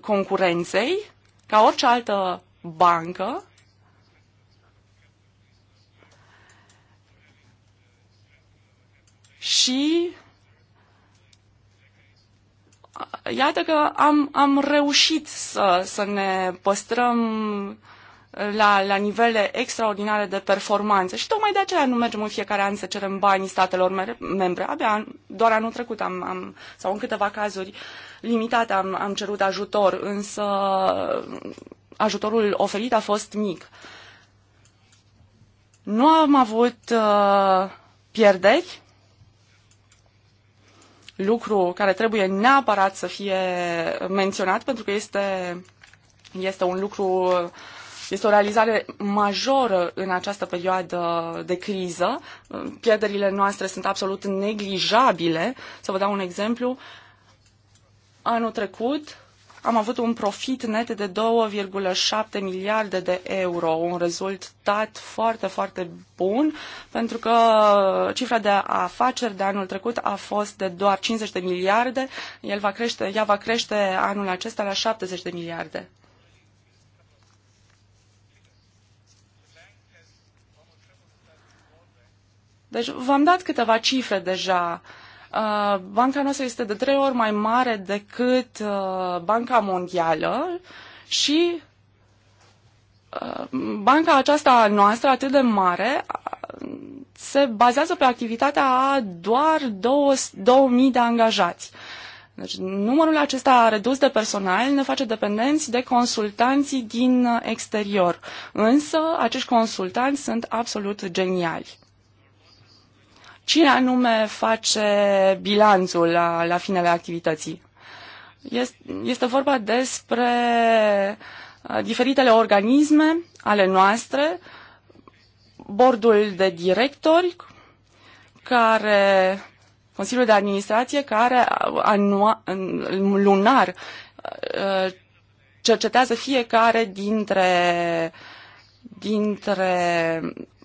Speaker 2: concurenței, ca orice altă bancă, și uh, iată că am, am reușit să, să ne păstrăm la, la nivele extraordinare de performanță și tocmai de aceea nu mergem în fiecare an să cerem banii statelor membre. Abia an, doar anul trecut am, am, sau în câteva cazuri limitate am, am cerut ajutor, însă ajutorul oferit a fost mic. Nu am avut uh, pierderi, lucru care trebuie neapărat să fie menționat pentru că este, este un lucru uh, este o realizare majoră în această perioadă de criză. Pierderile noastre sunt absolut neglijabile. Să vă dau un exemplu. Anul trecut am avut un profit net de 2,7 miliarde de euro, un rezultat foarte, foarte bun, pentru că cifra de afaceri de anul trecut a fost de doar 50 de miliarde, El va crește, ea va crește anul acesta la 70 de miliarde. Deci v-am dat câteva cifre deja. Uh, banca noastră este de trei ori mai mare decât uh, Banca Mondială și uh, banca aceasta noastră atât de mare se bazează pe activitatea a doar 2000 de angajați. Deci numărul acesta redus de personal ne face dependenți de consultanții din exterior, însă acești consultanți sunt absolut geniali. Cine anume face bilanțul la, la finele activității? Este, este vorba despre uh, diferitele organisme ale noastre, bordul de directori, care, Consiliul de Administrație, care anua, lunar uh, cercetează fiecare dintre, dintre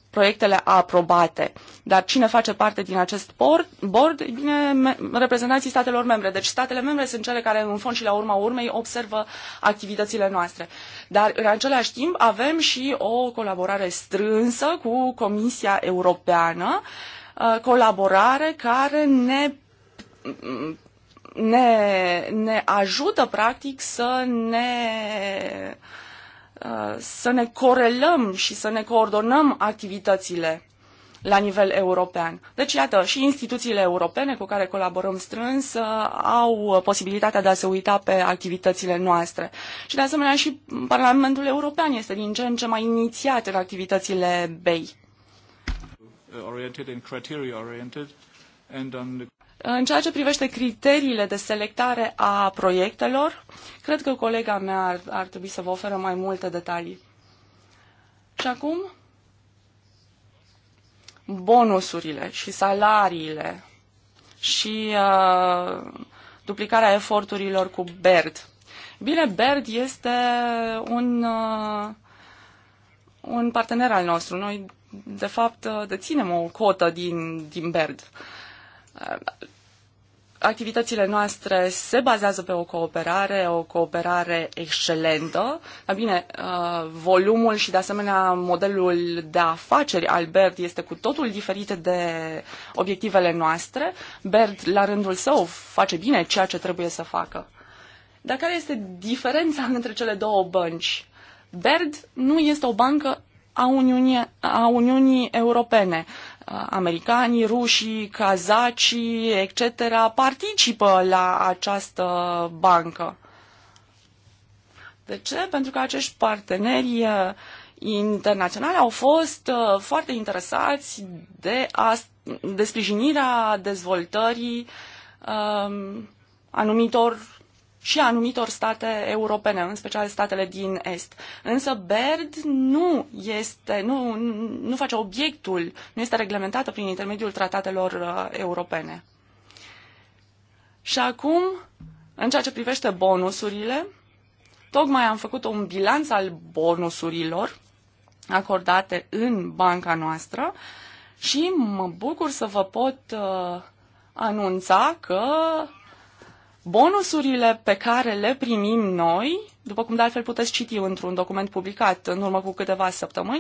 Speaker 2: proiectele aprobate. Dar cine face parte din acest board? board e bine, reprezentanții statelor membre. Deci statele membre sunt cele care, în fond și la urma urmei, observă activitățile noastre. Dar, în același timp, avem și o colaborare strânsă cu Comisia Europeană, uh, colaborare care ne ne, ne ajută, practic, să ne Uh, să ne corelăm și să ne coordonăm activitățile la nivel european. Deci, iată, și instituțiile europene cu care colaborăm strâns uh, au posibilitatea de a se uita pe activitățile noastre. Și, de asemenea, și Parlamentul European este din ce în ce mai inițiat în activitățile BEI.
Speaker 5: Oriented and criteria oriented and on the...
Speaker 2: În ceea ce privește criteriile de selectare a proiectelor, cred că colega mea ar, ar trebui să vă oferă mai multe detalii. Și acum, bonusurile și salariile și uh, duplicarea eforturilor cu BERD. Bine, BERD este un, uh, un partener al nostru. Noi, de fapt, uh, deținem o cotă din, din BERD. Uh, activitățile noastre se bazează pe o cooperare, o cooperare excelentă. Bine, uh, volumul și de asemenea modelul de afaceri al BERD este cu totul diferit de obiectivele noastre. BERD, la rândul său, face bine ceea ce trebuie să facă. Dar care este diferența între cele două bănci? BERD nu este o bancă a Uniunii, a Uniunii Europene. Uh, americanii, rușii, cazacii, etc., participă la această bancă. De ce? Pentru că acești parteneri uh, internaționali au fost uh, foarte interesați de, a, de sprijinirea dezvoltării um, anumitor și a anumitor state europene, în special statele din Est. Însă BERD nu, este, nu, nu face obiectul, nu este reglementată prin intermediul tratatelor uh, europene. Și acum, în ceea ce privește bonusurile, tocmai am făcut un bilanț al bonusurilor acordate în banca noastră și mă bucur să vă pot uh, anunța că Bonusurile pe care le primim noi, după cum de altfel puteți citi într-un document publicat în urmă cu câteva săptămâni,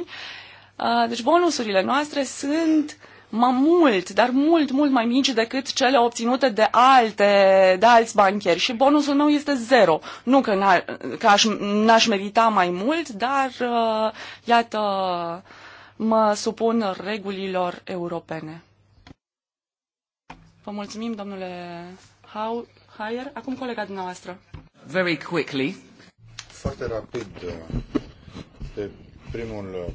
Speaker 2: uh, deci bonusurile noastre sunt mai mult, dar mult, mult mai mici decât cele obținute de alte, de alți bancheri. Și bonusul meu este zero. Nu că, n-a, că aș, n-aș merita mai mult, dar uh, iată, mă supun regulilor europene. Vă mulțumim, domnule Hau, Haier. Acum colega dumneavoastră.
Speaker 6: Very quickly. Foarte rapid pe primul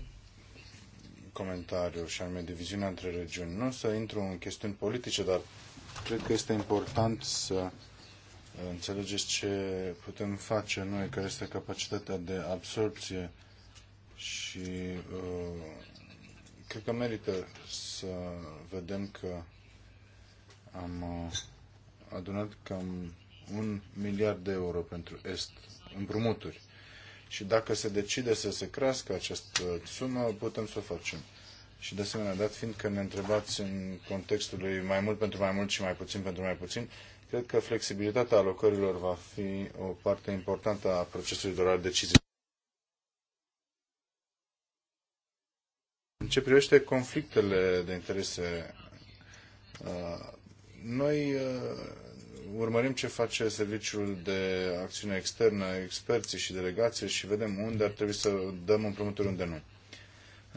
Speaker 6: comentariu și anume diviziunea între regiuni. Nu o să intru în chestiuni politice, dar cred că este important să înțelegeți ce putem face noi, care este capacitatea de absorpție și uh, cred că merită să vedem că am uh, adunat cam un miliard de euro pentru Est, împrumuturi. Și dacă se decide să se crească această sumă, putem să o facem. Și de asemenea, dat fiind că ne întrebați în contextul lui mai mult pentru mai mult și mai puțin pentru mai puțin, cred că flexibilitatea alocărilor va fi o parte importantă a procesului de luare decizii. În ce privește conflictele de interese uh, noi uh, urmărim ce face Serviciul de Acțiune Externă, experții și delegații și vedem unde ar trebui să dăm împrumuturi, unde nu.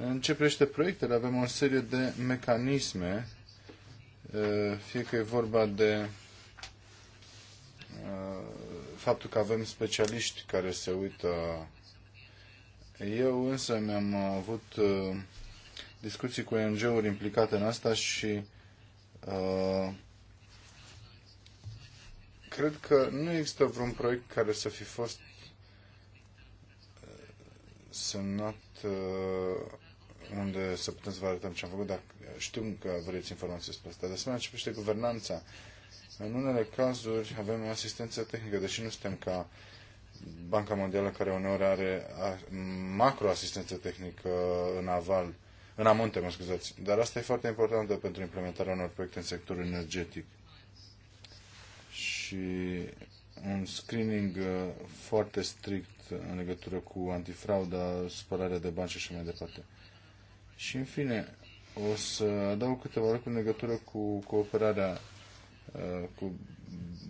Speaker 6: În ce privește proiectele, avem o serie de mecanisme, uh, fie că e vorba de uh, faptul că avem specialiști care se uită. Eu însă mi-am avut discuții cu ONG-uri implicate în asta și cred că nu există vreun proiect care să fi fost uh, semnat uh, unde să putem să vă arătăm ce am făcut, dar știm că vreți informații despre asta. De asemenea, ce privește guvernanța. În unele cazuri avem o asistență tehnică, deși nu suntem ca Banca Mondială, care uneori are macroasistență tehnică în aval, în amonte, mă scuzați. Dar asta e foarte importantă pentru implementarea unor proiecte în sectorul energetic și un screening uh, foarte strict în legătură cu antifrauda, spălarea de bani și așa mai departe. Și în fine, o să adaug câteva lucruri în legătură cu cooperarea uh, cu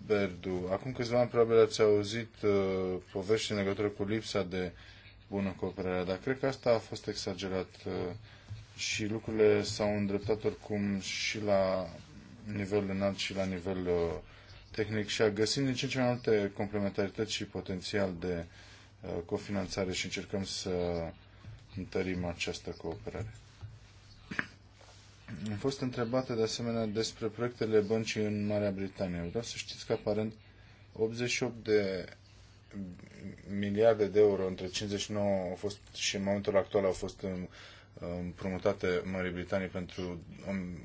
Speaker 6: Berdu. Acum câțiva ani probabil ați auzit uh, povești în legătură cu lipsa de bună cooperare, dar cred că asta a fost exagerat și lucrurile s-au îndreptat oricum și la nivel înalt și la nivel uh, tehnic și a găsit din ce în ce mai multe complementarități și potențial de uh, cofinanțare și încercăm să întărim această cooperare. Am fost întrebată de asemenea despre proiectele băncii în Marea Britanie. Vreau să știți că aparent 88 de miliarde de euro între 59 au fost și în momentul actual au fost uh, împrumutate Marii Britanii pentru um,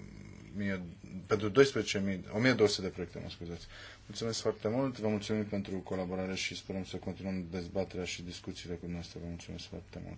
Speaker 6: pentru 12.000, 1200 de proiecte, mă scuzați. Mulțumesc foarte mult, vă mulțumim pentru colaborare și sperăm să continuăm dezbaterea și discuțiile cu dumneavoastră. Vă mulțumesc foarte mult.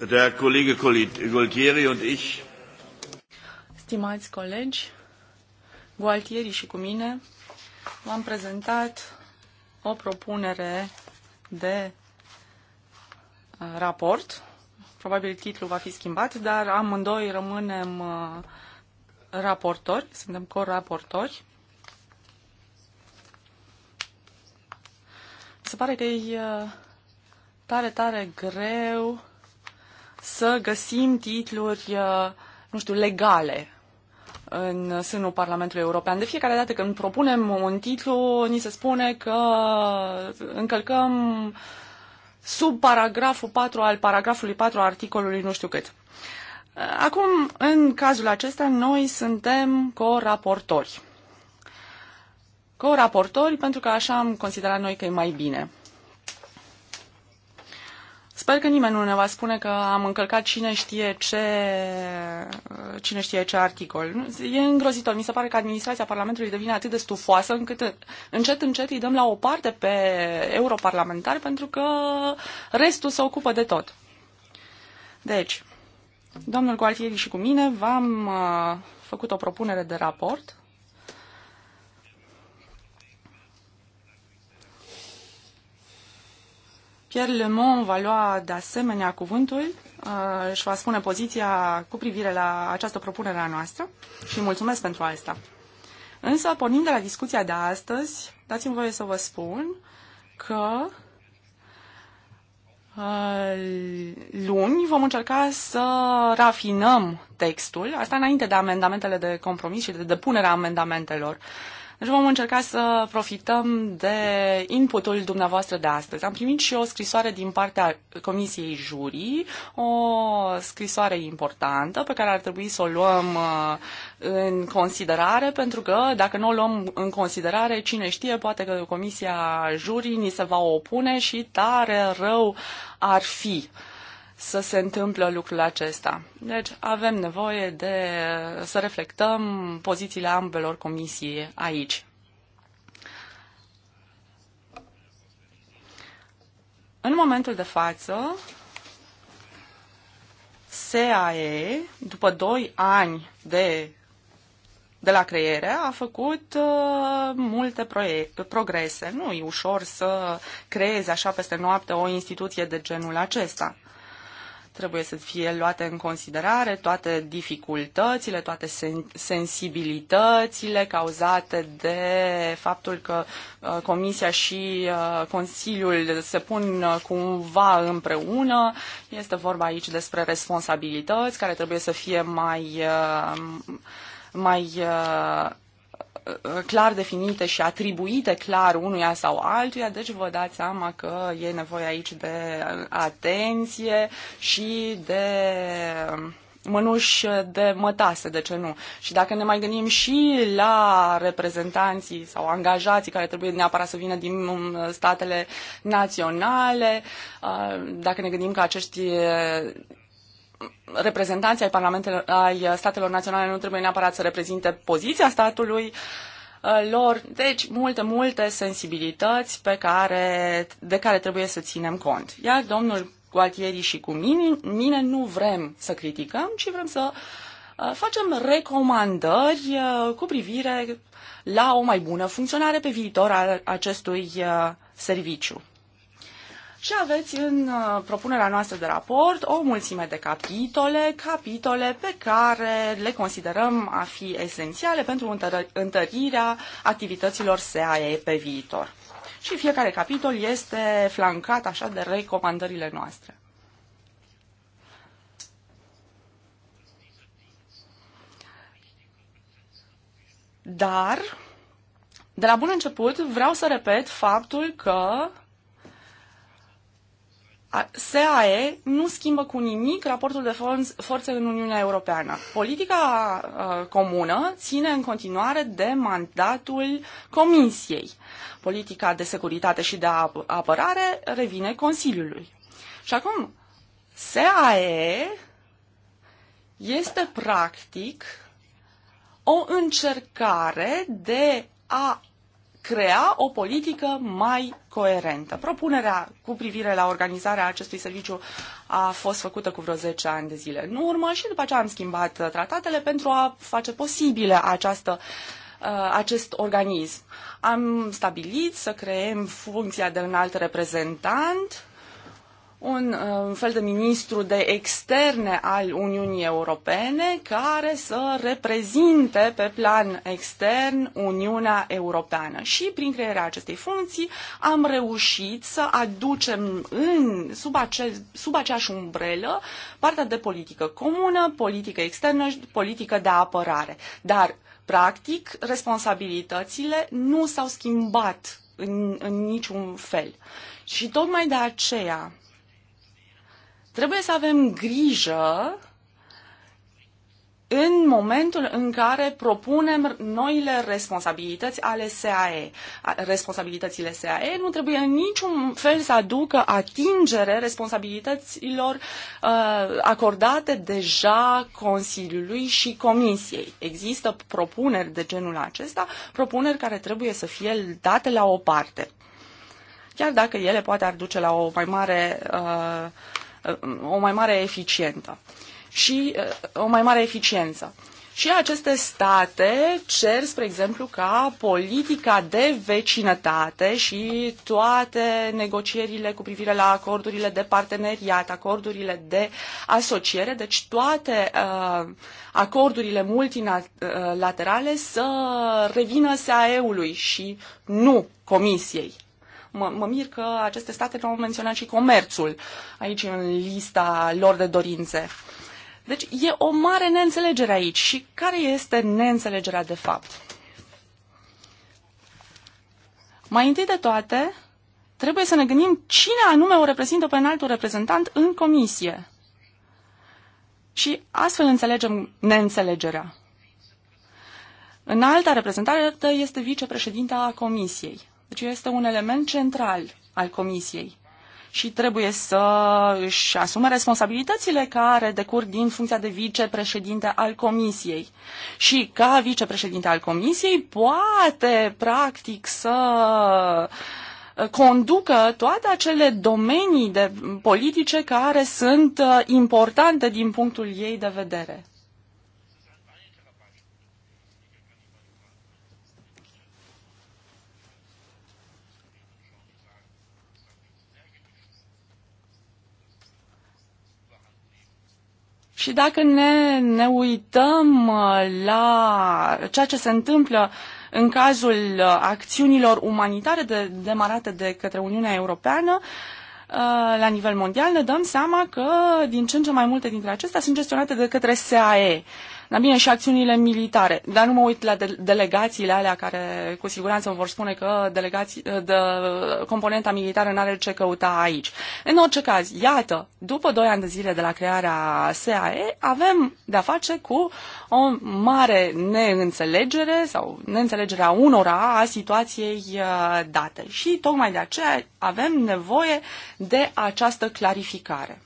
Speaker 3: Der Kollege Gualtieri und ich.
Speaker 2: Stimați colegi, Gualtieri și cu mine v-am prezentat o propunere de uh, raport. Probabil titlul va fi schimbat, dar amândoi rămânem uh, raportori, suntem co-raportori. Se pare că e uh, tare, tare greu să găsim titluri, uh, nu știu, legale în sânul Parlamentului European. De fiecare dată când propunem un titlu, ni se spune că încălcăm sub paragraful 4 al paragrafului 4 articolului nu știu cât. Uh, acum, în cazul acesta, noi suntem co-raportori. Co-raportori pentru că așa am considerat noi că e mai bine. Sper că nimeni nu ne va spune că am încălcat cine știe ce, cine știe ce articol. E îngrozitor. Mi se pare că administrația Parlamentului devine atât de stufoasă încât încet, încet îi dăm la o parte pe europarlamentari pentru că restul se ocupă de tot. Deci, domnul Gualtieri și cu mine v-am uh, făcut o propunere de raport Pierre Le Mont va lua de asemenea cuvântul uh, și va spune poziția cu privire la această propunere a noastră și mulțumesc pentru asta. Însă, pornind de la discuția de astăzi, dați-mi voie să vă spun că uh, luni vom încerca să rafinăm textul, asta înainte de amendamentele de compromis și de depunerea amendamentelor. Uh, deci vom încerca să profităm de inputul dumneavoastră de astăzi. Am primit și o scrisoare din partea Comisiei Jurii, o scrisoare importantă pe care ar trebui să o luăm uh, în considerare, pentru că dacă nu o luăm în considerare, cine știe, poate că Comisia Jurii ni se va opune și tare rău ar fi să se întâmplă lucrul acesta. Deci avem nevoie de să reflectăm pozițiile ambelor comisii aici. În momentul de față, SAE, după 2 ani de, de la creiere, a făcut uh, multe proiect, progrese. Nu e ușor să creezi așa peste noapte o instituție de genul acesta trebuie să fie luate în considerare toate dificultățile, toate sen- sensibilitățile cauzate de faptul că uh, Comisia și uh, Consiliul se pun uh, cumva împreună. Este vorba aici despre responsabilități care trebuie să fie mai mai Uh, clar definite și atribuite clar unuia sau altuia, deci vă dați seama că e nevoie aici de atenție și de mănuși um, de mătase, de ce nu? Și dacă ne mai gândim și la reprezentanții sau angajații care trebuie neapărat să vină din um, statele naționale, uh, dacă ne gândim că acești reprezentanții ai parlamentelor, ai statelor naționale nu trebuie neapărat să reprezinte poziția statului uh, lor, deci multe, multe sensibilități pe care, de care trebuie să ținem cont. Iar domnul Gualtieri și cu mine, mine nu vrem să criticăm, ci vrem să uh, facem recomandări uh, cu privire la o mai bună funcționare pe viitor a acestui serviciu. Și aveți în uh, propunerea noastră de raport o mulțime de capitole, capitole pe care le considerăm a fi esențiale pentru întărirea activităților SAE pe viitor. Și fiecare capitol este flancat așa de recomandările noastre. Dar, de la bun început, vreau să repet faptul că SAE nu schimbă cu nimic raportul de forțe în Uniunea Europeană. Politica uh, comună ține în continuare de mandatul Comisiei. Politica de securitate și de apărare revine Consiliului. Și acum, SAE este practic o încercare de a crea o politică mai coerentă. Propunerea cu privire la organizarea acestui serviciu a fost făcută cu vreo 10 ani de zile în urmă și după aceea am schimbat uh, tratatele pentru a face posibile această uh, acest organism. Am stabilit să creăm funcția de înalt reprezentant un uh, fel de ministru de externe al Uniunii Europene care să reprezinte pe plan extern Uniunea Europeană. Și prin crearea acestei funcții am reușit să aducem în, sub, ace, sub aceeași umbrelă partea de politică comună, politică externă și politică de apărare. Dar, practic, responsabilitățile nu s-au schimbat în, în niciun fel. Și tocmai de aceea Trebuie să avem grijă în momentul în care propunem noile responsabilități ale SAE. Responsabilitățile SAE nu trebuie în niciun fel să aducă atingere responsabilităților uh, acordate deja Consiliului și Comisiei. Există propuneri de genul acesta, propuneri care trebuie să fie date la o parte, chiar dacă ele poate ar duce la o mai mare uh, Uh, o mai mare eficientă și uh, o mai mare eficiență. Și aceste state cer, spre exemplu, ca politica de vecinătate și toate negocierile cu privire la acordurile de parteneriat, acordurile de asociere, deci toate uh, acordurile multilaterale să revină SAE-ului și nu Comisiei mă, mă mir că aceste state nu au menționat și comerțul aici în lista lor de dorințe. Deci e o mare neînțelegere aici. Și care este neînțelegerea de fapt? Mai întâi de toate, trebuie să ne gândim cine anume o reprezintă pe înaltul reprezentant în comisie. Și astfel înțelegem neînțelegerea. Înalta reprezentantă este vicepreședinta a comisiei. Deci este un element central al Comisiei și trebuie să își asume responsabilitățile care decurg din funcția de vicepreședinte al comisiei. Și ca vicepreședinte al comisiei poate, practic, să conducă toate acele domenii de politice care sunt uh, importante din punctul ei de vedere. Și dacă ne, ne uităm uh, la ceea ce se întâmplă în cazul uh, acțiunilor umanitare de, demarate de către Uniunea Europeană, uh, la nivel mondial, ne dăm seama că din ce în ce mai multe dintre acestea sunt gestionate de către SAE. Dar bine, și acțiunile militare. Dar nu mă uit la de- delegațiile alea care cu siguranță vor spune că delegații, ă, de, componenta militară nu are ce căuta aici. În orice caz, iată, după 2 ani de zile de la crearea SAE, avem de-a face cu o mare neînțelegere sau neînțelegerea unora a situației ă, date. Și tocmai de aceea avem nevoie de această clarificare.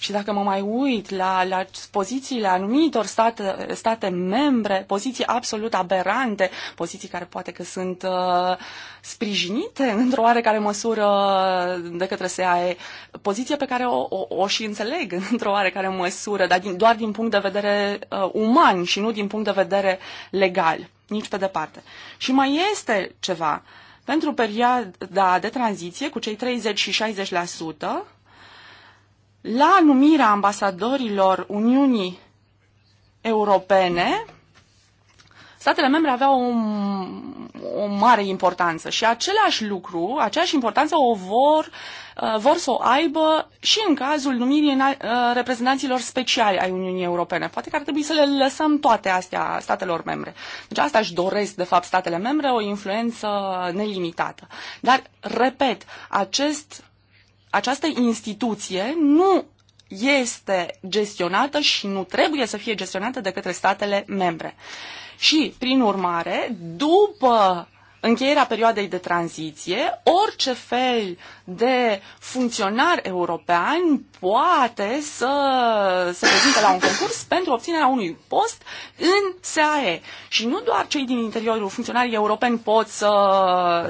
Speaker 2: Și dacă mă mai uit la, la pozițiile anumitor state, state membre, poziții absolut aberante, poziții care poate că sunt uh, sprijinite într-o oarecare măsură de către SAE, poziție pe care o, o, o și înțeleg într-o oarecare măsură, dar din, doar din punct de vedere uh, uman și nu din punct de vedere legal, nici pe departe. Și mai este ceva. Pentru perioada de tranziție, cu cei 30 și 60%, la numirea ambasadorilor Uniunii Europene, statele membre aveau o, o mare importanță și același lucru, aceeași importanță o vor, uh, vor să o aibă și în cazul numirii în, uh, reprezentanților speciali ai Uniunii Europene. Poate că ar trebui să le lăsăm toate astea statelor membre. Deci asta își doresc, de fapt, statele membre, o influență nelimitată. Dar, repet, acest această instituție nu este gestionată și nu trebuie să fie gestionată de către statele membre. Și, prin urmare, după încheierea perioadei de tranziție, orice fel de funcționar european poate să se prezinte la un concurs pentru obținerea unui post în SAE. Și nu doar cei din interiorul funcționarii europeni pot să,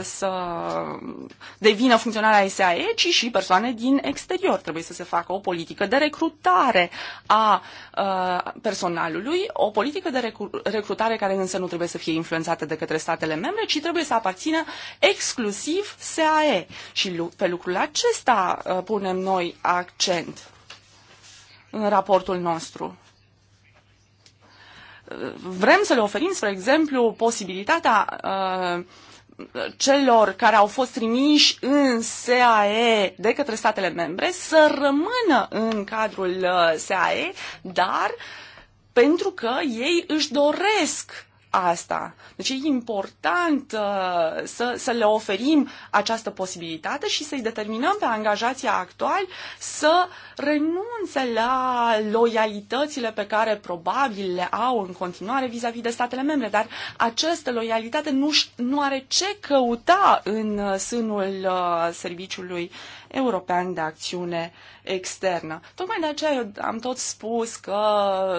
Speaker 2: să devină funcționarea ai SAE, ci și persoane din exterior. Trebuie să se facă o politică de recrutare a a personalului, o politică de recrutare care însă nu trebuie să fie influențată de către statele membre, ci trebuie trebuie să aparțină exclusiv SAE. Și pe lucrul acesta uh, punem noi accent în raportul nostru uh, vrem să le oferim, spre exemplu, posibilitatea uh, celor care au fost trimiși în SAE de către statele membre să rămână în cadrul SAE, dar pentru că ei își doresc asta. Deci e important uh, să, să le oferim această posibilitate și să-i determinăm pe angajații actuali să uh, renunțe la loialitățile pe care probabil le au în continuare vis-a-vis -vis de statele membre, dar această loialitate nu, nu are ce căuta în uh, sânul uh, Serviciului European de Acțiune Externă. Tocmai de aceea am tot spus că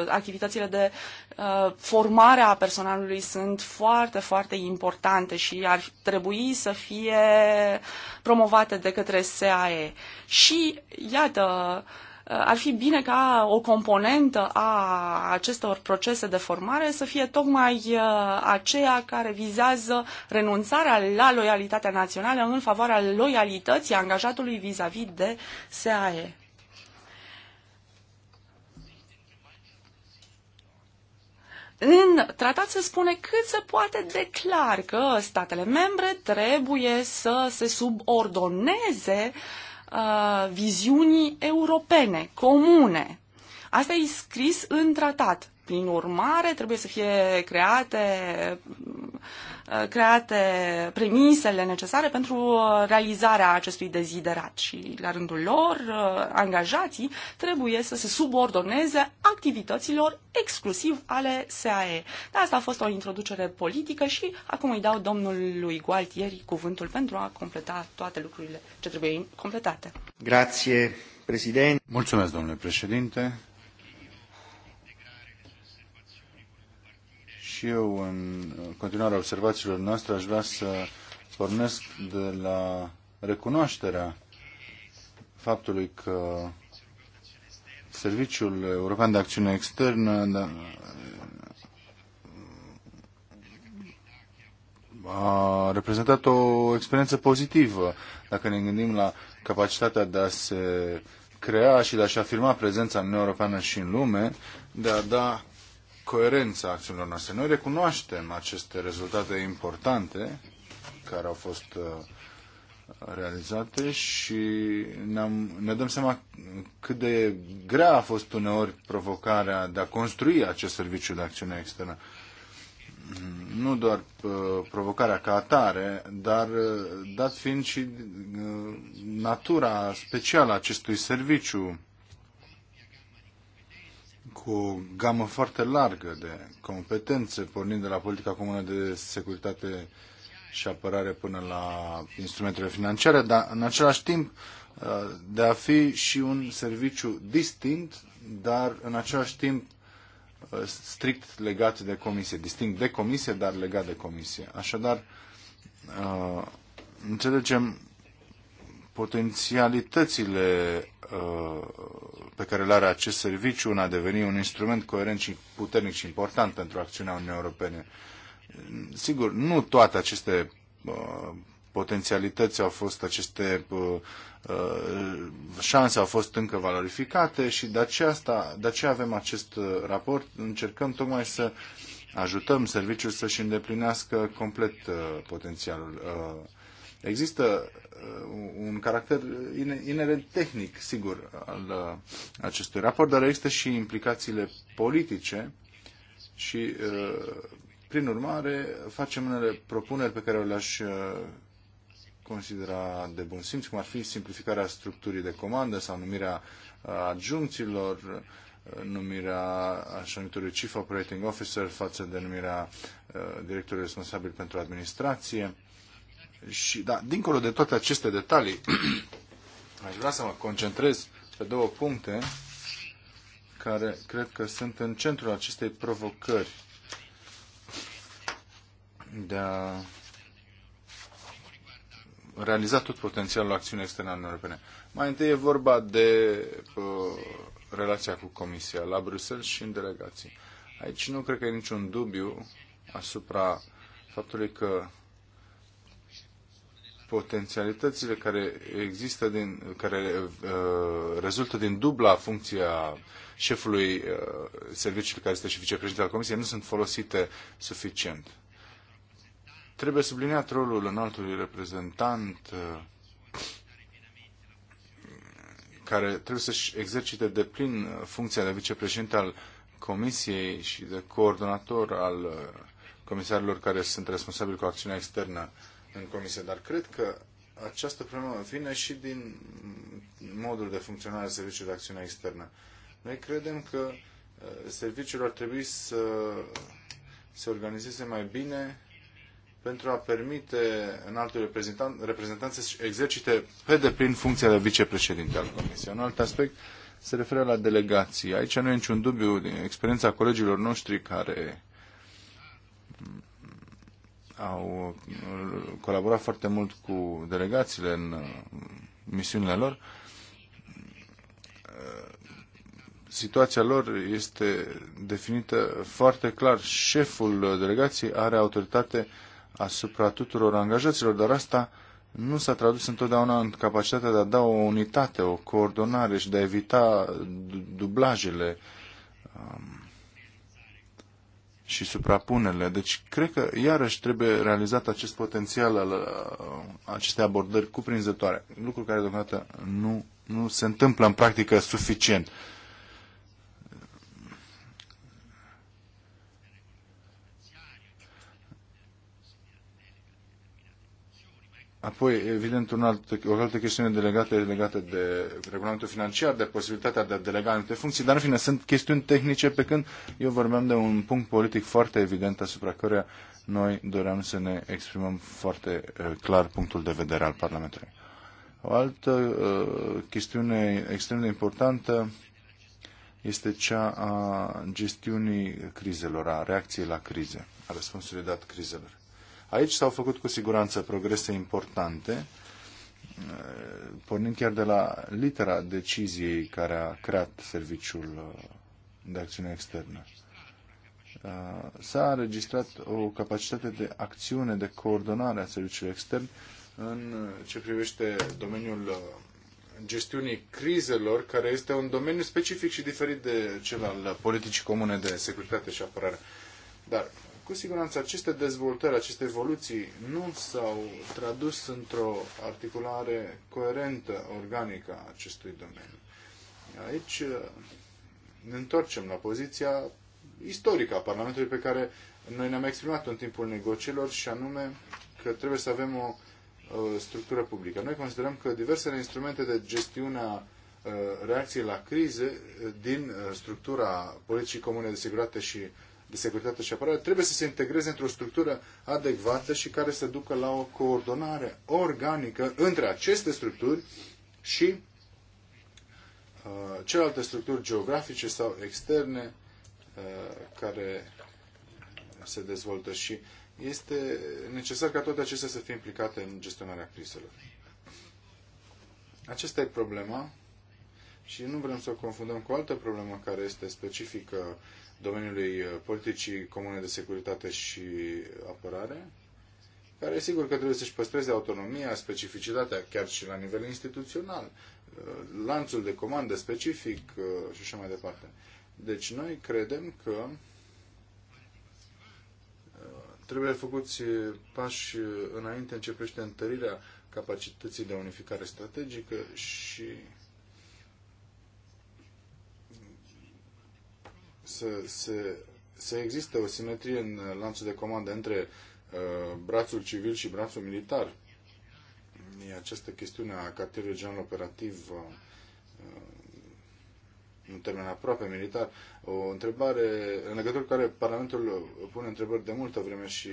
Speaker 2: activitățile de uh, formare a personalului sunt foarte, foarte importante și ar trebui să fie promovate de către SAE. Și, iată, ar fi bine ca o componentă a acestor procese de formare să fie tocmai uh, aceea care vizează renunțarea la loialitatea națională în favoarea loialității angajatului vis-a-vis -vis de SAE. În tratat se spune cât se poate declar că statele membre trebuie să se subordoneze uh, viziunii europene, comune. Asta e scris în tratat. Prin urmare, trebuie să fie create, uh, create premisele necesare pentru realizarea acestui deziderat și, la rândul lor, uh, angajații trebuie să se subordoneze activităților exclusiv ale SAE. De asta a fost o introducere politică și acum îi dau domnului Gualtieri cuvântul pentru a completa toate lucrurile ce trebuie completate.
Speaker 6: Grație, președinte. Mulțumesc, domnule președinte. și eu, în continuarea observațiilor noastre, aș vrea să pornesc de la recunoașterea faptului că Serviciul European de Acțiune Externă da, a reprezentat o experiență pozitivă. Dacă ne gândim la capacitatea de a se crea și de a-și afirma prezența în Europeană și în lume, de a da coerența acțiunilor noastre. Noi recunoaștem aceste rezultate importante care au fost uh, realizate și ne-am, ne dăm seama cât de grea a fost uneori provocarea de a construi acest serviciu de acțiune externă. Nu doar uh, provocarea ca atare, dar uh, dat fiind și natura specială a acestui serviciu cu o gamă foarte largă de competențe, pornind de la politica comună de securitate și apărare până la instrumentele financiare, dar în același timp uh, de a fi și un serviciu distinct, dar în același timp uh, strict legat de comisie, distinct de comisie, dar legat de comisie. Așadar, uh, înțelegem potențialitățile uh, pe care le are acest serviciu în a deveni un instrument coerent și puternic și important pentru acțiunea Uniunii Europene. Sigur, nu toate aceste uh, potențialități au fost, aceste uh, șanse au fost încă valorificate și de aceea, asta, de aceea avem acest raport. Încercăm tocmai să ajutăm serviciul să-și îndeplinească complet potențialul Există uh, un caracter inerent tehnic, sigur, al uh, acestui raport, dar există și implicațiile politice și, uh, prin urmare, facem unele propuneri pe care le-aș considera de bun simț, cum ar fi simplificarea structurii de comandă sau numirea adjunților, numirea așa numitului Chief Operating Officer față de numirea directorului responsabil pentru administrație și, da, dincolo de toate aceste detalii, aș vrea să mă concentrez pe două puncte care cred că sunt în centrul acestei provocări de a realiza tot potențialul acțiunii externe ale europene. Mai întâi e vorba de pă, uh, relația cu Comisia la Bruxelles și în delegații. Aici nu cred că e niciun dubiu asupra faptului că potențialitățile care există din, care uh, rezultă din dubla funcția șefului uh, serviciului care este și vicepreședinte al Comisiei nu sunt folosite suficient. Trebuie subliniat rolul înaltului reprezentant uh, care trebuie să-și exercite de plin uh, funcția de vicepreședinte al Comisiei și de coordonator al uh, comisarilor care sunt responsabili cu acțiunea externă uh, în comisie, dar cred că această problemă vine și din modul de funcționare a Serviciului de Acțiune Externă. Noi credem că uh, serviciul ar trebui să se organizeze mai bine pentru a permite înaltul reprezentant, reprezentant să exercite pe deplin funcția de vicepreședinte al Comisiei. Un alt aspect se referă la delegații. Aici nu e niciun dubiu din experiența colegilor noștri care au uh, colaborat foarte mult cu delegațiile în uh, misiunile lor. Uh, situația lor este definită foarte clar. Șeful delegației are autoritate asupra tuturor angajaților, dar asta nu s-a tradus întotdeauna în capacitatea de a da o unitate, o coordonare și de a evita dublajele. Um, și suprapunele. Deci, cred că iarăși trebuie realizat acest potențial al uh, acestei abordări cuprinzătoare, lucru care deocamdată nu, nu se întâmplă în practică suficient. Apoi, evident, un alt, o altă chestiune delegată e legată de regulamentul financiar, de posibilitatea de a delega anumite funcții, dar în fine sunt chestiuni tehnice, pe când eu vorbeam de un punct politic foarte evident asupra căruia noi doream să ne exprimăm foarte eh, clar punctul de vedere al Parlamentului. O altă uh, chestiune extrem de importantă este cea a gestiunii crizelor, a reacției la crize, a răspunsului dat crizelor. Aici s-au făcut cu siguranță progrese importante, eh, pornind chiar de la litera deciziei care a creat serviciul eh, de acțiune externă. Eh, s-a înregistrat o capacitate de acțiune, de coordonare a serviciului extern în ce privește domeniul gestiunii crizelor, care este un domeniu specific și diferit de cel al politicii comune de securitate și apărare. Dar cu siguranță aceste dezvoltări, aceste evoluții nu s-au tradus într-o articulare coerentă, organică a acestui domeniu. Aici uh, ne întoarcem la poziția istorică a Parlamentului pe care noi ne-am exprimat în timpul negocierilor și anume că trebuie să avem o uh, structură publică. Noi considerăm că diversele instrumente de gestiune a uh, reacției la crize din structura politicii comune de securitate și de securitate și apărare trebuie să se integreze într-o structură adecvată și care să ducă la o coordonare organică între aceste structuri și uh, celelalte structuri geografice sau externe uh, care se dezvoltă și este necesar ca toate acestea să fie implicate în gestionarea crizelor. Aceasta e problema și nu vrem să o confundăm cu o altă problemă care este specifică domeniului uh, politicii comune de securitate și apărare, care sigur că trebuie să-și păstreze autonomia, specificitatea, chiar și la nivel instituțional, uh, lanțul de comandă specific uh, și așa mai departe. Deci noi credem că trebuie făcuți pași înainte în ce privește întărirea capacității de unificare strategică și să, se, să existe o simetrie în lanțul de comandă între uh, brațul civil și brațul militar. E această chestiune a cartierului general operativ uh, în uh, termen aproape militar, o întrebare în legătură cu care Parlamentul pune întrebări de multă vreme și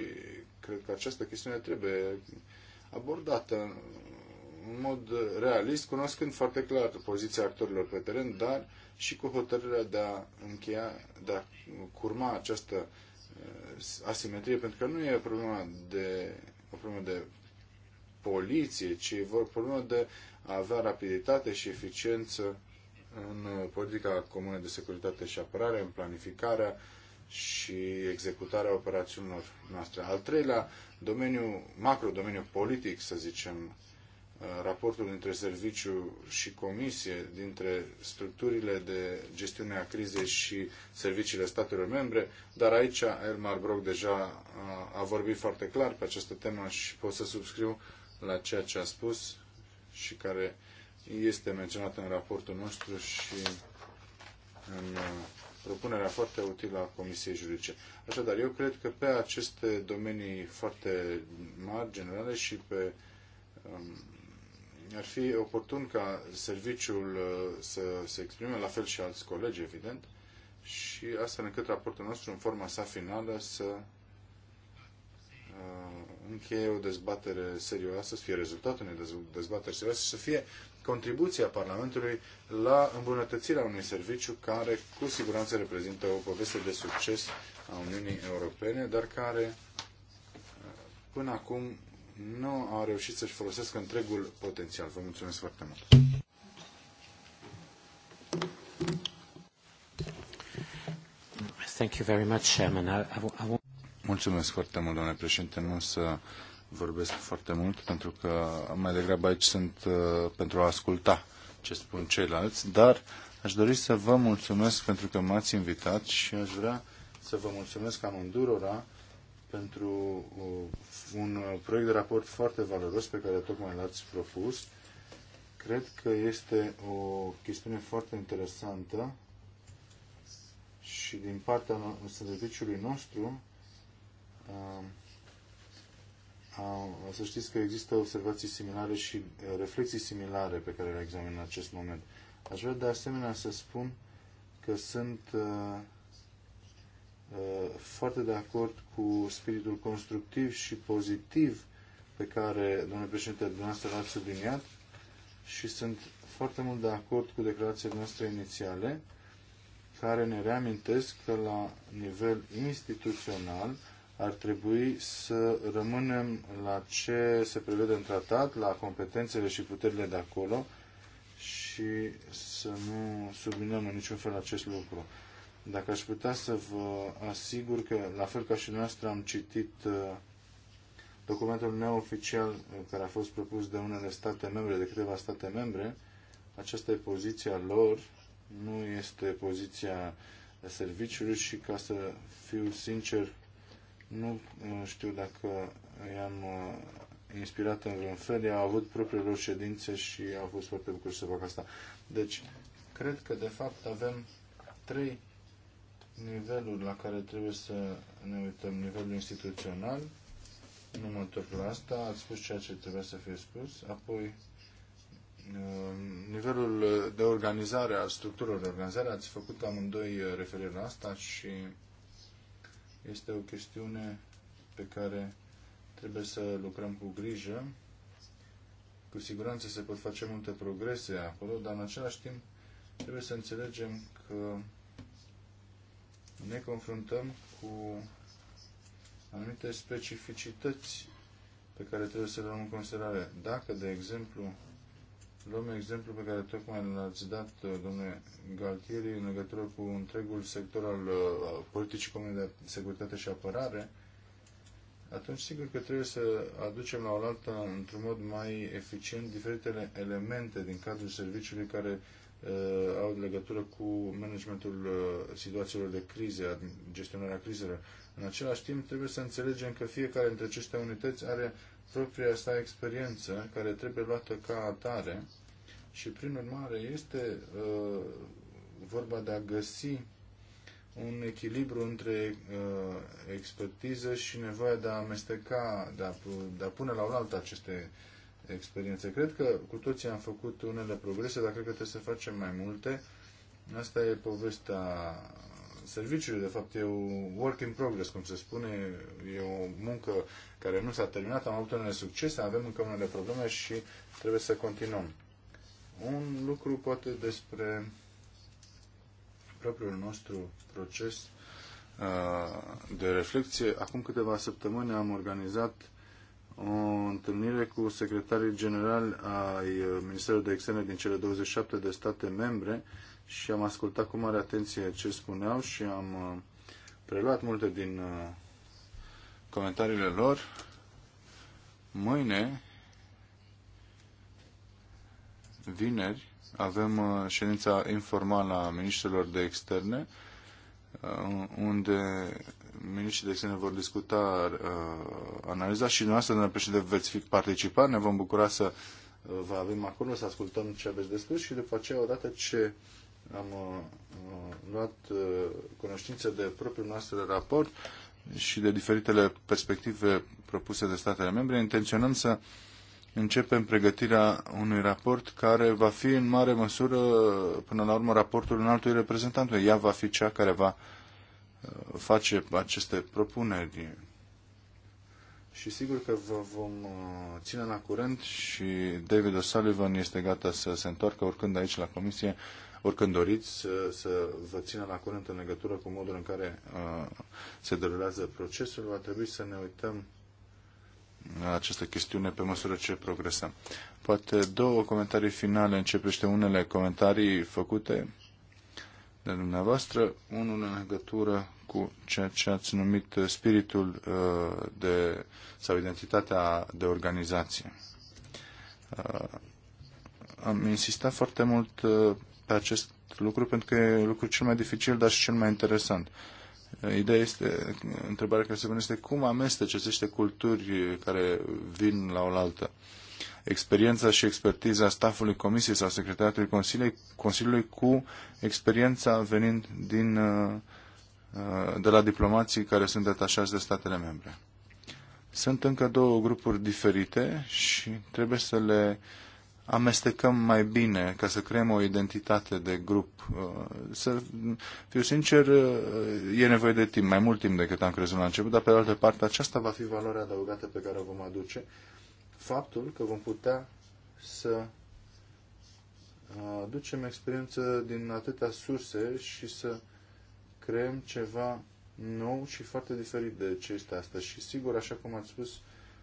Speaker 6: cred că această chestiune trebuie abordată în mod realist, cunoscând foarte clar poziția actorilor pe teren, dar și cu hotărârea de a încheia, de a curma această uh, asimetrie, pentru că nu e problema de, o problemă de poliție, ci e o problemă de a avea rapiditate și eficiență în politica comună de securitate și apărare, în planificarea și executarea operațiunilor noastre. Al treilea domeniu, macro domeniu politic, să zicem, raportul dintre serviciu și comisie, dintre structurile de gestiune a crizei și serviciile statelor membre, dar aici Elmar Brock deja a, uh, a vorbit foarte clar pe această temă și pot să subscriu la ceea ce a spus și care este menționat în raportul nostru și în uh, propunerea foarte utilă a Comisiei Juridice. Așadar, eu cred că pe aceste domenii foarte mari, generale și pe um, ar fi oportun ca serviciul uh, să se exprime, la fel și alți colegi, evident, și astfel încât raportul nostru, în forma sa finală, să uh, încheie o dezbatere serioasă, să fie rezultatul unei dezbateri serioase și să fie contribuția Parlamentului la îmbunătățirea unui serviciu care cu siguranță reprezintă o poveste de succes a Uniunii Europene, dar care uh, până acum nu au reușit să-și folosească întregul potențial. Vă mulțumesc foarte mult! Thank you very much, Chairman. I, I, I Mulțumesc foarte mult, domnule președinte. Nu o să vorbesc foarte mult, pentru că mai degrabă aici sunt uh, pentru a asculta ce spun ceilalți, dar aș dori să vă mulțumesc pentru că m-ați invitat și aș vrea să vă mulțumesc amândurora pentru uh, un uh, proiect de raport foarte valoros pe care tocmai l-ați propus. Cred că este o chestiune foarte interesantă și din partea serviciului nostru uh, să știți că există observații similare și reflexii similare pe care le examin în acest moment. Aș vrea de asemenea să spun că sunt Uh, foarte de acord cu spiritul constructiv și pozitiv pe care, domnul președinte, dumneavoastră l-ați subliniat și sunt foarte mult de acord cu declarațiile noastre inițiale, care ne reamintesc că la nivel instituțional ar trebui să rămânem la ce se prevede în tratat, la competențele și puterile de acolo și să nu subminăm în niciun fel acest lucru. Dacă aș putea să vă asigur că, la fel ca și noastră, am citit uh, documentul neoficial uh, care a fost propus de unele state membre, de câteva state membre, aceasta e poziția lor, nu este poziția serviciului și, ca să fiu sincer, nu uh, știu dacă i-am inspirat în vreun fel. i au avut propriile lor ședințe și au fost foarte bucuri să fac asta. Deci, cred că, de fapt, avem trei nivelul la care trebuie să ne uităm, nivelul instituțional, nu mă întorc la asta, ați spus ceea ce trebuia să fie spus, apoi uh, nivelul de organizare a structurilor de organizare, ați făcut amândoi uh, referire la asta și este o chestiune pe care trebuie să lucrăm cu grijă. Cu siguranță se pot face multe progrese acolo, dar în același timp trebuie să înțelegem că ne confruntăm cu anumite specificități pe care trebuie să le luăm în considerare. Dacă, de exemplu, luăm exemplu pe care tocmai l-ați dat, uh, domnule Galtieri, în legătură cu întregul sector uh, al politicii comune de securitate și apărare, atunci sigur că trebuie să aducem la oaltă, într-un mod mai eficient, diferitele elemente din cadrul serviciului care Uh, au legătură cu managementul uh, situațiilor de crize, gestionarea crizelor. În același timp, trebuie să înțelegem că fiecare dintre aceste unități are propria sa experiență care trebuie luată ca atare și, prin urmare, este uh, vorba de a găsi un echilibru între uh, expertiză și nevoia de a amesteca, de a, de a pune la oaltă aceste uh, experiențe. Cred că cu toții am făcut unele progrese, dar cred că trebuie să facem mai multe. Asta e povestea serviciului, de fapt e un work in progress, cum se spune, e o muncă care nu s-a terminat, am avut unele succese, avem încă unele probleme și trebuie să continuăm. Un lucru poate despre propriul nostru proces uh, de reflexie. Acum câteva săptămâni am organizat o întâlnire cu secretarii generali ai Ministerului de Externe din cele 27 de state membre și am ascultat cu mare atenție ce spuneau și am uh, preluat multe din uh, comentariile lor. Mâine, vineri, avem uh, ședința informală a ministrilor de externe, unde miniștrii de externe vor discuta uh, analiza și dumneavoastră, domnule președinte, veți fi participa. Ne vom bucura să uh, vă avem acolo, să ascultăm ce aveți de spus și după aceea, odată ce am uh, uh, luat uh, cunoștință de propriul nostru raport și de diferitele perspective propuse de statele membre, intenționăm să începem pregătirea unui raport care va fi în mare măsură, până la urmă, raportul altui reprezentant. Ea va fi cea care va face aceste propuneri. Și sigur că vă vom uh, ține la curent și David O'Sullivan este gata să se întoarcă oricând aici la comisie, oricând doriți să, să vă țină la curent în legătură cu modul în care uh, se derulează procesul. Va trebui să ne uităm la această chestiune pe măsură ce progresăm. Poate două comentarii finale începește unele comentarii făcute de dumneavoastră, unul în legătură cu ceea ce ați numit uh, spiritul uh, de, sau identitatea de organizație. Uh, am insistat foarte mult pe acest lucru pentru că e lucru cel mai dificil, dar și cel mai interesant. Ideea este, întrebarea care se pune este cum amesteci aceste culturi care vin la oaltă experiența și expertiza staffului Comisiei sau Secretariatului Consiliului, Consiliului cu experiența venind din, uh, uh, de la diplomații care sunt detașați de statele membre. Sunt încă două grupuri diferite și trebuie să le amestecăm mai bine ca să creăm o identitate de grup. Uh, să fiu sincer, e nevoie de timp, mai mult timp decât am crezut la început, dar pe de altă parte aceasta va fi valoarea adăugată pe care o vom aduce faptul că vom putea să uh, aducem experiență din atâtea surse și să creăm ceva nou și foarte diferit de ce este asta. Și sigur, așa cum ați spus,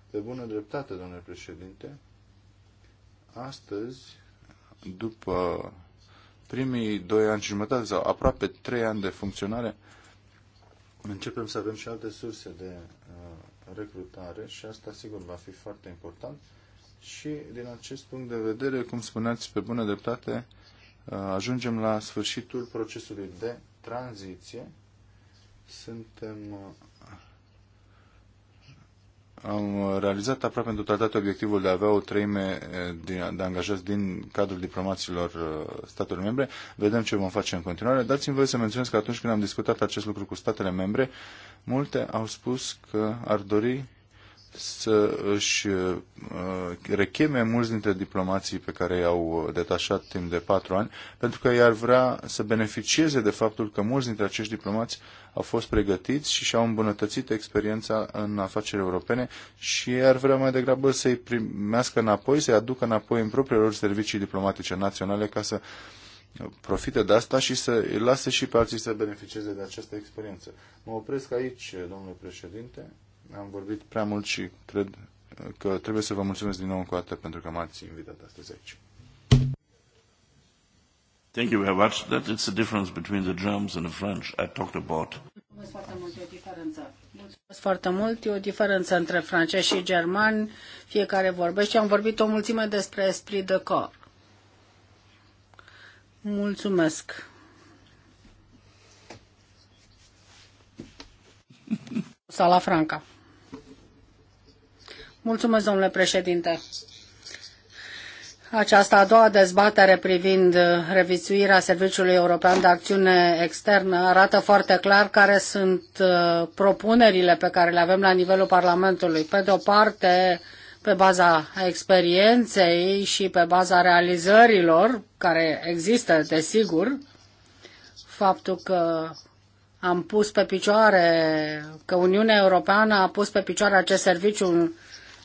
Speaker 6: pe bună dreptate, domnule președinte, astăzi, după primii doi ani și jumătate sau aproape trei ani de funcționare, începem să avem și alte surse de uh, recrutare și asta sigur va fi foarte important. Și din acest punct de vedere, cum spuneați pe bună dreptate, uh, ajungem la sfârșitul procesului de tranziție. Suntem uh, am realizat aproape în totalitate obiectivul de a avea o treime eh, de angajați din cadrul diplomaților eh, statelor membre. Vedem ce vom face în continuare. Dați-mi voie să menționez că atunci când am discutat acest lucru cu statele membre, multe au spus că ar dori să își uh, recheme mulți dintre diplomații pe care i-au detașat timp de patru ani, pentru că i-ar vrea să beneficieze de faptul că mulți dintre acești diplomați au fost pregătiți și și-au îmbunătățit experiența în afaceri europene și ei ar vrea mai degrabă să-i primească înapoi, să-i aducă înapoi în propriile lor servicii diplomatice naționale ca să profite de asta și să îi lasă și pe alții să beneficieze de această experiență. Mă opresc aici, domnule președinte. Am vorbit prea mult și cred că trebuie să vă mulțumesc din nou încă o dată pentru că m-ați invitat astăzi aici. Thank you very much. That is the difference between the Germans
Speaker 3: and the French I talked about.
Speaker 7: Mulțumesc foarte mult, e o diferență. foarte diferență între francezi și germani. Fiecare vorbește. Am vorbit o mulțime despre esprit de corps. Mulțumesc. Sala Franca. Mulțumesc, domnule președinte. Această a doua dezbatere privind uh, revizuirea Serviciului European de Acțiune Externă arată foarte clar care sunt uh, propunerile pe care le avem la nivelul Parlamentului. Pe de o parte, pe baza experienței și pe baza realizărilor care există, desigur, faptul că am pus pe picioare, că Uniunea Europeană a pus pe picioare acest serviciu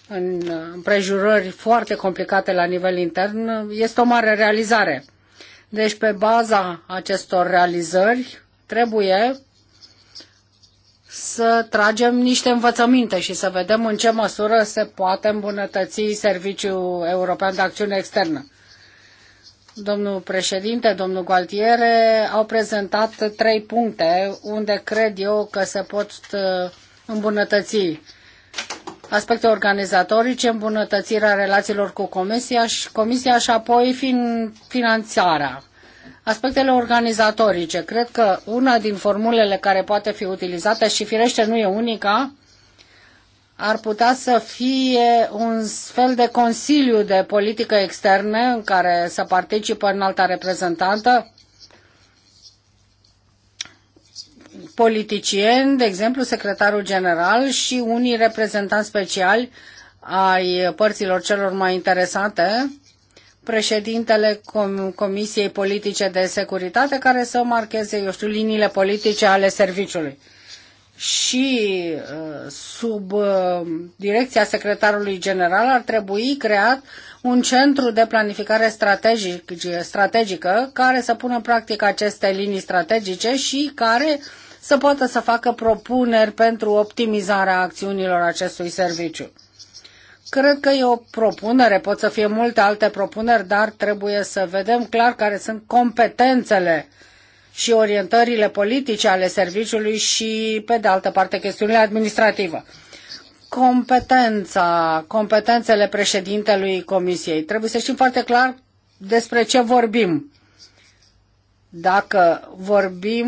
Speaker 7: în împrejurări foarte complicate la nivel intern, este o mare realizare. Deci, pe baza acestor realizări, trebuie să tragem niște învățăminte și să vedem în ce măsură se poate îmbunătăți Serviciul European de Acțiune Externă. Domnul președinte, domnul Gualtiere au prezentat trei puncte unde cred eu că se pot uh, îmbunătăți aspecte organizatorice, îmbunătățirea relațiilor cu comisia și, comisia și apoi fin, finanțarea. Aspectele organizatorice. Cred că una din formulele care poate fi utilizată și firește nu e unica, ar putea să fie un fel de consiliu de politică externă în care să participă înalta reprezentantă, politicieni, de exemplu secretarul general și unii reprezentanți speciali ai părților celor mai interesate, președintele Com Comisiei Politice de Securitate, care să marcheze, eu știu, liniile politice ale serviciului. Și uh, sub uh, direcția secretarului general ar trebui creat un centru de planificare strategic, strategică care să pună în practică aceste linii strategice și care uh, să poată să facă propuneri pentru optimizarea acțiunilor acestui serviciu. Cred că e o propunere, pot să fie multe alte propuneri, dar trebuie să vedem clar care sunt competențele și orientările politice ale serviciului și, pe de altă parte, chestiunile administrativă. Competența, competențele președintelui Comisiei. Trebuie să știm foarte clar despre ce vorbim. Dacă vorbim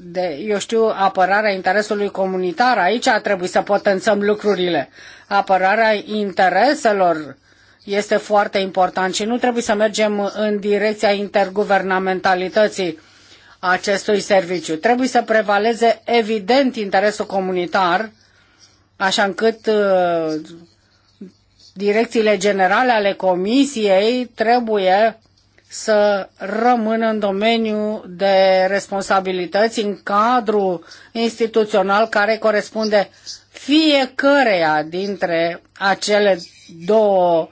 Speaker 7: de, eu știu, apărarea interesului comunitar, aici trebuie să potențăm lucrurile. Apărarea intereselor este foarte important și nu trebuie să mergem în direcția interguvernamentalității acestui serviciu. Trebuie să prevaleze evident interesul comunitar, așa încât uh, direcțiile generale ale comisiei trebuie să rămână în domeniul de responsabilități, în cadrul instituțional care corespunde fiecăreia dintre acele două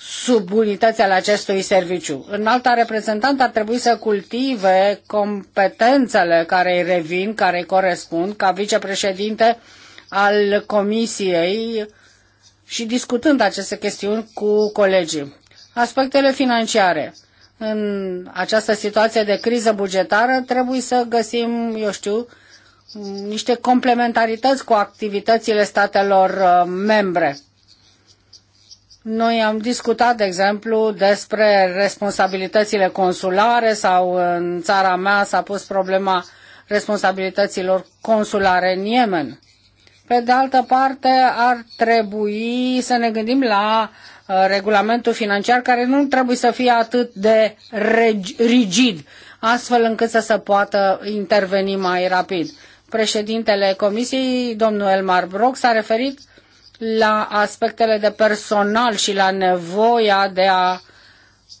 Speaker 7: subunități ale acestui serviciu. În alta reprezentant ar trebui să cultive competențele care îi revin, care îi corespund, ca vicepreședinte al Comisiei și discutând aceste chestiuni cu colegii. Aspectele financiare. În această situație de criză bugetară trebuie să găsim, eu știu, niște complementarități cu activitățile statelor uh, membre. Noi am discutat, de exemplu, despre responsabilitățile consulare sau uh, în țara mea s-a pus problema responsabilităților consulare în Yemen. Pe de altă parte, ar trebui să ne gândim la Uh, regulamentul financiar care nu trebuie să fie atât de rigid, astfel încât să se poată interveni mai rapid. Președintele Comisiei, domnul Elmar Brock, s-a referit la aspectele de personal și la nevoia de a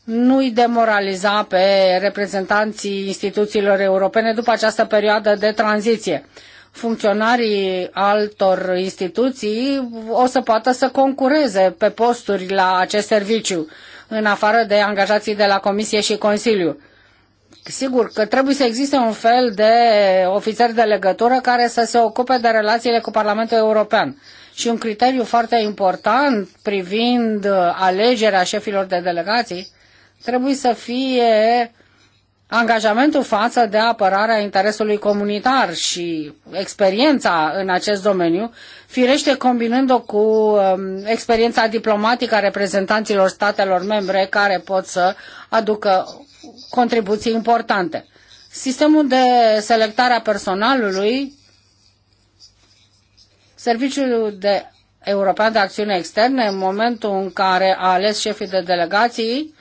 Speaker 7: nu-i demoraliza pe reprezentanții instituțiilor europene după această perioadă de tranziție funcționarii altor instituții o să poată să concureze pe posturi la acest serviciu, în afară de angajații de la Comisie și Consiliu. Sigur că trebuie să existe un fel de ofițer de legătură care să se ocupe de relațiile cu Parlamentul European. Și un criteriu foarte important privind alegerea șefilor de delegații trebuie să fie uh, angajamentul față de apărarea interesului comunitar și experiența în acest domeniu, firește combinând-o cu um, experiența diplomatică a reprezentanților statelor membre care pot să aducă contribuții importante. Sistemul de selectare a personalului, Serviciul de European de Acțiune Externe, în momentul în care a ales șefii de delegații,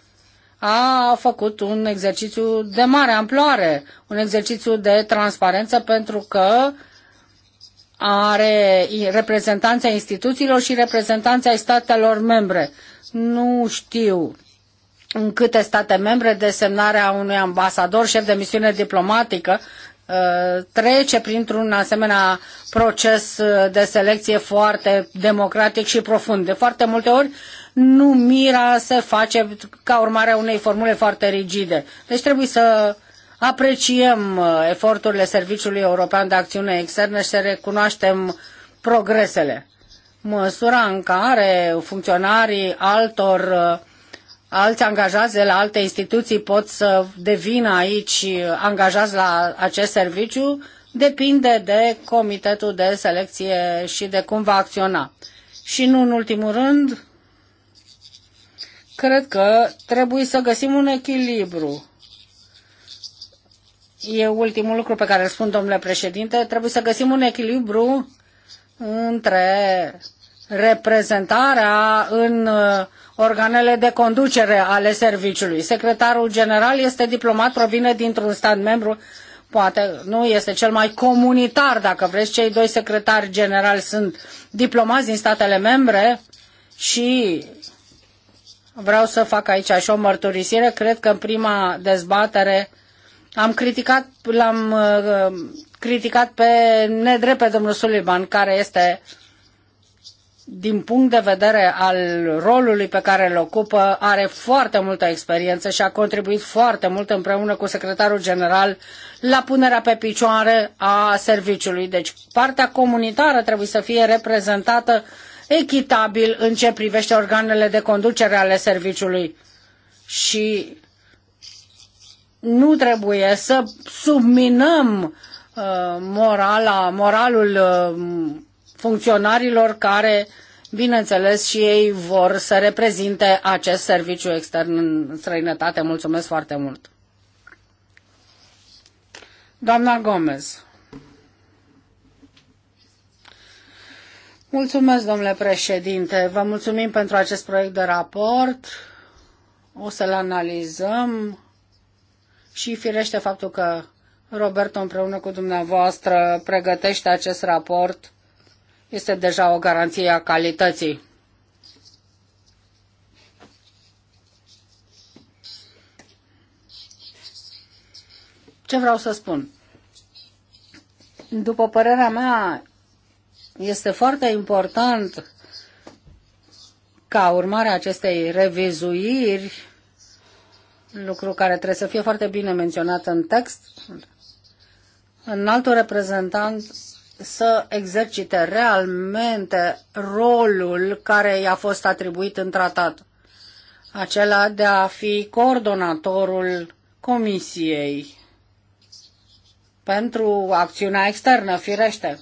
Speaker 7: a făcut un exercițiu de mare amploare, un exercițiu de transparență pentru că are reprezentanța instituțiilor și reprezentanța statelor membre. Nu știu în câte state membre desemnarea unui ambasador, șef de misiune diplomatică, uh, trece printr-un asemenea proces uh, de selecție foarte democratic și profund. De foarte multe ori mira se face ca urmare a unei formule foarte rigide. Deci trebuie să apreciem uh, eforturile Serviciului European de Acțiune Externă și să recunoaștem progresele. Măsura în care funcționarii altor uh, alți angajați de la alte instituții pot să devină aici uh, angajați la acest serviciu depinde de comitetul de selecție și de cum va acționa. Și nu în ultimul rând, cred că trebuie să găsim un echilibru. E ultimul lucru pe care îl spun, domnule președinte, trebuie să găsim un echilibru între reprezentarea în uh, organele de conducere ale serviciului. Secretarul general este diplomat, provine dintr-un stat membru, poate nu este cel mai comunitar, dacă vreți, cei doi secretari generali sunt diplomați din statele membre și Vreau să fac aici și o mărturisire. Cred că în prima dezbatere am criticat, l-am uh, criticat pe nedrept pe domnul Suliman, care este din punct de vedere al rolului pe care îl ocupă, are foarte multă experiență și a contribuit foarte mult împreună cu secretarul general la punerea pe picioare a serviciului. Deci partea comunitară trebuie să fie reprezentată echitabil în ce privește organele de conducere ale serviciului și nu trebuie să subminăm uh, morala, moralul uh, funcționarilor care, bineînțeles, și ei vor să reprezinte acest serviciu extern în străinătate. Mulțumesc foarte mult! Doamna Gomez. Mulțumesc, domnule președinte. Vă mulțumim pentru acest proiect de raport. O să-l analizăm și firește faptul că Roberto împreună cu dumneavoastră pregătește acest raport. Este deja o garanție a calității. Ce vreau să spun? După părerea mea, este foarte important ca urmare acestei revizuiri, lucru care trebuie să fie foarte bine menționat în text, în altul reprezentant să exercite realmente rolul care i-a fost atribuit în tratat, acela de a fi coordonatorul Comisiei pentru acțiunea externă, firește.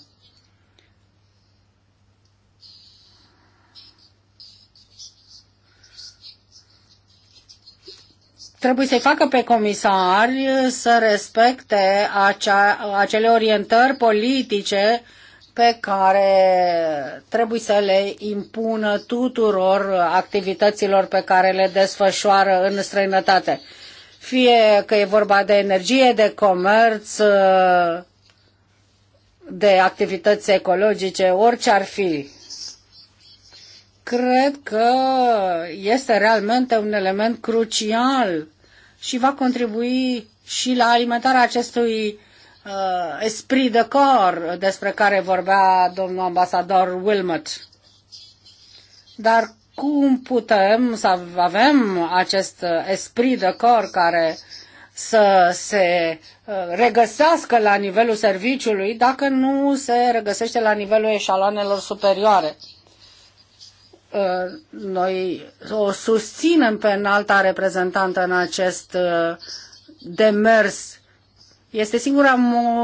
Speaker 7: trebuie să-i facă pe comisari să respecte acea, acele orientări politice pe care trebuie să le impună tuturor activităților pe care le desfășoară în străinătate. Fie că e vorba de energie, de comerț, de activități ecologice, orice ar fi. Cred că este realmente un element crucial și va contribui și la alimentarea acestui uh, esprit de cor despre care vorbea domnul ambasador Wilmot. Dar cum putem să avem acest esprit de cor care să se uh, regăsească la nivelul serviciului dacă nu se regăsește la nivelul eșaloanelor superioare? Uh, noi o susținem pe înalta reprezentantă în acest uh, demers. Este singura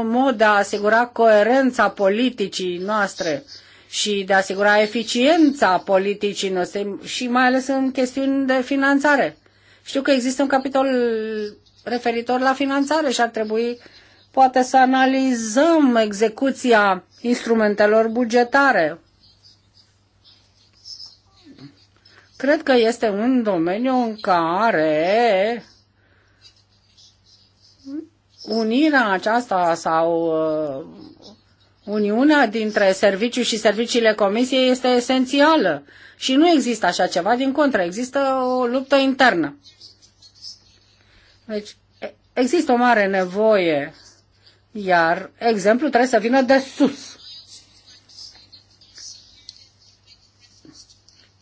Speaker 7: mod de a asigura coerența politicii noastre și de a asigura eficiența politicii noastre și mai ales în chestiuni de finanțare. Știu că există un capitol referitor la finanțare și ar trebui poate să analizăm execuția instrumentelor bugetare. Cred că este un domeniu în care unirea aceasta sau uh, uniunea dintre serviciu și serviciile comisiei este esențială și nu există așa ceva, din contră, există o luptă internă. Deci există o mare nevoie, iar exemplul trebuie să vină de sus.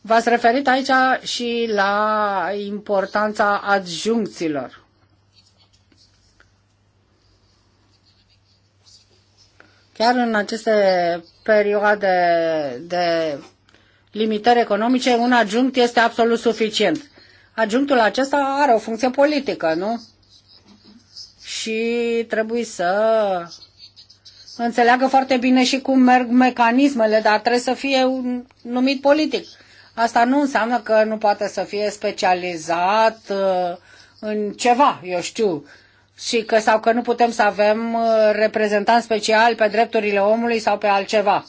Speaker 7: V-ați referit aici și la importanța adjuncților. Chiar în aceste perioade de limitări economice, un adjunct este absolut suficient. Adjunctul acesta are o funcție politică, nu? Și trebuie să înțeleagă foarte bine și cum merg mecanismele, dar trebuie să fie numit politic. Asta nu înseamnă că nu poate să fie specializat uh, în ceva, eu știu, și că sau că nu putem să avem uh, reprezentant special pe drepturile omului sau pe altceva.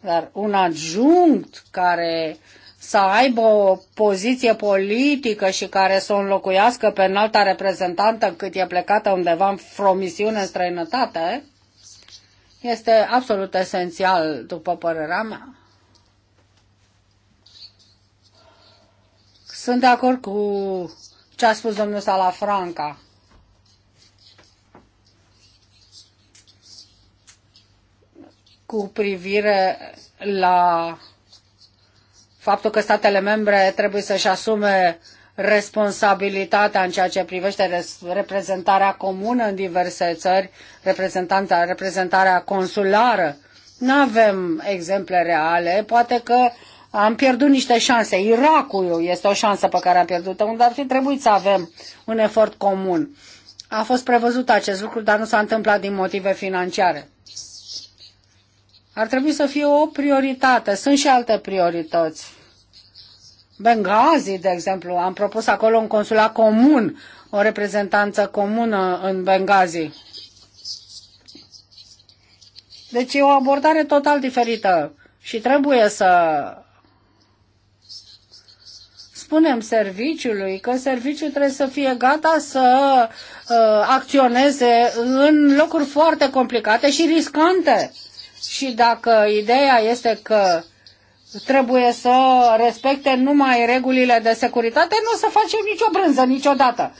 Speaker 7: Dar un adjunct care să aibă o poziție politică și care să o înlocuiască pe înalta reprezentantă cât e plecată undeva în promisiune în străinătate, este absolut esențial, după părerea mea. Sunt de acord cu ce a spus domnul Salafranca. cu privire la faptul că statele membre trebuie să-și asume responsabilitatea în ceea ce privește reprezentarea comună în diverse țări, reprezentarea, reprezentarea consulară. Nu avem exemple reale, poate că am pierdut niște șanse. Irakul este o șansă pe care am pierdut-o, unde ar fi trebuit să avem un efort comun. A fost prevăzut acest lucru, dar nu s-a întâmplat din motive financiare. Ar trebui să fie o prioritate. Sunt și alte priorități. Benghazi, de exemplu, am propus acolo un consulat comun, o reprezentanță comună în Benghazi. Deci e o abordare total diferită și trebuie să spunem serviciului că serviciul trebuie să fie gata să uh, acționeze în locuri foarte complicate și riscante. Și dacă ideea este că trebuie să respecte numai regulile de securitate, nu o să facem nicio brânză niciodată.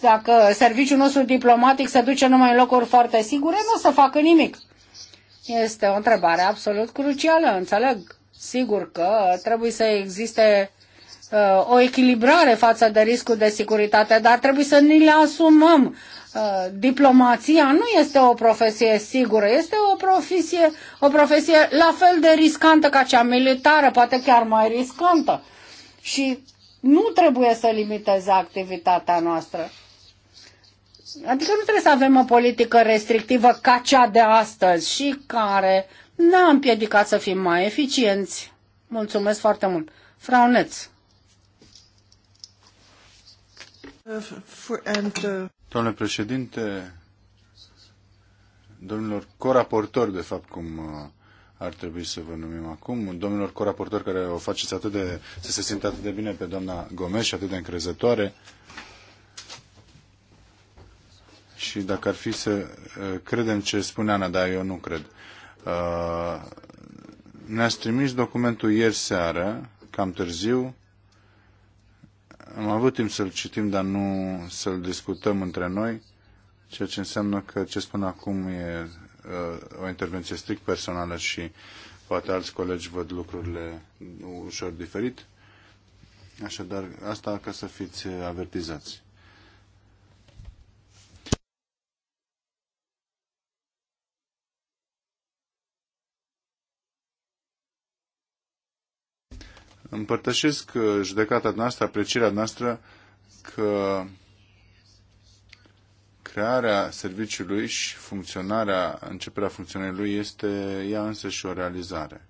Speaker 7: Dacă serviciul nostru diplomatic se duce numai în locuri foarte sigure, nu o să facă nimic. Este o întrebare absolut crucială, înțeleg. Sigur că trebuie să existe Uh, o echilibrare față de riscul de securitate, dar trebuie să ni le asumăm. Uh, diplomația nu este o profesie sigură, este o profesie, o profesie la fel de riscantă ca cea militară, poate chiar mai riscantă. Și nu trebuie să limiteze activitatea noastră. Adică nu trebuie să avem o politică restrictivă ca cea de astăzi și care ne-a împiedicat să fim mai eficienți. Mulțumesc foarte mult. Frauneț.
Speaker 6: Domnule președinte, domnilor coraportori, de fapt, cum uh, ar trebui să vă numim acum, domnilor coraportori care o faceți atât de, să se simtă atât de bine pe doamna Gomes și atât de încrezătoare, și dacă ar fi să uh, credem ce spune Ana, dar eu nu cred. Uh, ne-ați trimis documentul ieri seară, cam târziu, am avut timp să-l citim, dar nu să-l discutăm între noi, ceea ce înseamnă că ce spun acum e uh, o intervenție strict personală și poate alți colegi văd lucrurile ușor diferit. Așadar, asta ca să fiți uh, avertizați. Împărtășesc uh, judecata noastră, aprecierea noastră că crearea serviciului și funcționarea, începerea funcționării lui este ea însă și o realizare.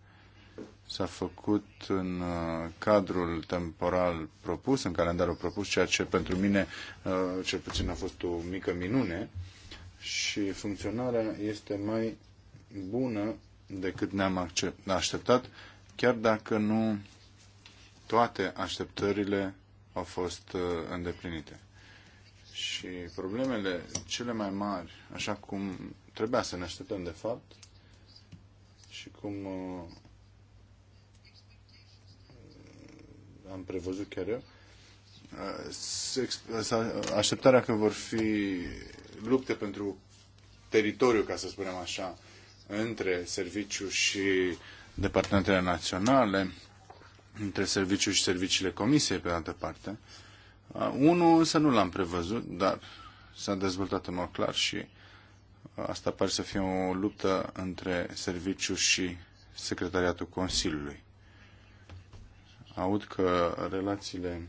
Speaker 6: S-a făcut în uh, cadrul temporal propus, în calendarul propus, ceea ce pentru mine uh, cel puțin a fost o mică minune și funcționarea este mai bună decât ne-am așteptat, chiar dacă nu toate așteptările au fost uh, îndeplinite. Și problemele cele mai mari, așa cum trebuia să ne așteptăm de fapt, și cum uh, am prevăzut chiar eu, uh, așteptarea că vor fi lupte pentru teritoriu, ca să spunem așa, între serviciu și departamentele naționale, între serviciu și serviciile comisiei, pe altă parte. Uh, unul însă nu l-am prevăzut, dar s-a dezvoltat în mod clar și uh, asta pare să fie o luptă între serviciu și secretariatul Consiliului. Aud că relațiile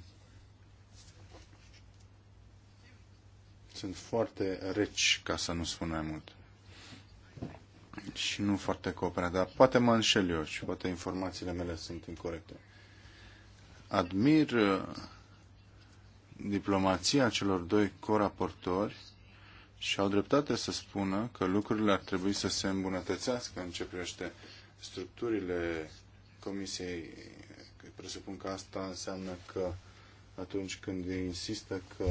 Speaker 6: sunt foarte reci, ca să nu spun mai mult. Și nu foarte cooperate, dar poate mă înșel eu și poate informațiile mele sunt incorrecte admir uh, diplomația celor doi coraportori și au dreptate să spună că lucrurile ar trebui să se îmbunătățească în ce privește structurile comisiei. Presupun că asta înseamnă că atunci când insistă că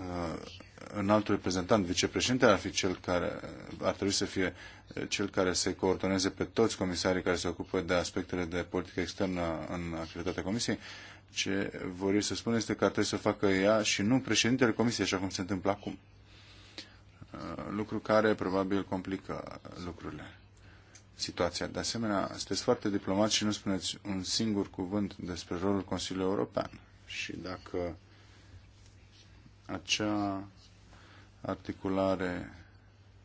Speaker 6: uh, înaltul reprezentant, vicepreședinte, ar fi cel care ar trebui să fie eh, cel care să coordoneze pe toți comisarii care se ocupă de aspectele de politică externă în activitatea comisiei. Ce vor eu să spun este că ar trebui să facă ea și nu președintele comisiei, așa cum se întâmplă acum. Eh, lucru care probabil complică lucrurile, situația. De asemenea, sunteți foarte diplomat și nu spuneți un singur cuvânt despre rolul Consiliului European. Și dacă acea articulare,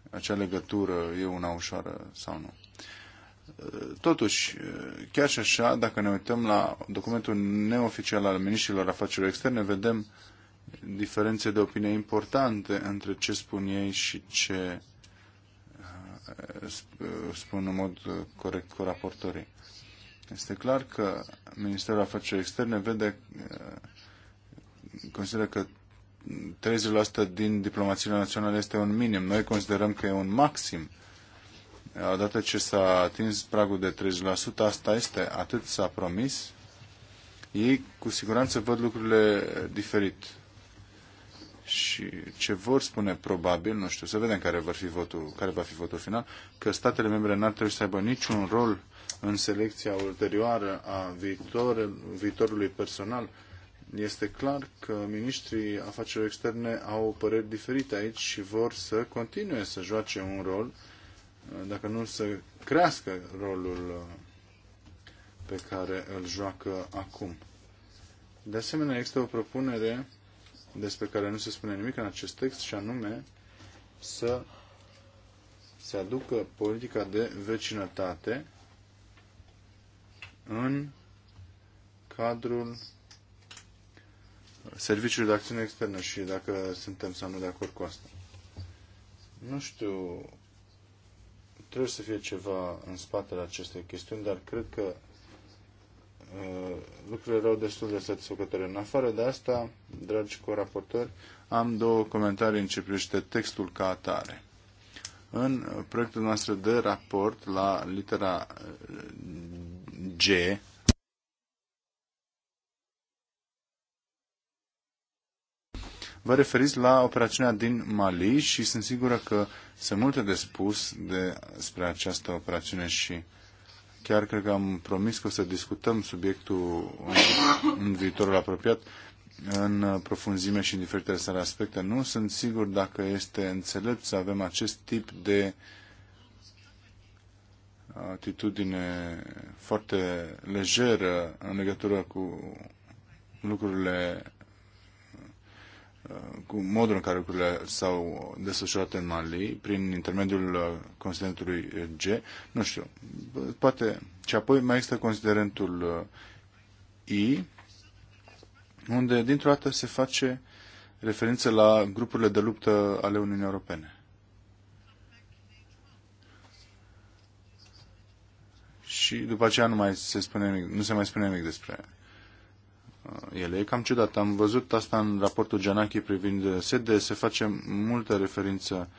Speaker 6: acea legătură e una ușoară sau nu. Totuși, chiar și așa, dacă ne uităm la documentul neoficial al ministrilor afacerilor externe, vedem diferențe de opinie importante între ce spun ei și ce uh, uh, spun în mod corect cu raportorii. Este clar că Ministerul Afacerilor Externe vede, uh, consideră că 30% din diplomațiile naționale este un minim. Noi considerăm că e un maxim. Odată ce s-a atins pragul de 30%, asta este, atât s-a promis. Ei cu siguranță văd lucrurile diferit. Și ce vor spune probabil, nu știu, să vedem care, vor fi votul, care va fi votul final, că statele membre n-ar trebui să aibă niciun rol în selecția ulterioară a viitor, viitorului personal este clar că ministrii afacerilor externe au păreri diferite aici și vor să continue să joace un rol, dacă nu să crească rolul uh, pe care îl joacă acum. De asemenea, există o propunere despre care nu se spune nimic în acest text și anume să se aducă politica de vecinătate în cadrul Serviciul de Acțiune Externă și dacă suntem sau nu de acord cu asta. Nu știu, trebuie să fie ceva în spatele acestei chestiuni, dar cred că uh, lucrurile erau destul de satisfăcătoare. În afară de asta, dragi coraportori, am două comentarii în ce privește textul ca atare. În proiectul nostru de raport, la litera G, Vă referiți la operațiunea din Mali și sunt sigură că sunt multe de spus despre această operațiune și chiar cred că am promis că o să discutăm subiectul în, în viitorul apropiat în profunzime și în diferite sale aspecte. Nu sunt sigur dacă este înțelept să avem acest tip de atitudine foarte lejeră în legătură cu lucrurile Uh, cu modul în care lucrurile s-au desfășurat în Mali, prin intermediul uh, considerentului uh, G, nu știu, poate... Și apoi mai există considerentul I, unde dintr-o dată se face referință la grupurile de luptă ale Uniunii Europene. Și după aceea nu, mai se spune nimic, nu se mai spune nimic despre Uh, ele. E cam ciudat. Am văzut asta în raportul Gianachi privind sede. Se face multă referință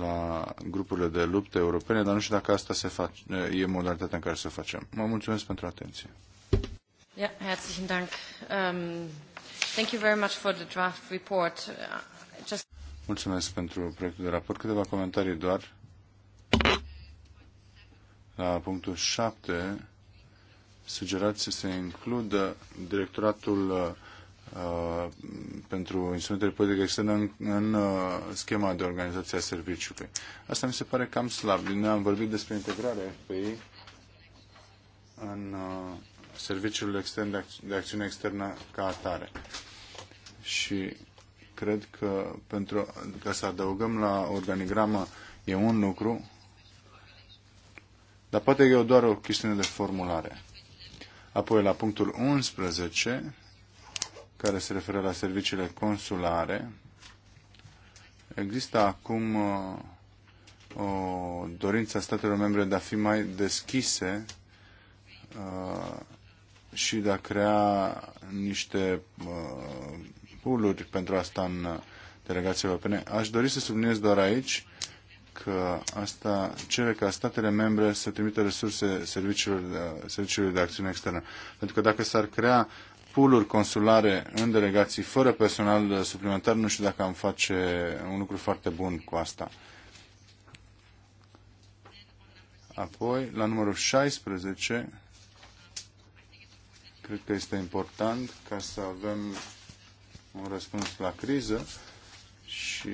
Speaker 6: la grupurile de lupte europene, dar nu știu dacă asta se face, uh, e modalitatea în care să facem. Mă mulțumesc pentru atenție.
Speaker 8: Ja, herzlichen Dank. Um, thank you very much for the draft report. Uh, just...
Speaker 6: Mulțumesc pentru proiectul de raport. Câteva comentarii doar. La punctul 7 sugerat să se includă directoratul uh, pentru instrumentele politică externă în, în uh, schema de organizație a serviciului. Asta mi se pare cam slab. Noi am vorbit despre integrarea FPI în uh, serviciul extern de, acți- de acțiune externă ca atare. Și cred că pentru ca să adăugăm la organigramă e un lucru, dar poate e doar o chestiune de formulare. Apoi la punctul 11, care se referă la serviciile consulare, există acum uh, o dorință a statelor membre de a fi mai deschise uh, și de a crea niște uh, puluri pentru asta în delegațiile europene. Aș dori să subliniez doar aici că asta cere ca statele membre să trimită resurse serviciului, serviciului de acțiune externă. Pentru că dacă s-ar crea puluri consulare în delegații fără personal suplimentar, nu știu dacă am face un lucru foarte bun cu asta. Apoi, la numărul 16, cred că este important ca să avem un răspuns la criză și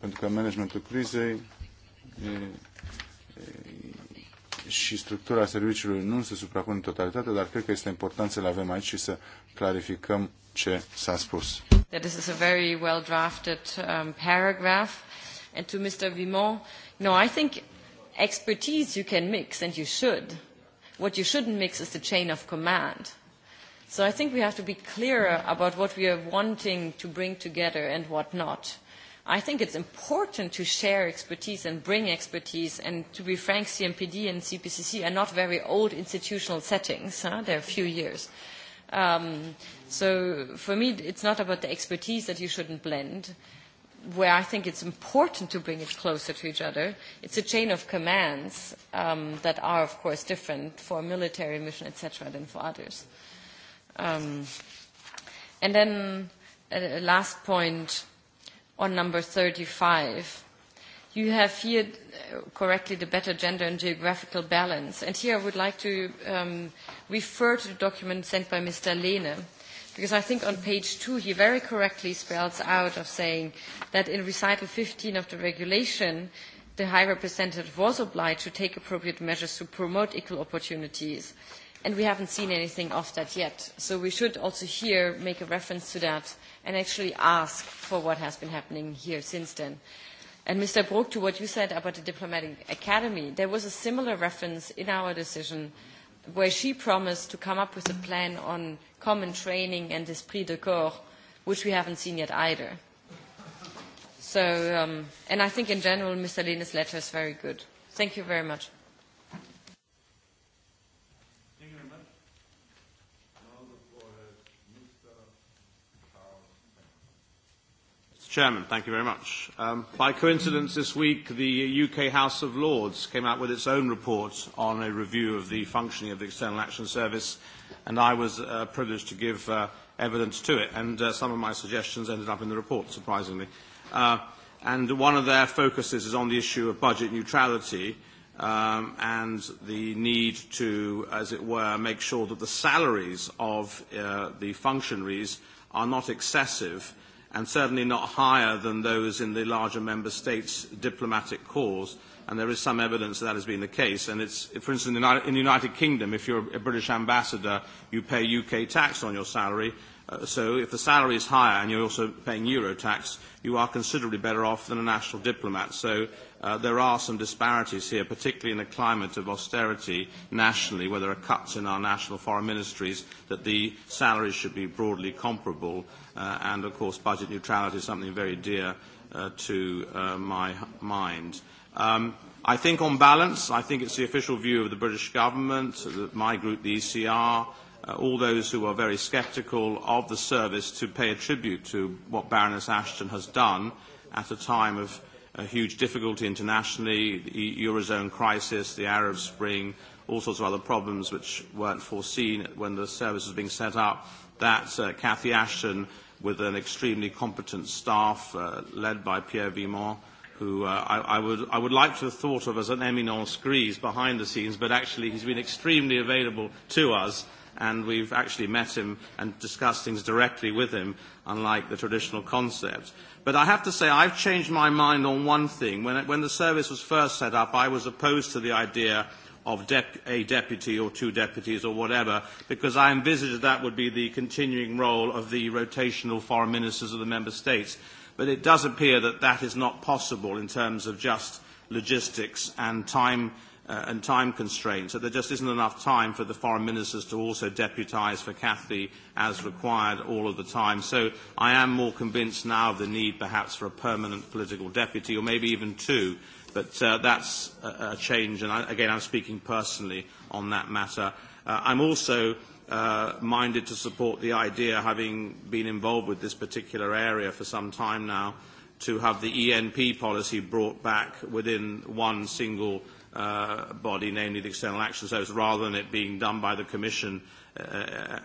Speaker 6: pentru că managementul crizei și structura serviciului nu se suprapun în totalitate, dar cred că este important să le avem aici și să clarificăm ce s-a spus.
Speaker 8: That this is a very well drafted um, paragraph. And to Mr. Vimont, no, I think expertise you can mix and you should. What you shouldn't mix is the chain of command. So I think we have to be clearer about what we are wanting to bring together and what not I think it's important to share expertise and bring expertise, and to be frank, CMPD and CPCC are not very old institutional settings. Huh? They're a few years. Um, so for me, it's not about the expertise that you shouldn't blend. Where I think it's important to bring it closer to each other, it's a chain of commands um, that are, of course, different for a military mission, etc., than for others. Um, and then a uh, last point on number 35. You have here uh, correctly the better gender and geographical balance. And here I would like to um, refer to the document sent by Mr. Lehne, because I think on page two he very correctly spells out of saying that in recital 15 of the regulation, the High Representative was obliged to take appropriate measures to promote equal opportunities. And we haven't seen anything of that yet. So we should also here make a reference to that and actually ask for what has been happening here since then. And Mr. Brook, to what you said about the Diplomatic Academy, there was a similar reference in our decision where she promised to come up with a plan on common training and esprit de corps, which we haven't seen yet either. So, um, and I think in general, Mr. Lehne's letter is very good. Thank you very much.
Speaker 9: Chairman, thank you very much. Um, by coincidence, this week the UK House of Lords came out with its own report on a review of the functioning of the External Action Service, and I was uh, privileged to give uh, evidence to it, and uh, some of my suggestions ended up in the report, surprisingly. Uh, and one of their focuses is on the issue of budget neutrality um, and the need to, as it were, make sure that the salaries of uh, the functionaries are not excessive – and certainly not higher than those in the larger member states' diplomatic corps. And there is some evidence that that has been the case. And it's, for instance, in the United Kingdom, if you're a British ambassador, you pay UK tax on your salary. Uh, so if the salary is higher and you're also paying euro tax, you are considerably better off than a national diplomat. So Uh, there are some disparities here, particularly in a climate of austerity nationally, where there are cuts in our national foreign ministries, that the salaries should be broadly comparable. Uh, and, of course, budget neutrality is something very dear uh, to uh, my mind. Um, I think on balance, I think it's the official view of the British government, my group, the ECR, uh, all those who are very sceptical of the service to pay a tribute to what Baroness Ashton has done at a time of a huge difficulty internationally, the Eurozone crisis, the Arab Spring, all sorts of other problems which weren't foreseen when the service was being set up, that uh, Cathy Ashton, with an extremely competent staff uh, led by Pierre Vimont, who uh, I, I, would, I would like to have thought of as an eminence grise behind the scenes, but actually he's been extremely available to us, and we've actually met him and discussed things directly with him, unlike the traditional concept. But I have to say I've changed my mind on one thing. When, it, when the service was first set up, I was opposed to the idea of dep a deputy or two deputies or whatever, because I envisaged that would be the continuing role of the rotational foreign ministers of the member states. But it does appear that that is not possible in terms of just logistics and time uh, and time constraints, that there just isn't enough time for the foreign ministers to also deputise for Cathy as required all of the time. So I am more convinced now of the need perhaps for a permanent political deputy, or maybe even two. But uh, that's a, a change, and I, again, I'm speaking personally on that matter. Uh, I'm also uh, minded to support the idea, having been involved with this particular area for some time now, to have the ENP policy brought back within one single uh, body, namely the External Action Service, rather than it being done by the Commission uh, uh,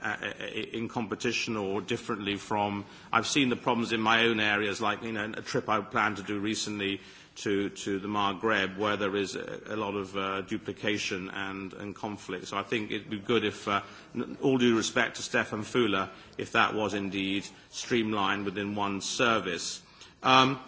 Speaker 9: uh, uh, in competition or differently from. I've seen the problems in my own areas, like you know, a trip I planned to do recently to, to the Maghreb, where there is a, a lot of uh, duplication and, and conflict. So I think it would be good if, uh, all due respect to Stefan Fuller, if that was indeed streamlined within one service. Um,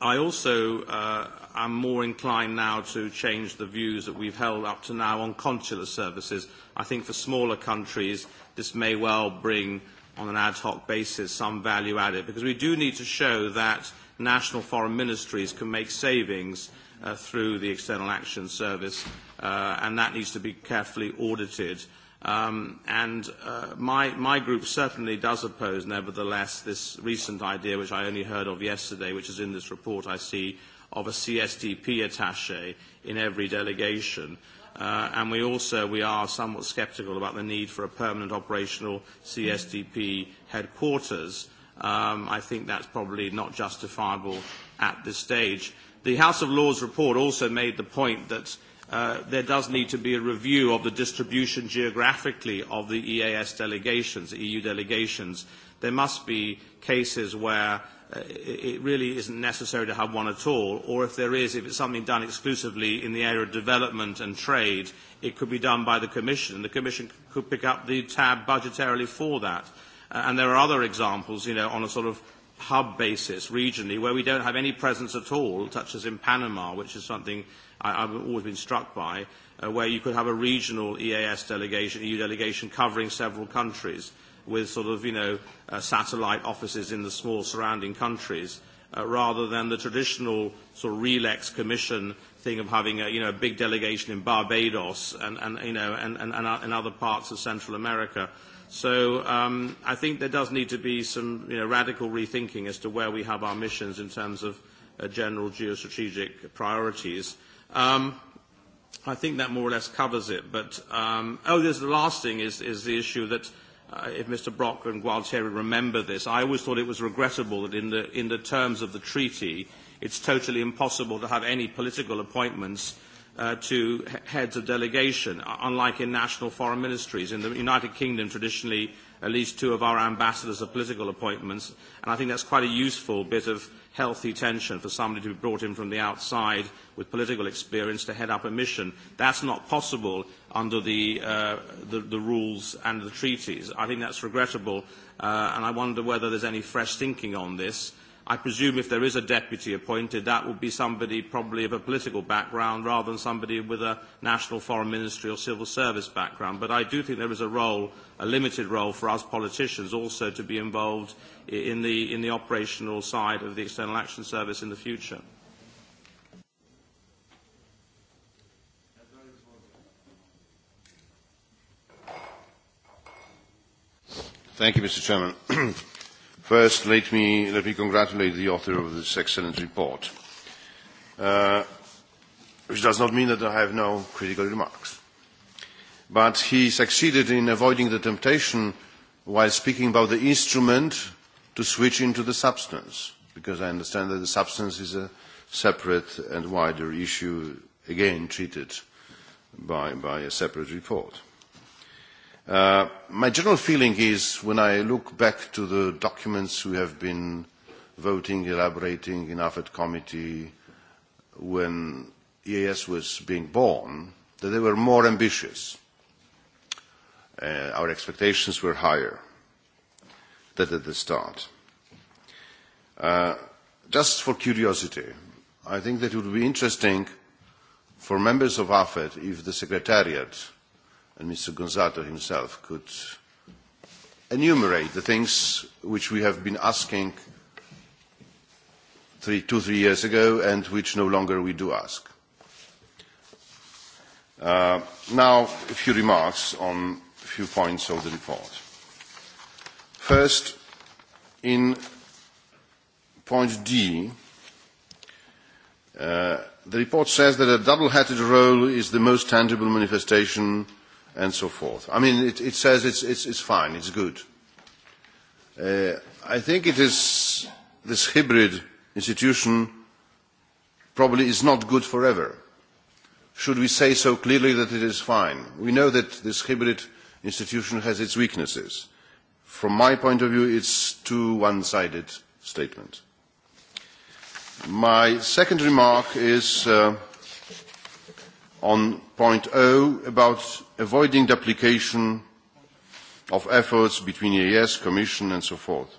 Speaker 9: I also uh, am more inclined now to change the views that we've held up to now on consular services. I think for smaller countries, this may well bring, on an ad hoc basis, some value added, because we do need to show that national foreign ministries can make savings uh, through the External Action Service, uh, and that needs to be carefully audited. Uh, Um, and uh, my, my group certainly does oppose, nevertheless, this recent idea, which I only heard of yesterday, which is in this report, I see, of a CSDP attaché in every delegation. Uh, and we also we are somewhat sceptical about the need for a permanent operational CSDP headquarters. Um, I think that's probably not justifiable at this stage. The House of Lords report also made the point that uh, there does need to be a review of the distribution geographically of the EAS delegations, EU delegations. There must be cases where uh, it really isn't necessary to have one at all, or if there is, if it's something done exclusively in the area of development and trade, it could be done by the Commission. The Commission could pick up the tab budgetarily for that. Uh, and there are other examples, you know, on a sort of hub basis regionally where we don't have any presence at all, such as in Panama, which is something I, I've always been struck by, uh, where you could have a regional EAS delegation, EU delegation covering several countries with sort of, you know, uh, satellite offices in the small surrounding countries. Uh, rather than the traditional sort of relax commission thing of having a, you know, a big delegation in Barbados and, and, you know, and, and, and uh, other parts of Central America. So um, I think there does need to be some you know, radical rethinking as to where we have our missions in terms of uh, general geostrategic priorities. Um, I think that more or less covers it. But um, oh, there's the last thing is, is the issue that uh, if Mr. Brock and Gualtieri remember this, I always thought it was regrettable that in the, in the terms of the treaty, it's totally impossible to have any political appointments uh, to heads of delegation, unlike in national foreign ministries. In the United Kingdom, traditionally, at least two of our ambassadors are political appointments, and I think that's quite a useful bit of healthy tension for somebody to be brought in from the outside with political experience to head up a mission. That's not possible under the, uh, the, the rules and the treaties. I think that's regrettable, uh, and I wonder whether there's any fresh thinking on this I presume if there is a deputy appointed, that would be somebody probably of a political background rather than somebody with a national foreign ministry or civil service background. But I do think there is a role, a limited role for us politicians also to be involved in the, in the operational side of the External Action Service in the future.
Speaker 10: Thank you, Mr. Chairman. First, let me, let me congratulate the author of this excellent report, uh, which does not mean that I have no critical remarks. But he succeeded in avoiding the temptation while speaking about the instrument to switch into the substance, because I understand that the substance is a separate and wider issue, again treated by, by a separate report. Uh, my general feeling is when I look back to the documents we have been voting, elaborating in AFET committee when EAS was being born, that they were more ambitious. Uh, our expectations were higher than at the start. Uh, just for curiosity, I think that it would be interesting for members of AFET if the Secretariat and Mr. Gonzato himself could enumerate the things which we have been asking three, two, three years ago and which no longer we do ask. Uh, now, a few remarks on a few points of the report. First, in point D, uh, the report says that a double-headed role is the most tangible manifestation uh, and so forth. I mean, it, it says it's, it's, it's fine, it's good. Uh, I think it is this hybrid institution probably is not good forever. Should we say so clearly that it is fine? We know that this hybrid institution has its weaknesses. From my point of view, it's too one-sided statement. My second remark is uh, on point O about avoiding duplication of efforts between EAS, Commission and so forth.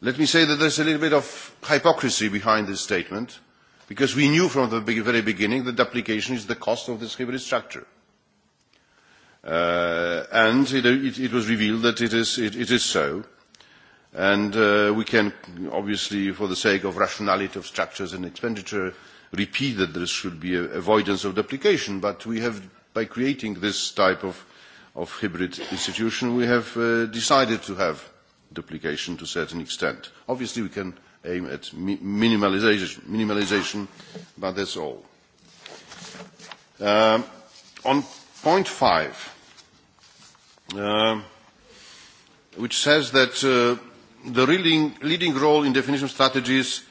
Speaker 10: Let me say that there's a little bit of hypocrisy behind this statement because we knew from the very beginning that duplication is the cost of this hybrid structure. Uh, and it, it, it was revealed that it is, it, it is so. And uh, we can obviously, for the sake of rationality of structures and expenditure, Repeat that there should be avoidance of duplication, but we have, by creating this type of, of hybrid institution, we have uh, decided to have duplication to a certain extent. Obviously, we can aim at mi minimalization, minimalization, but that's all. Um, on point five, uh, which says that uh, the leading, leading role in definition strategies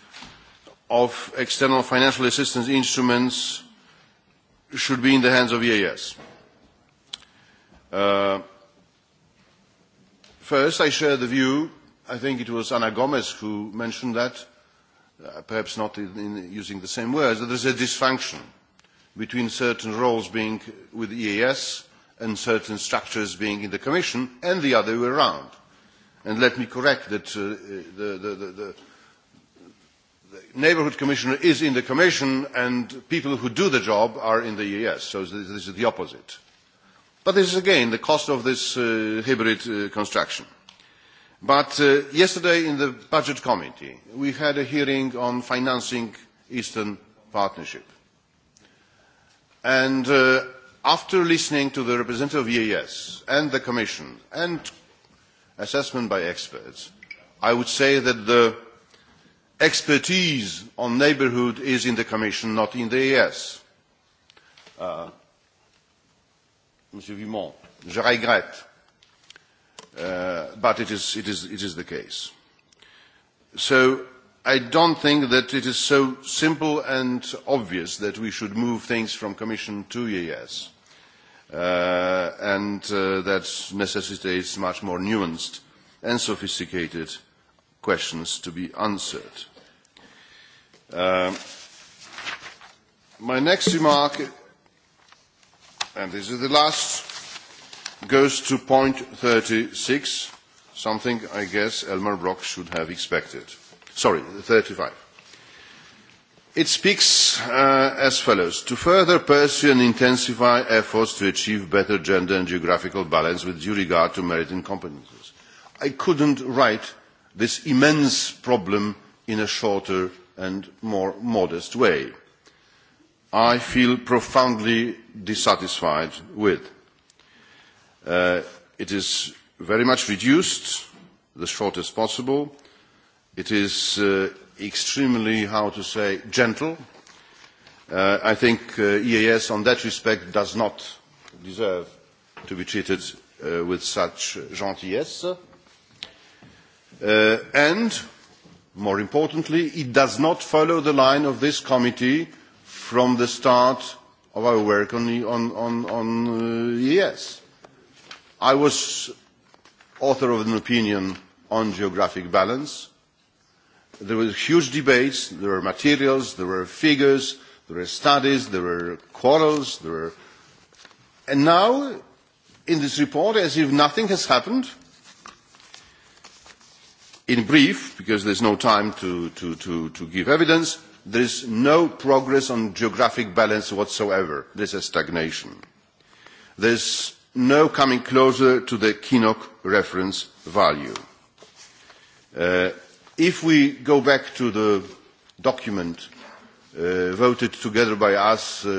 Speaker 10: of external financial assistance instruments should be in the hands of EAS. Uh, first, I share the view, I think it was Ana Gomez who mentioned that, uh, perhaps not in, in using the same words, that there is a dysfunction between certain roles being with EAS and certain structures being in the Commission and the other way around. And let me correct that uh, uh the, the, the, the neighbourhood commissioner is in the commission and people who do the job are in the EAS, so this is the opposite. But this is again the cost of this uh, hybrid uh, construction. But uh, yesterday in the budget committee we had a hearing on financing Eastern Partnership. And uh, after listening to the representative of EAS and the Commission and assessment by experts, I would say that the expertise on neighbourhood is in the Commission, not in the ES. Uh, Monsieur Vimont, je regrette, uh, but it is, it, is, it is the case. So I don't think that it is so simple and obvious that we should move things from Commission to EAS, uh, and uh, that necessitates much more nuanced and sophisticated questions to be answered. Uh, my next remark, and this is the last, goes to point 36, something I guess Elmar Brock should have expected. Sorry, 35. It speaks uh, as follows. To further pursue and intensify efforts to achieve better gender and geographical balance with due regard to merit and competences. I couldn't write this immense problem in a shorter and more modest way. I feel profoundly dissatisfied with. Uh, it is very much reduced, the shortest possible. It is uh, extremely, how to say, gentle. Uh, I think uh, EAS on that respect does not deserve to be treated uh, with such gentillesse. Uh, and more importantly it does not follow the line of this committee from the start of our work on, on, on uh, ees. i was author of an opinion on geographic balance. there were huge debates there were materials there were figures there were studies there were quarrels there were and now in this report as if nothing has happened in brief, because there's no time to, to, to, to give evidence, there is no progress on geographic balance whatsoever. There is a stagnation. There is no coming closer to the Kinnock reference value. Uh, if we go back to the document uh, voted together by us, uh,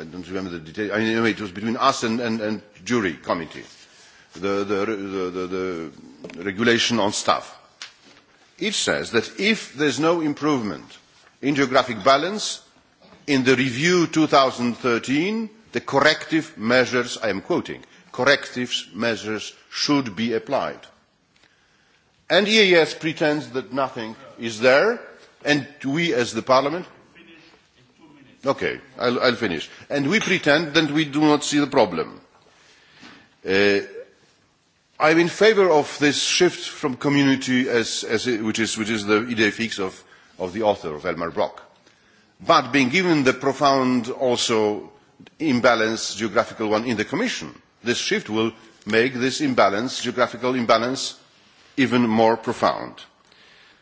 Speaker 10: I don't remember the details, I anyway, it was between us and, and, and jury committee, the, the, the, the, the regulation on staff it says that if there is no improvement in geographic balance in the review 2013, the corrective measures, I am quoting, corrective measures should be applied. And EAS pretends that nothing is there, and we as the Parliament... Okay, I'll, I'll finish. And we pretend that we do not see the problem. Uh, I'm in favour of this shift from community, as, as it, which, is, which is the idea fix of, of the author, of Elmar Brock. But being given the profound also imbalance, geographical one, in the Commission, this shift will make this imbalance, geographical imbalance, even more profound.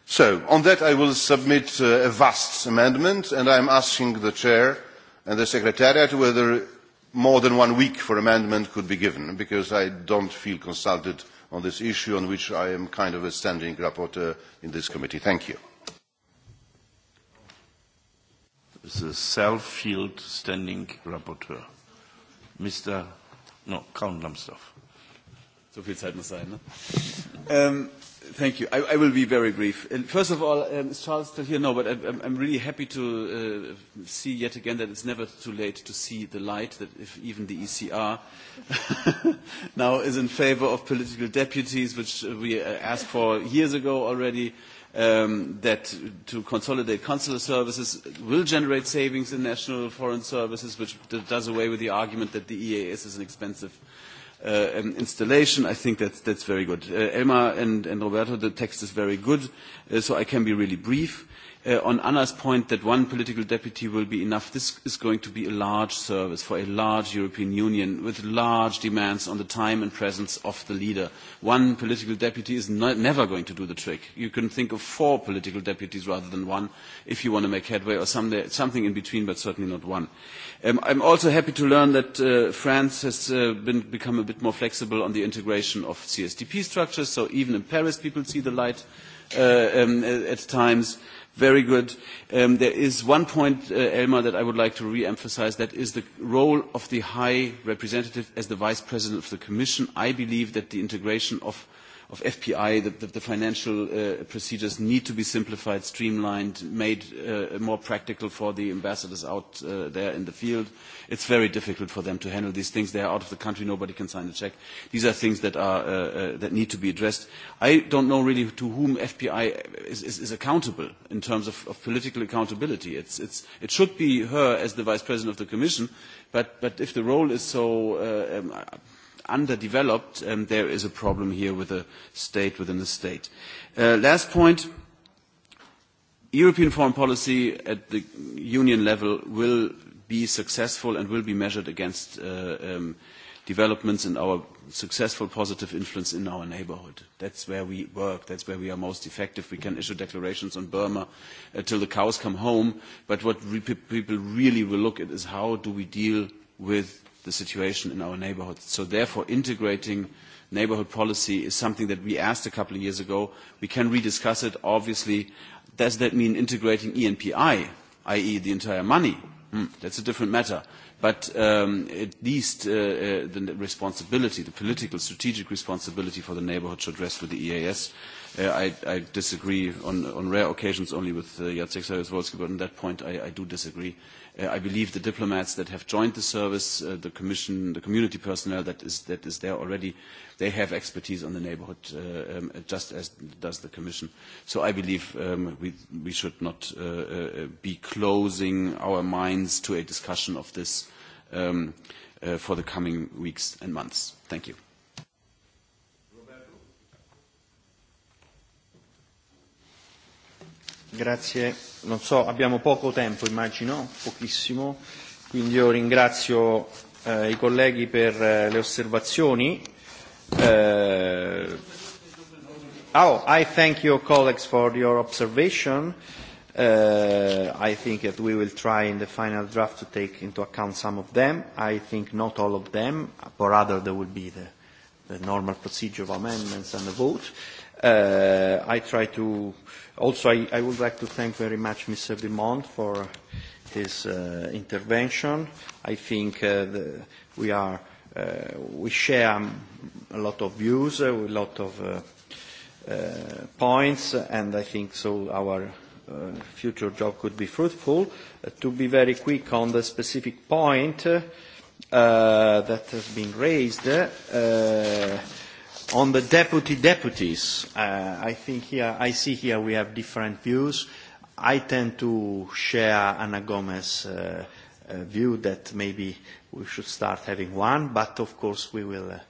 Speaker 10: So, on that I will submit uh, a vast amendment, and I am asking the Chair and the Secretariat whether more than one week for amendment could be given because I don't feel consulted on this issue on which I am kind of a standing rapporteur in this committee. Thank you.
Speaker 3: The self-field standing rapporteur. Mr. No,
Speaker 5: Count Lambsdorff. So viel Zeit muss sein, ne? ähm, Thank you. I, I will be very brief. And first of all, um, is Charles still here? No, but I'm, I'm really happy to uh, see yet again that it's never too late to see the light, that if even the ECR now is in favor of political deputies, which we uh, asked for years ago already, um, that to consolidate consular services will generate savings in national foreign services, which does away with the argument that the EAS is an expensive uh, Uh, um, installation. I think that's, that's very good. Uh, Elmar and, and Roberto, the text is very good, uh, so I can be really brief. Uh, on Anna's point that one political deputy will be enough, this is going to be a large service for a large European Union with large demands on the time and presence of the leader. One political deputy is never going to do the trick. You can think of four political deputies rather than one if you want to make headway or something in between, but certainly not one. Um, I'm also happy to learn that uh, France has uh, been, become a bit more flexible on the integration of CSDP structures, so even in Paris people see the light uh, um, at times very good. Um, there is one point, uh, Elmar, that I would like to re-emphasize. That is the role of the High Representative as the Vice President of the Commission. I believe that the integration of of FPI, the, the, the financial uh, procedures need to be simplified, streamlined, made uh, more practical for the ambassadors out uh, there in the field. It's very difficult for them to handle these things. They are out of the country. Nobody can sign a check. These are things that, are, uh, uh, that need to be addressed. I don't know really to whom FPI is, is, is accountable in terms of, of political accountability. It's, it's, it should be her as the vice president of the commission, but, but if the role is so... Uh, um, underdeveloped, um, there is a problem here with a state within a state. Uh, last point, European foreign policy at the union level will be successful and will be measured against uh, um, developments in our successful positive influence in our neighborhood. That's where we work. That's where we are most effective. We can issue declarations on Burma until uh, the cows come home. But what re people really will look at is how do we deal with the situation in our neighborhoods. So therefore, integrating neighborhood policy is something that we asked a couple of years ago. We can rediscuss it. Obviously, does that mean integrating ENPI, i.e. the entire money? Mm, that's a different matter. But um, at least uh, uh, the responsibility, the political, strategic responsibility for the neighborhood should rest with the EAS. Uh, I, I disagree on, on rare occasions only with uh, Jacek Sajewski, but on that point I, I do disagree. Uh, I believe the diplomats that have joined the service, uh, the commission, the community personnel that is, that is there already, they have expertise on the neighborhood, uh, um, just as does the commission. So I believe um, we, we should not be closing our minds to a discussion of this um, for the coming weeks and
Speaker 4: months. Thank you. Grazie. Non so, abbiamo poco tempo, immagino, pochissimo, quindi io ringrazio eh, i colleghi per eh, le osservazioni. Eh, oh, I thank your colleagues for your observation. Uh, I think that we will try in the final draft to take into account some of them. I think not all of them, but rather there will be the, the normal procedure of amendments and the vote. Uh, I try to uh, Also, I, I would like to thank very much Mr. Dumont for his uh, intervention. I think uh, the, we, are, uh, we share a lot of views, uh, a lot of uh, uh, points, and I think so our uh, future job could be fruitful. Uh, to be very quick on the specific point uh, uh, that has been raised, uh, On the deputy deputies, uh, I think here, I see here we have different views. I tend to share Ana Gomez's uh, uh, view that maybe we should start having one, but of course we will uh,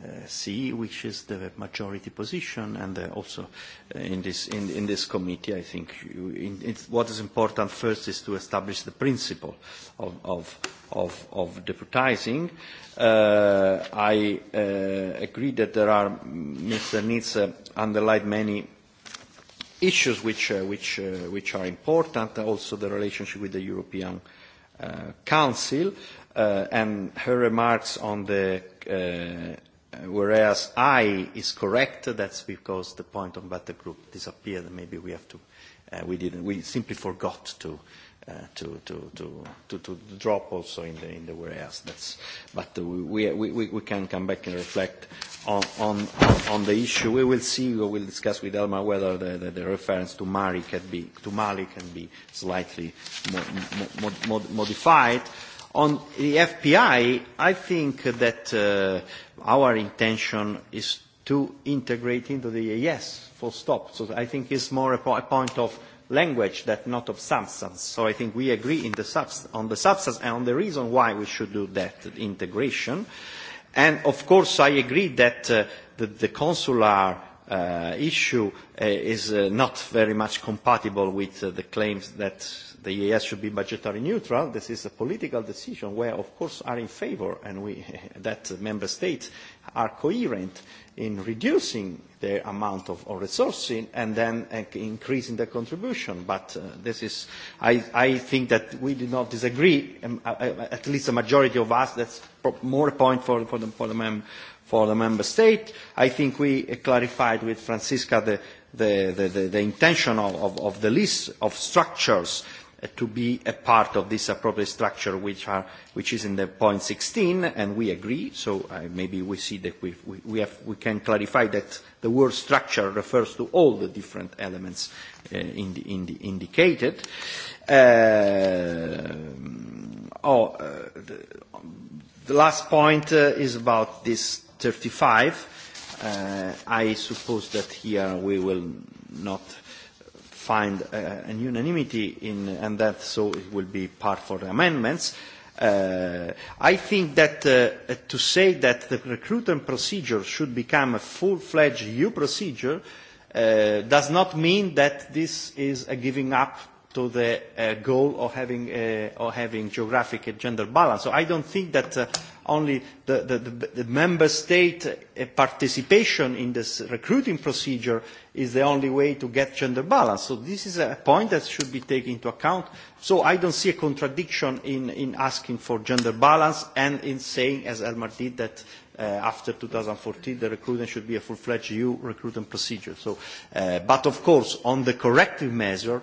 Speaker 4: Uh, C, which is the majority position, and uh, also uh, in this in, in this committee, I think you, in, it's, what is important first is to establish the principle of of of, of deputizing. Uh, I uh, agree that there are Mr. Nitz uh, underlined many issues which uh, which uh, which are important. Also, the relationship with the European uh, Council. Uh, and her remarks on the whereas I is correct, that's because the point on battle group disappeared. and Maybe we have to, uh, we didn't, we simply forgot to, uh, to, to, to, to, to drop also in the, in the whereas. That's, but uh, we, we, we, we can come back and reflect on, on, on the issue. We will see, we will discuss with Elmar whether the, the, the reference to Mali can be, to Mali can be slightly mo, mo, mod, modified. On the FPI, I think that uh, our intention is to integrate into the AES, full stop. So I think it's more a, po a point of language that not of substance. So I think we agree in the on the substance and on the reason why we should do that integration. And of course, I agree that uh, the, the consular uh, issue uh, is uh, not very much compatible with uh, the claims that the EAS should be budgetary neutral. This is a political decision where, of course, are in favor and we, that member states are coherent in reducing the amount of, of resourcing and then uh, increasing the contribution. But uh, this is, I, I think that we do not disagree, um, uh, uh at least a majority of us, that's more a point for, for, the, for, the mem for the member state. I think we uh, clarified with Francisca the, the, the, the, the intention of, of, of the list of structures to be a part of this appropriate structure which, are, which is in the point 16 and we agree so uh, maybe we see that we, we, we, have, we can clarify that the word structure refers to all the different elements uh, in the, in the indicated. Uh, oh, uh, the, the last point uh, is about this 35. Uh, I suppose that here we will not find uh, an unanimity in, and that so it will be part for the amendments. Uh, I think that uh, to say that the recruitment procedure should become a full-fledged EU procedure uh, does not mean that this is a giving up to the uh, goal of having, uh, of having geographic gender balance. So I don't think that uh, only the, the, the, the member state uh, participation in this recruiting procedure is the only way to get gender balance. So this is a point that should be taken into account. So I don't see a contradiction in, in asking for gender balance and in saying, as Elmar did, that uh, after 2014 the recruitment should be a full-fledged EU recruitment procedure. So, uh, but of course, on the corrective measure,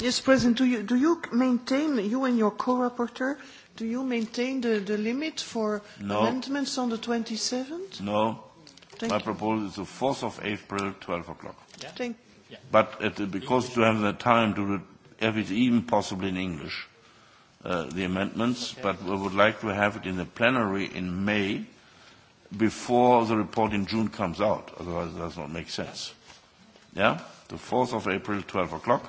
Speaker 4: Yes, President, do you, do you maintain, you and your co-rapporteur, do you maintain the, the limit for no. amendments on the 27th?
Speaker 3: No. Thank My you. proposal is the 4th of April, 12 o'clock.
Speaker 4: Yeah. Thank yeah.
Speaker 3: But the, because to have the time to have it even possible in English, uh, the amendments, okay. but we would like to have it in the plenary in May before the report in June comes out. Otherwise, it does not make sense. Yeah? The 4th of April, 12 o'clock